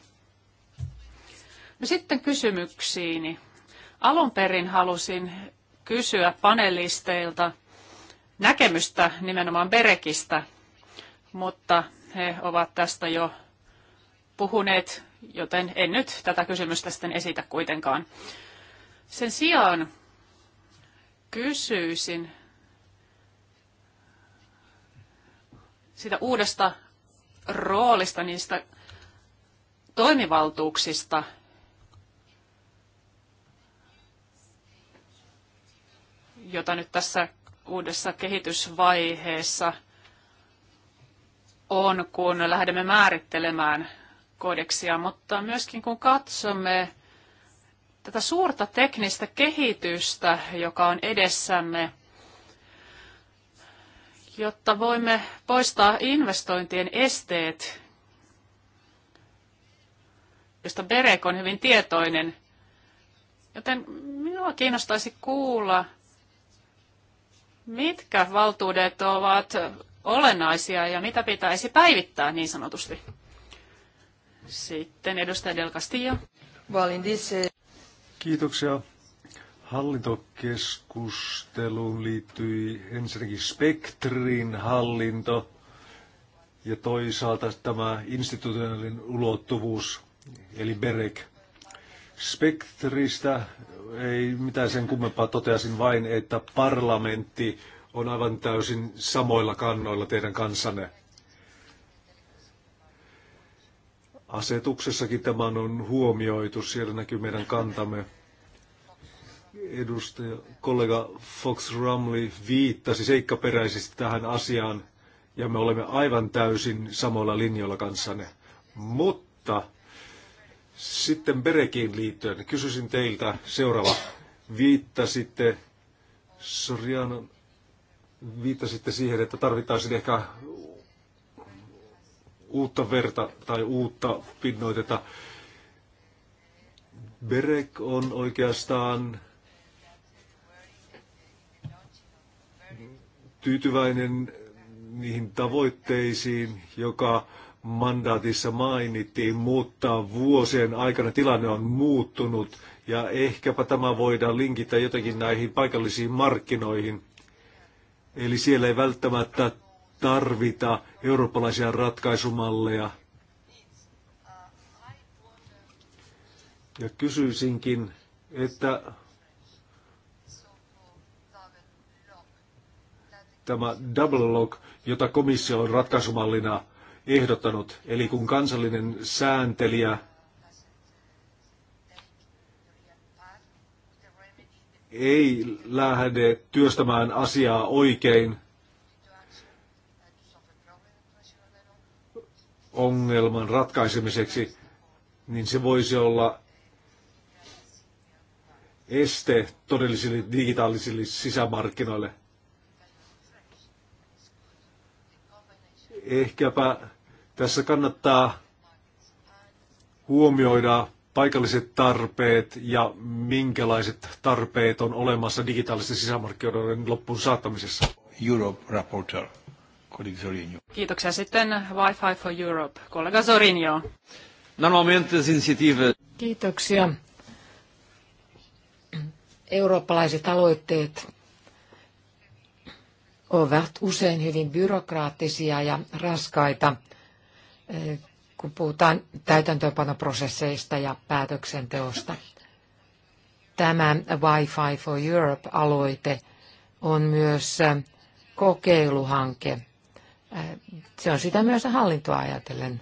Speaker 1: No sitten kysymyksiini. Alun perin halusin kysyä panelisteilta näkemystä nimenomaan Berekistä, mutta he ovat tästä jo puhuneet, joten en nyt tätä kysymystä sitten esitä kuitenkaan. Sen sijaan kysyisin sitä uudesta roolista, niistä toimivaltuuksista, jota nyt tässä uudessa kehitysvaiheessa on, kun lähdemme määrittelemään kodeksia, mutta myöskin kun katsomme tätä suurta teknistä kehitystä, joka on edessämme – jotta voimme poistaa investointien esteet, josta Berek on hyvin tietoinen. Joten minua kiinnostaisi kuulla, mitkä valtuudet ovat olennaisia ja mitä pitäisi päivittää niin sanotusti. Sitten edustaja Del Castillo.
Speaker 2: Uh, Kiitoksia Hallintokeskusteluun liittyi ensinnäkin spektrin hallinto ja toisaalta tämä institutionaalinen ulottuvuus, eli BEREC. Spektristä ei mitään sen kummempaa toteasin vain, että parlamentti on aivan täysin samoilla kannoilla teidän kanssanne. Asetuksessakin tämä on huomioitu, siellä näkyy meidän kantamme edustaja, kollega Fox Rumley viittasi seikkaperäisesti tähän asiaan, ja me olemme aivan täysin samoilla linjoilla kanssanne. Mutta sitten Berekiin liittyen kysyisin teiltä seuraava. Viittasitte Sorianon, viittasitte siihen, että tarvittaisiin ehkä uutta verta tai uutta pinnoiteta. Berek on oikeastaan tyytyväinen niihin tavoitteisiin, joka mandaatissa mainittiin, mutta vuosien aikana tilanne on muuttunut ja ehkäpä tämä voidaan linkittää jotenkin näihin paikallisiin markkinoihin. Eli siellä ei välttämättä tarvita eurooppalaisia ratkaisumalleja. Ja kysyisinkin, että tämä double lock, jota komissio on ratkaisumallina ehdottanut. Eli kun kansallinen sääntelijä ei lähde työstämään asiaa oikein, ongelman ratkaisemiseksi, niin se voisi olla este todellisille digitaalisille sisämarkkinoille – Ehkäpä tässä kannattaa huomioida paikalliset tarpeet ja minkälaiset tarpeet on olemassa digitaalisten sisämarkkinoiden loppuun saattamisessa. Europe Reporter, kollega Zorinio.
Speaker 1: Kiitoksia sitten Wi-Fi for Europe, kollega Zorinio.
Speaker 2: Normalmente sensitive.
Speaker 3: Kiitoksia. Eurooppalaiset aloitteet ovat usein hyvin byrokraattisia ja raskaita, eh, kun puhutaan täytäntöönpanoprosesseista ja päätöksenteosta. Tämä Wi-Fi for Europe-aloite on myös eh, kokeiluhanke. Eh, se on sitä myös hallintoa ajatellen.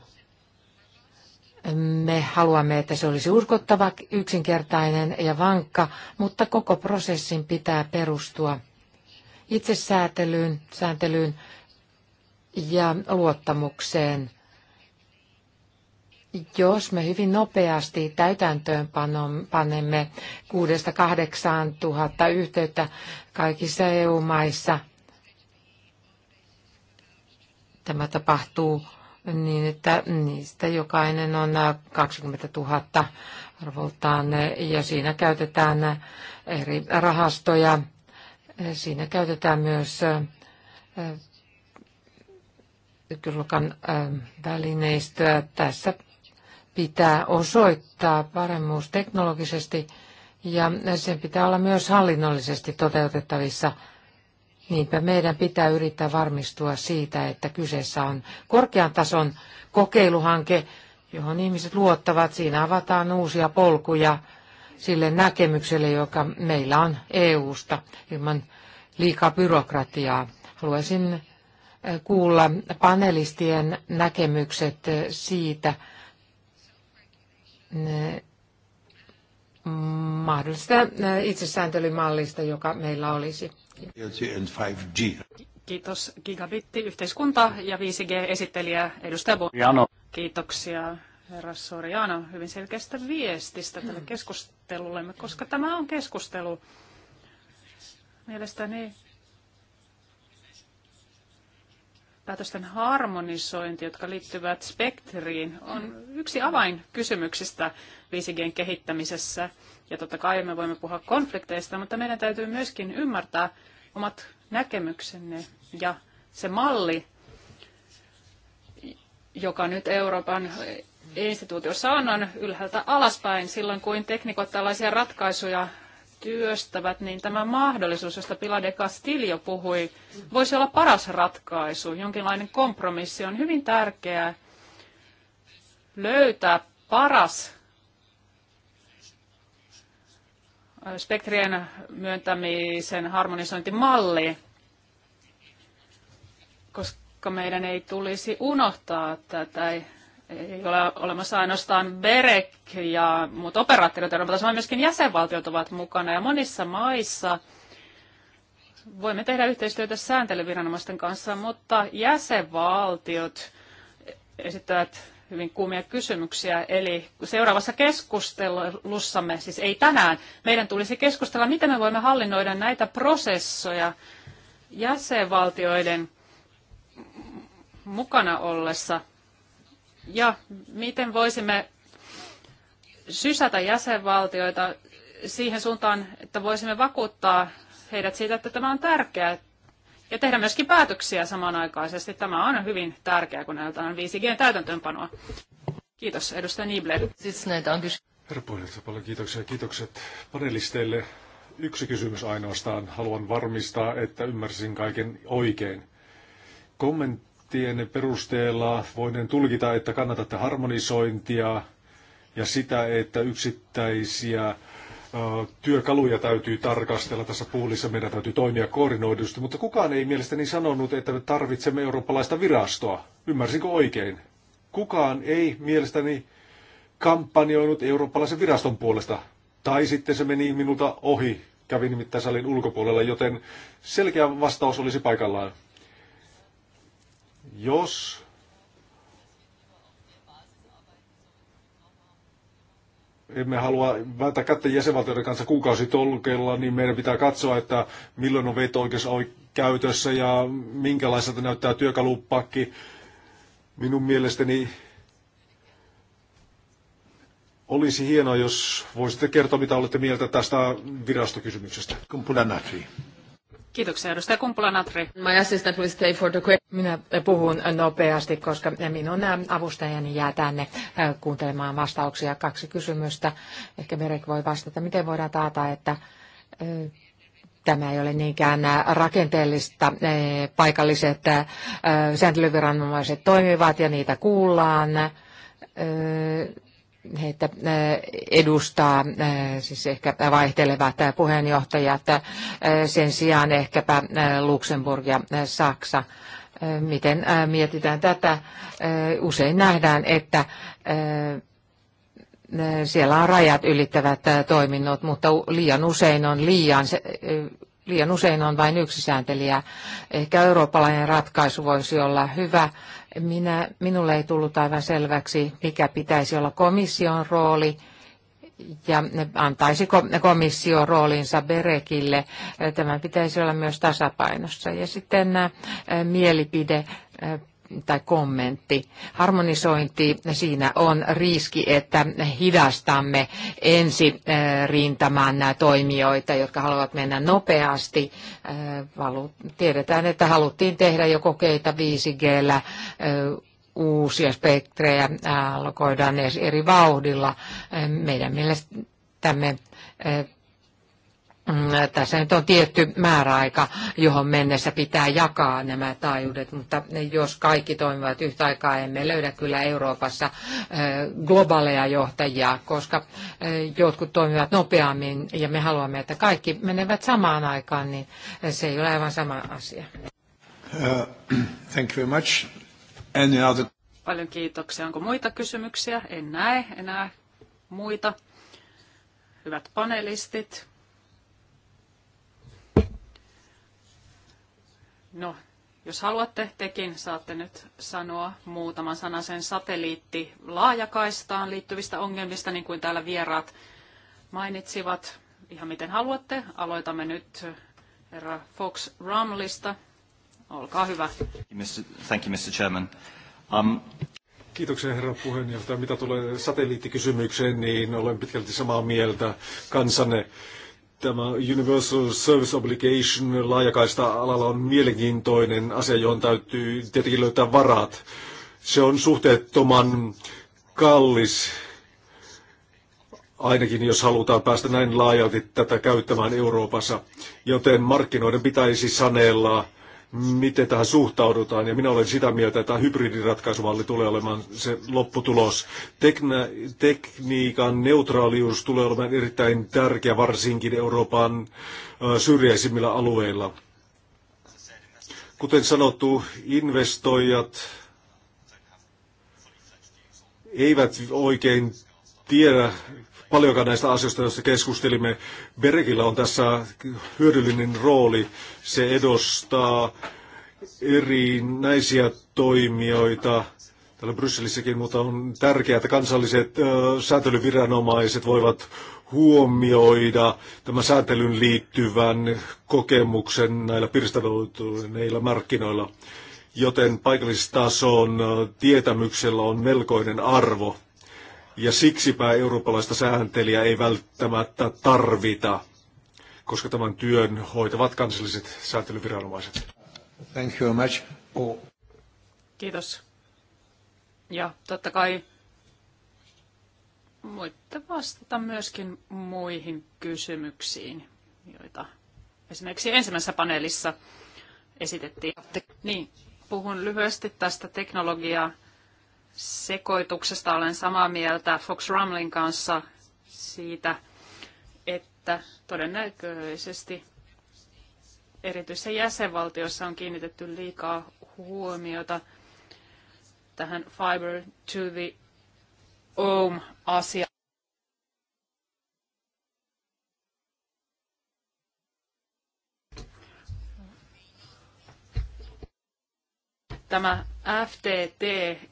Speaker 3: Me haluamme, että se olisi uskottava, yksinkertainen ja vankka, mutta koko prosessin pitää perustua – itsesäätelyyn sääntelyyn ja luottamukseen. Jos me hyvin nopeasti täytäntöön panemme 6-8 tuhatta yhteyttä kaikissa EU-maissa, tämä tapahtuu niin, että niistä jokainen on 20 000 arvoltaan ja siinä käytetään eri rahastoja Siinä käytetään myös ykkösluokan välineistöä. Tässä pitää osoittaa paremmuus teknologisesti ja sen pitää olla myös hallinnollisesti toteutettavissa. Niinpä meidän pitää yrittää varmistua siitä, että kyseessä on korkean tason kokeiluhanke, johon ihmiset luottavat. Siinä avataan uusia polkuja sille näkemykselle, joka meillä on EU-sta ilman liikaa byrokratiaa. Haluaisin eh, kuulla panelistien näkemykset eh, siitä eh, mahdollisesta itsesääntelymallista, joka meillä olisi. Kiitos gigabitti yhteiskunta
Speaker 1: ja 5G esittelijä edustaja Bo. Kiitoksia herra Soriano hyvin selkeästä viestistä tälle hmm. keskustelullemme, koska tämä on keskustelu. Mielestäni päätösten harmonisointi, jotka liittyvät spektriin, on yksi avain kysymyksistä 5Gn kehittämisessä. Ja totta kai me voimme puhua konflikteista, mutta meidän täytyy myöskin ymmärtää omat näkemyksenne ja se malli, joka nyt Euroopan instituutiossa on, on ylhäältä alaspäin. Silloin kuin teknikot tällaisia ratkaisuja työstävät, niin tämä mahdollisuus, josta Pilar de Castillo puhui, voisi olla paras ratkaisu. Jonkinlainen kompromissi on hyvin tärkeää löytää paras spektrien myöntämisen harmonisointimalli, koska meidän ei tulisi unohtaa tätä ei ole olemassa ainoastaan BEREC ja muut operaattorit, vaan myöskin jäsenvaltiot ovat mukana. Ja monissa maissa voimme tehdä yhteistyötä sääntelyviranomaisten kanssa, mutta jäsenvaltiot esittävät hyvin kuumia kysymyksiä. Eli seuraavassa keskustelussamme, siis ei tänään, meidän tulisi keskustella, miten me voimme hallinnoida näitä prosessoja jäsenvaltioiden mukana ollessa – ja miten voisimme sysätä jäsenvaltioita siihen suuntaan, että voisimme vakuuttaa heidät siitä, että tämä on tärkeää ja tehdä myöskin päätöksiä samanaikaisesti. Tämä on hyvin tärkeää, kun näytetään 5Gn täytäntöönpanoa. Kiitos, edustaja Niebler.
Speaker 2: Herra puheenjohtaja, paljon kiitoksia. Kiitokset panelisteille. Yksi kysymys ainoastaan. Haluan varmistaa, että ymmärsin kaiken oikein. Kommentti kommenttienne perusteella voinen tulkita, että kannatatte harmonisointia ja sitä, että yksittäisiä työkaluja täytyy tarkastella tässä puulissa, meidän täytyy toimia koordinoidusti, mutta kukaan ei mielestäni sanonut, että me tarvitsemme eurooppalaista virastoa. Ymmärsinkö oikein? Kukaan ei mielestäni kampanjoinut eurooppalaisen viraston puolesta. Tai sitten se meni minulta ohi, kävin nimittäin salin ulkopuolella, joten selkeä vastaus olisi paikallaan. Jos emme halua välttää kättä jäsenvaltioiden kanssa kuukausitolkella, niin meidän pitää katsoa, että milloin on veto-oikeus käytössä ja minkälaiselta näyttää työkalupakki. Minun mielestäni olisi hienoa, jos voisitte kertoa, mitä olette mieltä tästä virastokysymyksestä. Kumpulanatri.
Speaker 1: Kiitoksia, edustaja Kumpula-Natri.
Speaker 3: My assistant will stay for the Minä puhun nopeasti, koska minun äh, avustajani jää tänne äh, kuuntelemaan vastauksia. Kaksi kysymystä. Ehkä Merek voi vastata. Miten voidaan taata, että äh, tämä ei ole niinkään rakenteellista. Paikalliset sääntelyviranomaiset toimivat ja niitä kuullaan että edustaa siis ehkä vaihtelevat puheenjohtajat sen sijaan ehkäpä Luxemburg ja Saksa. Miten mietitään tätä? Usein nähdään, että siellä on rajat ylittävät toiminnot, mutta liian usein on liian liian usein on vain yksi sääntelijä. Ehkä eurooppalainen ratkaisu voisi olla hyvä minä, minulle ei tullut aivan selväksi, mikä pitäisi olla komission rooli ja antaisiko komissio roolinsa Berekille. tämä pitäisi olla myös tasapainossa. Ja sitten nämä äh, mielipide äh, tai kommentti. Harmonisointi, siinä on riski, että hidastamme ensi äh, nämä toimijoita, jotka haluavat mennä nopeasti. Äh, tiedetään, että haluttiin tehdä jo kokeita 5Gllä, äh, uusia spektrejä alkoidaan eri vauhdilla. Meidän mielestämme Mm, tässä nyt on tietty määräaika, johon mennessä pitää jakaa nämä taajuudet, mutta jos kaikki toimivat yhtä aikaa, emme löydä kyllä Euroopassa globaaleja johtajia, koska jotkut toimivat nopeammin ja me haluamme, että kaikki menevät samaan aikaan, niin se ei ole aivan sama asia.
Speaker 2: Uh, thank you very much. Any other...
Speaker 1: Paljon kiitoksia. Onko muita kysymyksiä? En näe enää muita. Hyvät panelistit No, jos haluatte, tekin saatte nyt sanoa muutaman sanan sen satelliitti laajakaistaan liittyvistä ongelmista, niin kuin täällä vieraat mainitsivat. Ihan miten haluatte. Aloitamme nyt herra Fox Rumlista. Olkaa hyvä.
Speaker 2: Thank you, Mr. Chairman. Um... Kiitoksia herra puheenjohtaja. Mitä tulee satelliittikysymykseen, niin olen pitkälti samaa mieltä kansanne. Tämä Universal Service Obligation laajakaista alalla on mielenkiintoinen asia, johon täytyy tietenkin löytää varat. Se on suhteettoman kallis, ainakin jos halutaan päästä näin laajalti tätä käyttämään Euroopassa, joten markkinoiden pitäisi sanella miten tähän suhtaudutaan. Ja minä olen sitä mieltä, että tämä hybridiratkaisumalli tulee olemaan se lopputulos. Tekna- tekniikan neutraalius tulee olemaan erittäin tärkeä, varsinkin Euroopan syrjäisimmillä alueilla. Kuten sanottu, investoijat eivät oikein tiedä paljonkaan näistä asioista, joista keskustelimme. Berekillä on tässä hyödyllinen rooli. Se edustaa erinäisiä toimijoita täällä Brysselissäkin, mutta on tärkeää, että kansalliset äh, säätelyviranomaiset voivat huomioida tämän säätelyn liittyvän kokemuksen näillä pirstaloituneilla markkinoilla, joten paikallistason tietämyksellä on melkoinen arvo. Ja siksipä eurooppalaista sääntelijä ei välttämättä tarvita, koska tämän työn hoitavat kansalliset sääntelyviranomaiset. Thank you very much. Oh.
Speaker 1: Kiitos. Ja totta kai voitte vastata myöskin muihin kysymyksiin, joita esimerkiksi ensimmäisessä paneelissa esitettiin. Niin, puhun lyhyesti tästä teknologiaa sekoituksesta olen samaa mieltä Fox Ramlin kanssa siitä, että todennäköisesti erityisesti jäsenvaltioissa on kiinnitetty liikaa huomiota tähän Fiber to the Home asiaan. tämä FTT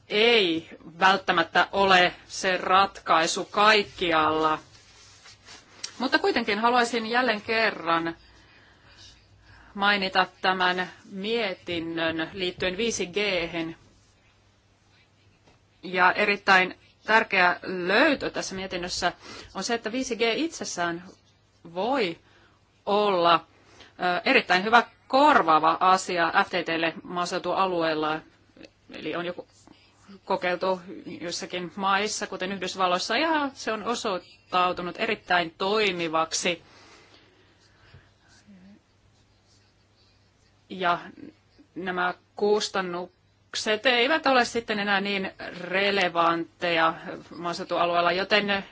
Speaker 1: ei välttämättä ole se ratkaisu kaikkialla. Mutta kuitenkin haluaisin jälleen kerran mainita tämän mietinnön liittyen 5G. Ja erittäin tärkeä löytö tässä mietinnössä on se, että 5G itsessään voi olla erittäin hyvä korvaava asia FTTlle maaseutualueella, eli on joku kokeiltu jossakin maissa, kuten Yhdysvalloissa, ja se on osoittautunut erittäin toimivaksi. Ja nämä kustannukset eivät ole sitten enää niin relevantteja maaseutualueella, joten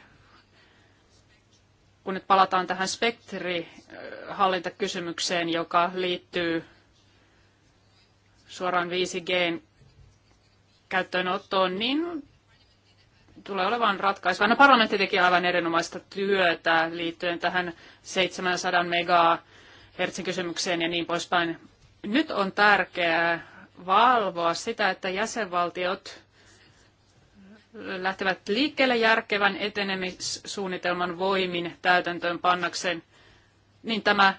Speaker 1: kun nyt palataan tähän spektrihallintakysymykseen, joka liittyy suoraan 5Gn käyttöönottoon, niin tulee olevan ratkaisu. No parlamentti teki aivan erinomaista työtä liittyen tähän 700 megahertsin kysymykseen ja niin poispäin. Nyt on tärkeää valvoa sitä, että jäsenvaltiot lähtevät liikkeelle järkevän etenemissuunnitelman voimin täytäntöön pannakseen, niin tämä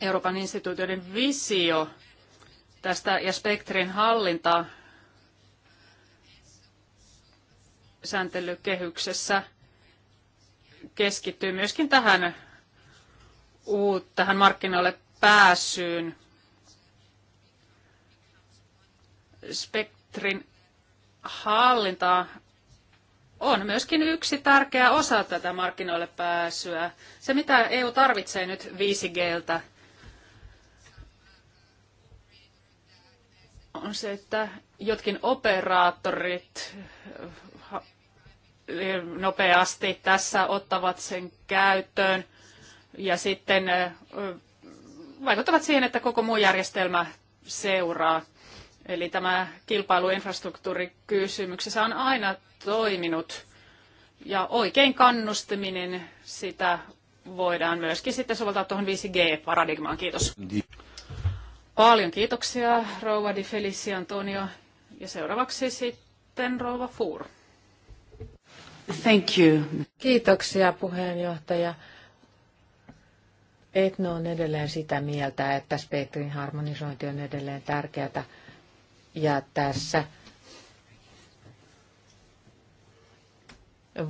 Speaker 1: Euroopan instituutioiden visio tästä ja spektrin hallinta sääntelykehyksessä keskittyy myöskin tähän, uut, tähän markkinoille pääsyyn. Spektrin hallintaa on myöskin yksi tärkeä osa tätä markkinoille pääsyä. Se, mitä EU tarvitsee nyt 5Gltä, on se, että jotkin operaattorit nopeasti tässä ottavat sen käyttöön ja sitten vaikuttavat siihen, että koko muu järjestelmä seuraa. Eli tämä kilpailuinfrastruktuurikysymyksessä on aina toiminut ja oikein kannustaminen sitä voidaan myöskin sitten soveltaa tuohon 5G-paradigmaan. Kiitos. Paljon kiitoksia, rouva Di Felici Antonio. Ja seuraavaksi sitten rouva Fuur.
Speaker 3: Thank you. Kiitoksia, puheenjohtaja. Etno on edelleen sitä mieltä, että spektrin harmonisointi on edelleen tärkeää ja tässä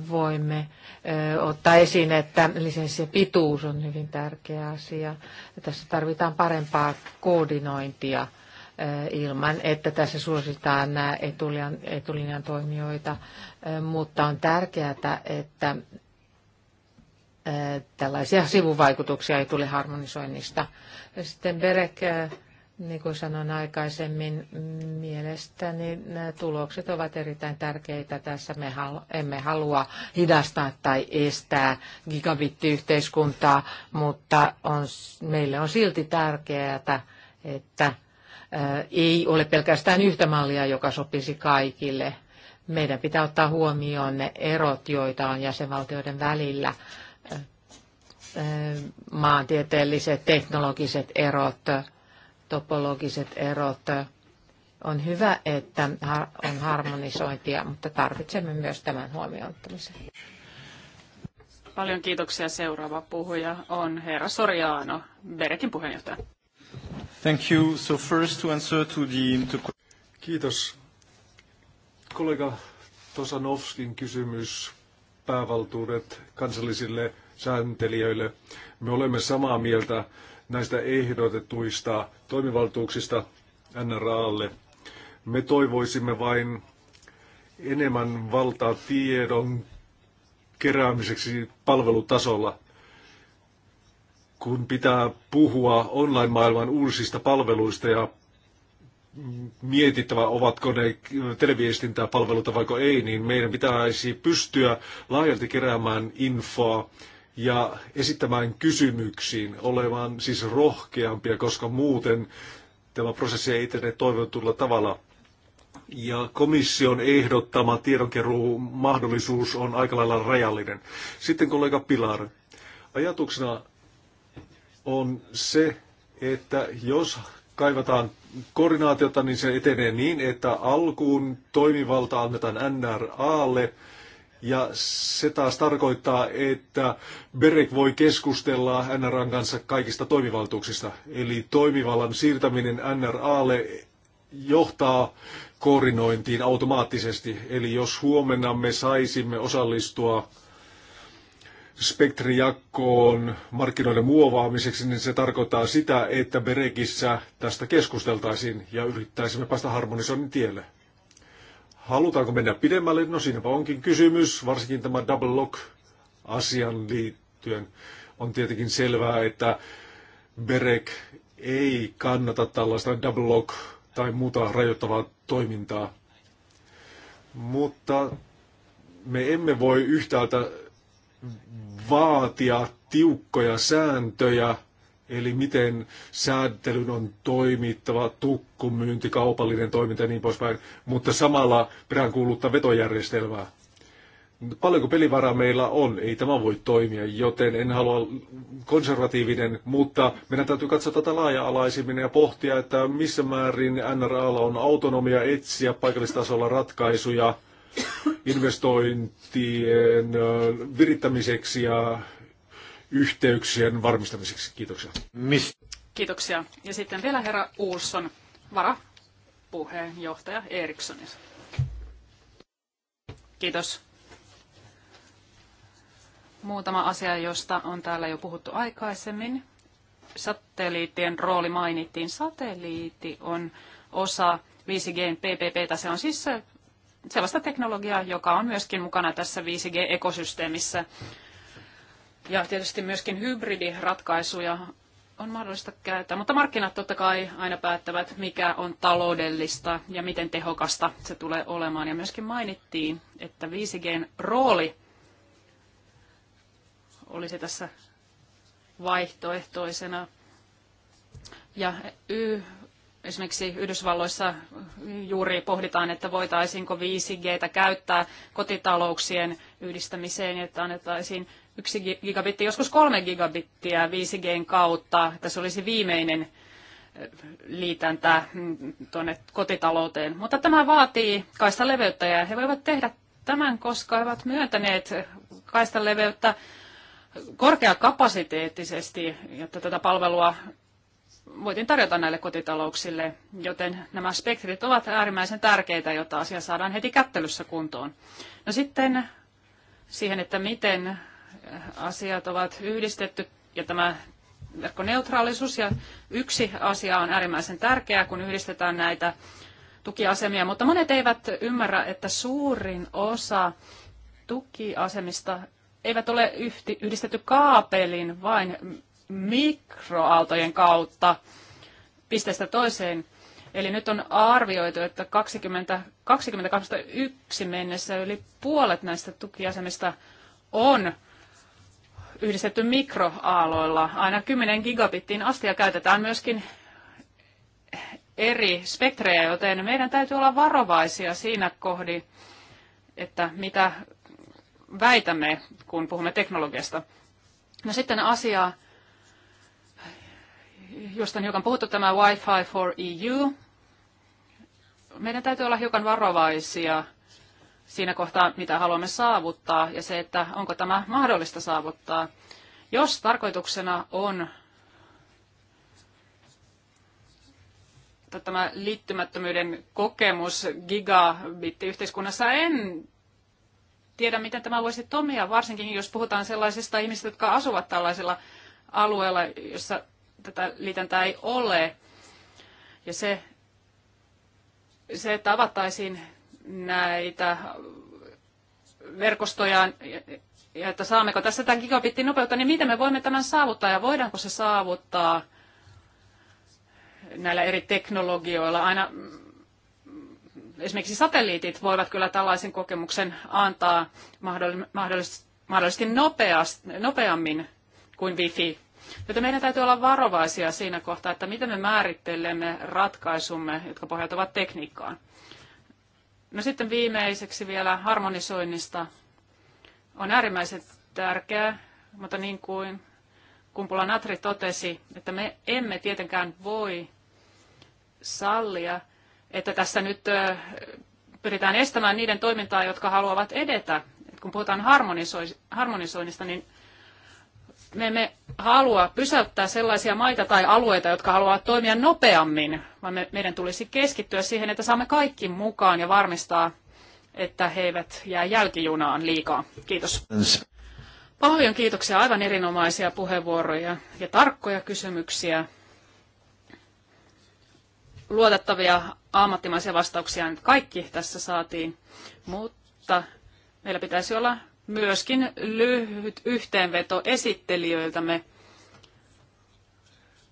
Speaker 3: voimme ottaa esiin, että lisenssien pituus on hyvin tärkeä asia. Ja tässä tarvitaan parempaa koordinointia ilman, että tässä suositaan nämä etulinjan, etulinjan toimijoita, mutta on tärkeää, että tällaisia sivuvaikutuksia ei tule harmonisoinnista. Sitten Berek niin kuin sanoin aikaisemmin, mielestäni nämä tulokset ovat erittäin tärkeitä tässä. Me emme halua hidastaa tai estää gigabittiyhteiskuntaa, mutta on, meille on silti tärkeää, että ei ole pelkästään yhtä mallia, joka sopisi kaikille. Meidän pitää ottaa huomioon ne erot, joita on jäsenvaltioiden välillä, maantieteelliset, teknologiset erot, topologiset erot. On hyvä, että on harmonisointia, mutta tarvitsemme myös tämän huomioon ottamisen.
Speaker 1: Paljon kiitoksia. Seuraava puhuja on herra Soriano, Berekin
Speaker 2: puheenjohtaja. Thank you. So first to answer to the... Kiitos. Kollega Tosanovskin kysymys, päävaltuudet kansallisille sääntelijöille. Me olemme samaa mieltä näistä ehdotetuista toimivaltuuksista NRAlle. Me toivoisimme vain enemmän valtaa tiedon keräämiseksi palvelutasolla, kun pitää puhua online-maailman uusista palveluista ja mietittävä, ovatko ne televiestintäpalveluita vaiko ei, niin meidän pitäisi pystyä laajalti keräämään infoa ja esittämään kysymyksiin, olemaan siis rohkeampia, koska muuten tämä prosessi ei etene toivotulla tavalla. Ja komission ehdottama tiedonkeruun mahdollisuus on aika lailla rajallinen. Sitten kollega Pilar. Ajatuksena on se, että jos kaivataan koordinaatiota, niin se etenee niin, että alkuun toimivalta annetaan NRAlle – ja se taas tarkoittaa, että BEREK voi keskustella NRAn kanssa kaikista toimivaltuuksista. Eli toimivallan siirtäminen NRAlle johtaa koordinointiin automaattisesti. Eli jos huomenna me saisimme osallistua spektrijakkoon markkinoiden muovaamiseksi, niin se tarkoittaa sitä, että Berekissä tästä keskusteltaisiin ja yrittäisimme päästä harmonisoinnin tielle. Halutaanko mennä pidemmälle? No siinäpä onkin kysymys, varsinkin tämä double lock asian liittyen. On tietenkin selvää, että Berek ei kannata tällaista double lock tai muuta rajoittavaa toimintaa. Mutta me emme voi yhtäältä vaatia tiukkoja sääntöjä Eli miten sääntelyn on toimittava, tukkumyynti, kaupallinen toiminta ja niin poispäin, mutta samalla kuuluttaa vetojärjestelmää. Paljonko pelivaraa meillä on? Ei tämä voi toimia, joten en halua konservatiivinen, mutta meidän täytyy katsoa tätä laaja-alaisemmin ja pohtia, että missä määrin NRA on autonomia etsiä paikallistasolla ratkaisuja investointien virittämiseksi ja yhteyksien varmistamiseksi. Kiitoksia. Mis?
Speaker 1: Kiitoksia. Ja sitten vielä herra Uusson, varapuheenjohtaja Erikssonis. Kiitos. Muutama asia, josta on täällä jo puhuttu aikaisemmin. Satelliittien rooli mainittiin. Satelliitti on osa 5 g PPP. Se on siis sellaista teknologiaa, joka on myöskin mukana tässä 5G-ekosysteemissä. Ja tietysti myöskin hybridiratkaisuja on mahdollista käyttää, mutta markkinat totta kai aina päättävät, mikä on taloudellista ja miten tehokasta se tulee olemaan. Ja myöskin mainittiin, että 5Gn rooli olisi tässä vaihtoehtoisena. Ja y, esimerkiksi Yhdysvalloissa juuri pohditaan, että voitaisiinko 5Gtä käyttää kotitalouksien yhdistämiseen, että annettaisiin yksi gigabitti, joskus kolme gigabittiä 5Gn kautta, että se olisi viimeinen liitäntä mm, tuonne kotitalouteen. Mutta tämä vaatii kaistan leveyttä ja he voivat tehdä tämän, koska he ovat myöntäneet kaistan leveyttä korkeakapasiteettisesti, jotta tätä palvelua voitiin tarjota näille kotitalouksille, joten nämä spektrit ovat äärimmäisen tärkeitä, jotta asia saadaan heti kättelyssä kuntoon. No sitten siihen, että miten asiat ovat yhdistetty ja tämä verkkoneutraalisuus ja yksi asia on äärimmäisen tärkeää, kun yhdistetään näitä tukiasemia, mutta monet eivät ymmärrä, että suurin osa tukiasemista eivät ole yhdistetty kaapelin, vain mikroaaltojen kautta pisteestä toiseen. Eli nyt on arvioitu, että 20, 2021 mennessä yli puolet näistä tukiasemista on yhdistetty mikroaaloilla. Aina 10 gigabittiin asti ja käytetään myöskin eri spektrejä, joten meidän täytyy olla varovaisia siinä kohdi, että mitä väitämme, kun puhumme teknologiasta. No sitten asia, josta on hiukan puhuttu, tämä Wi-Fi for EU. Meidän täytyy olla hiukan varovaisia – siinä kohtaa, mitä haluamme saavuttaa ja se, että onko tämä mahdollista saavuttaa. Jos tarkoituksena on tämä liittymättömyyden kokemus gigabittiyhteiskunnassa, en tiedä, miten tämä voisi toimia, varsinkin jos puhutaan sellaisista ihmisistä, jotka asuvat tällaisella alueella, jossa tätä liitäntää ei ole. Ja se, se että avattaisiin näitä verkostoja ja että saammeko tässä tämän gigabitin nopeutta, niin miten me voimme tämän saavuttaa ja voidaanko se saavuttaa näillä eri teknologioilla. Aina mm, esimerkiksi satelliitit voivat kyllä tällaisen kokemuksen antaa mahdollisesti nopeasti, nopeammin kuin wifi. Joten meidän täytyy olla varovaisia siinä kohtaa, että miten me määrittelemme ratkaisumme, jotka pohjautuvat tekniikkaan. No sitten viimeiseksi vielä harmonisoinnista. On äärimmäisen tärkeää, mutta niin kuin Kumpula Natri totesi, että me emme tietenkään voi sallia, että tässä nyt pyritään estämään niiden toimintaa, jotka haluavat edetä. kun puhutaan harmonisoinnista, niin me emme halua pysäyttää sellaisia maita tai alueita, jotka haluavat toimia nopeammin, vaan me, meidän tulisi keskittyä siihen, että saamme kaikki mukaan ja varmistaa, että he eivät jää jälkijunaan liikaa. Kiitos. Paljon kiitoksia, aivan erinomaisia puheenvuoroja ja tarkkoja kysymyksiä. Luotettavia ammattimaisia vastauksia nyt kaikki tässä saatiin, mutta meillä pitäisi olla myöskin lyhyt yhteenveto esittelijöiltämme,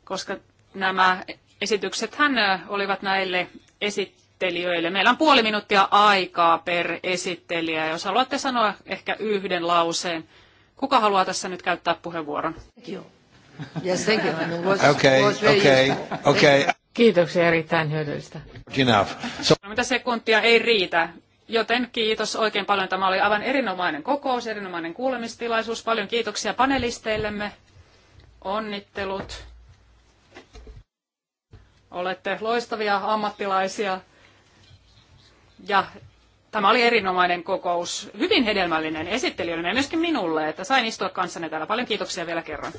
Speaker 1: koska nämä esitykset hän olivat näille esittelijöille. Meillä on puoli minuuttia aikaa per esittelijä. Jos haluatte sanoa ehkä yhden lauseen, kuka haluaa tässä nyt käyttää puheenvuoron?
Speaker 3: Yes, thank you. Was, okay, was okay, okay. Kiitoksia, erittäin hyödyllistä. Enough. So...
Speaker 1: No, mitä sekuntia ei riitä. Joten kiitos oikein paljon. Tämä oli aivan erinomainen kokous, erinomainen kuulemistilaisuus. Paljon kiitoksia panelisteillemme. Onnittelut. Olette loistavia ammattilaisia. Ja tämä oli erinomainen kokous, hyvin hedelmällinen esittelijöille ja myöskin minulle, että sain istua kanssanne täällä. Paljon kiitoksia vielä kerran.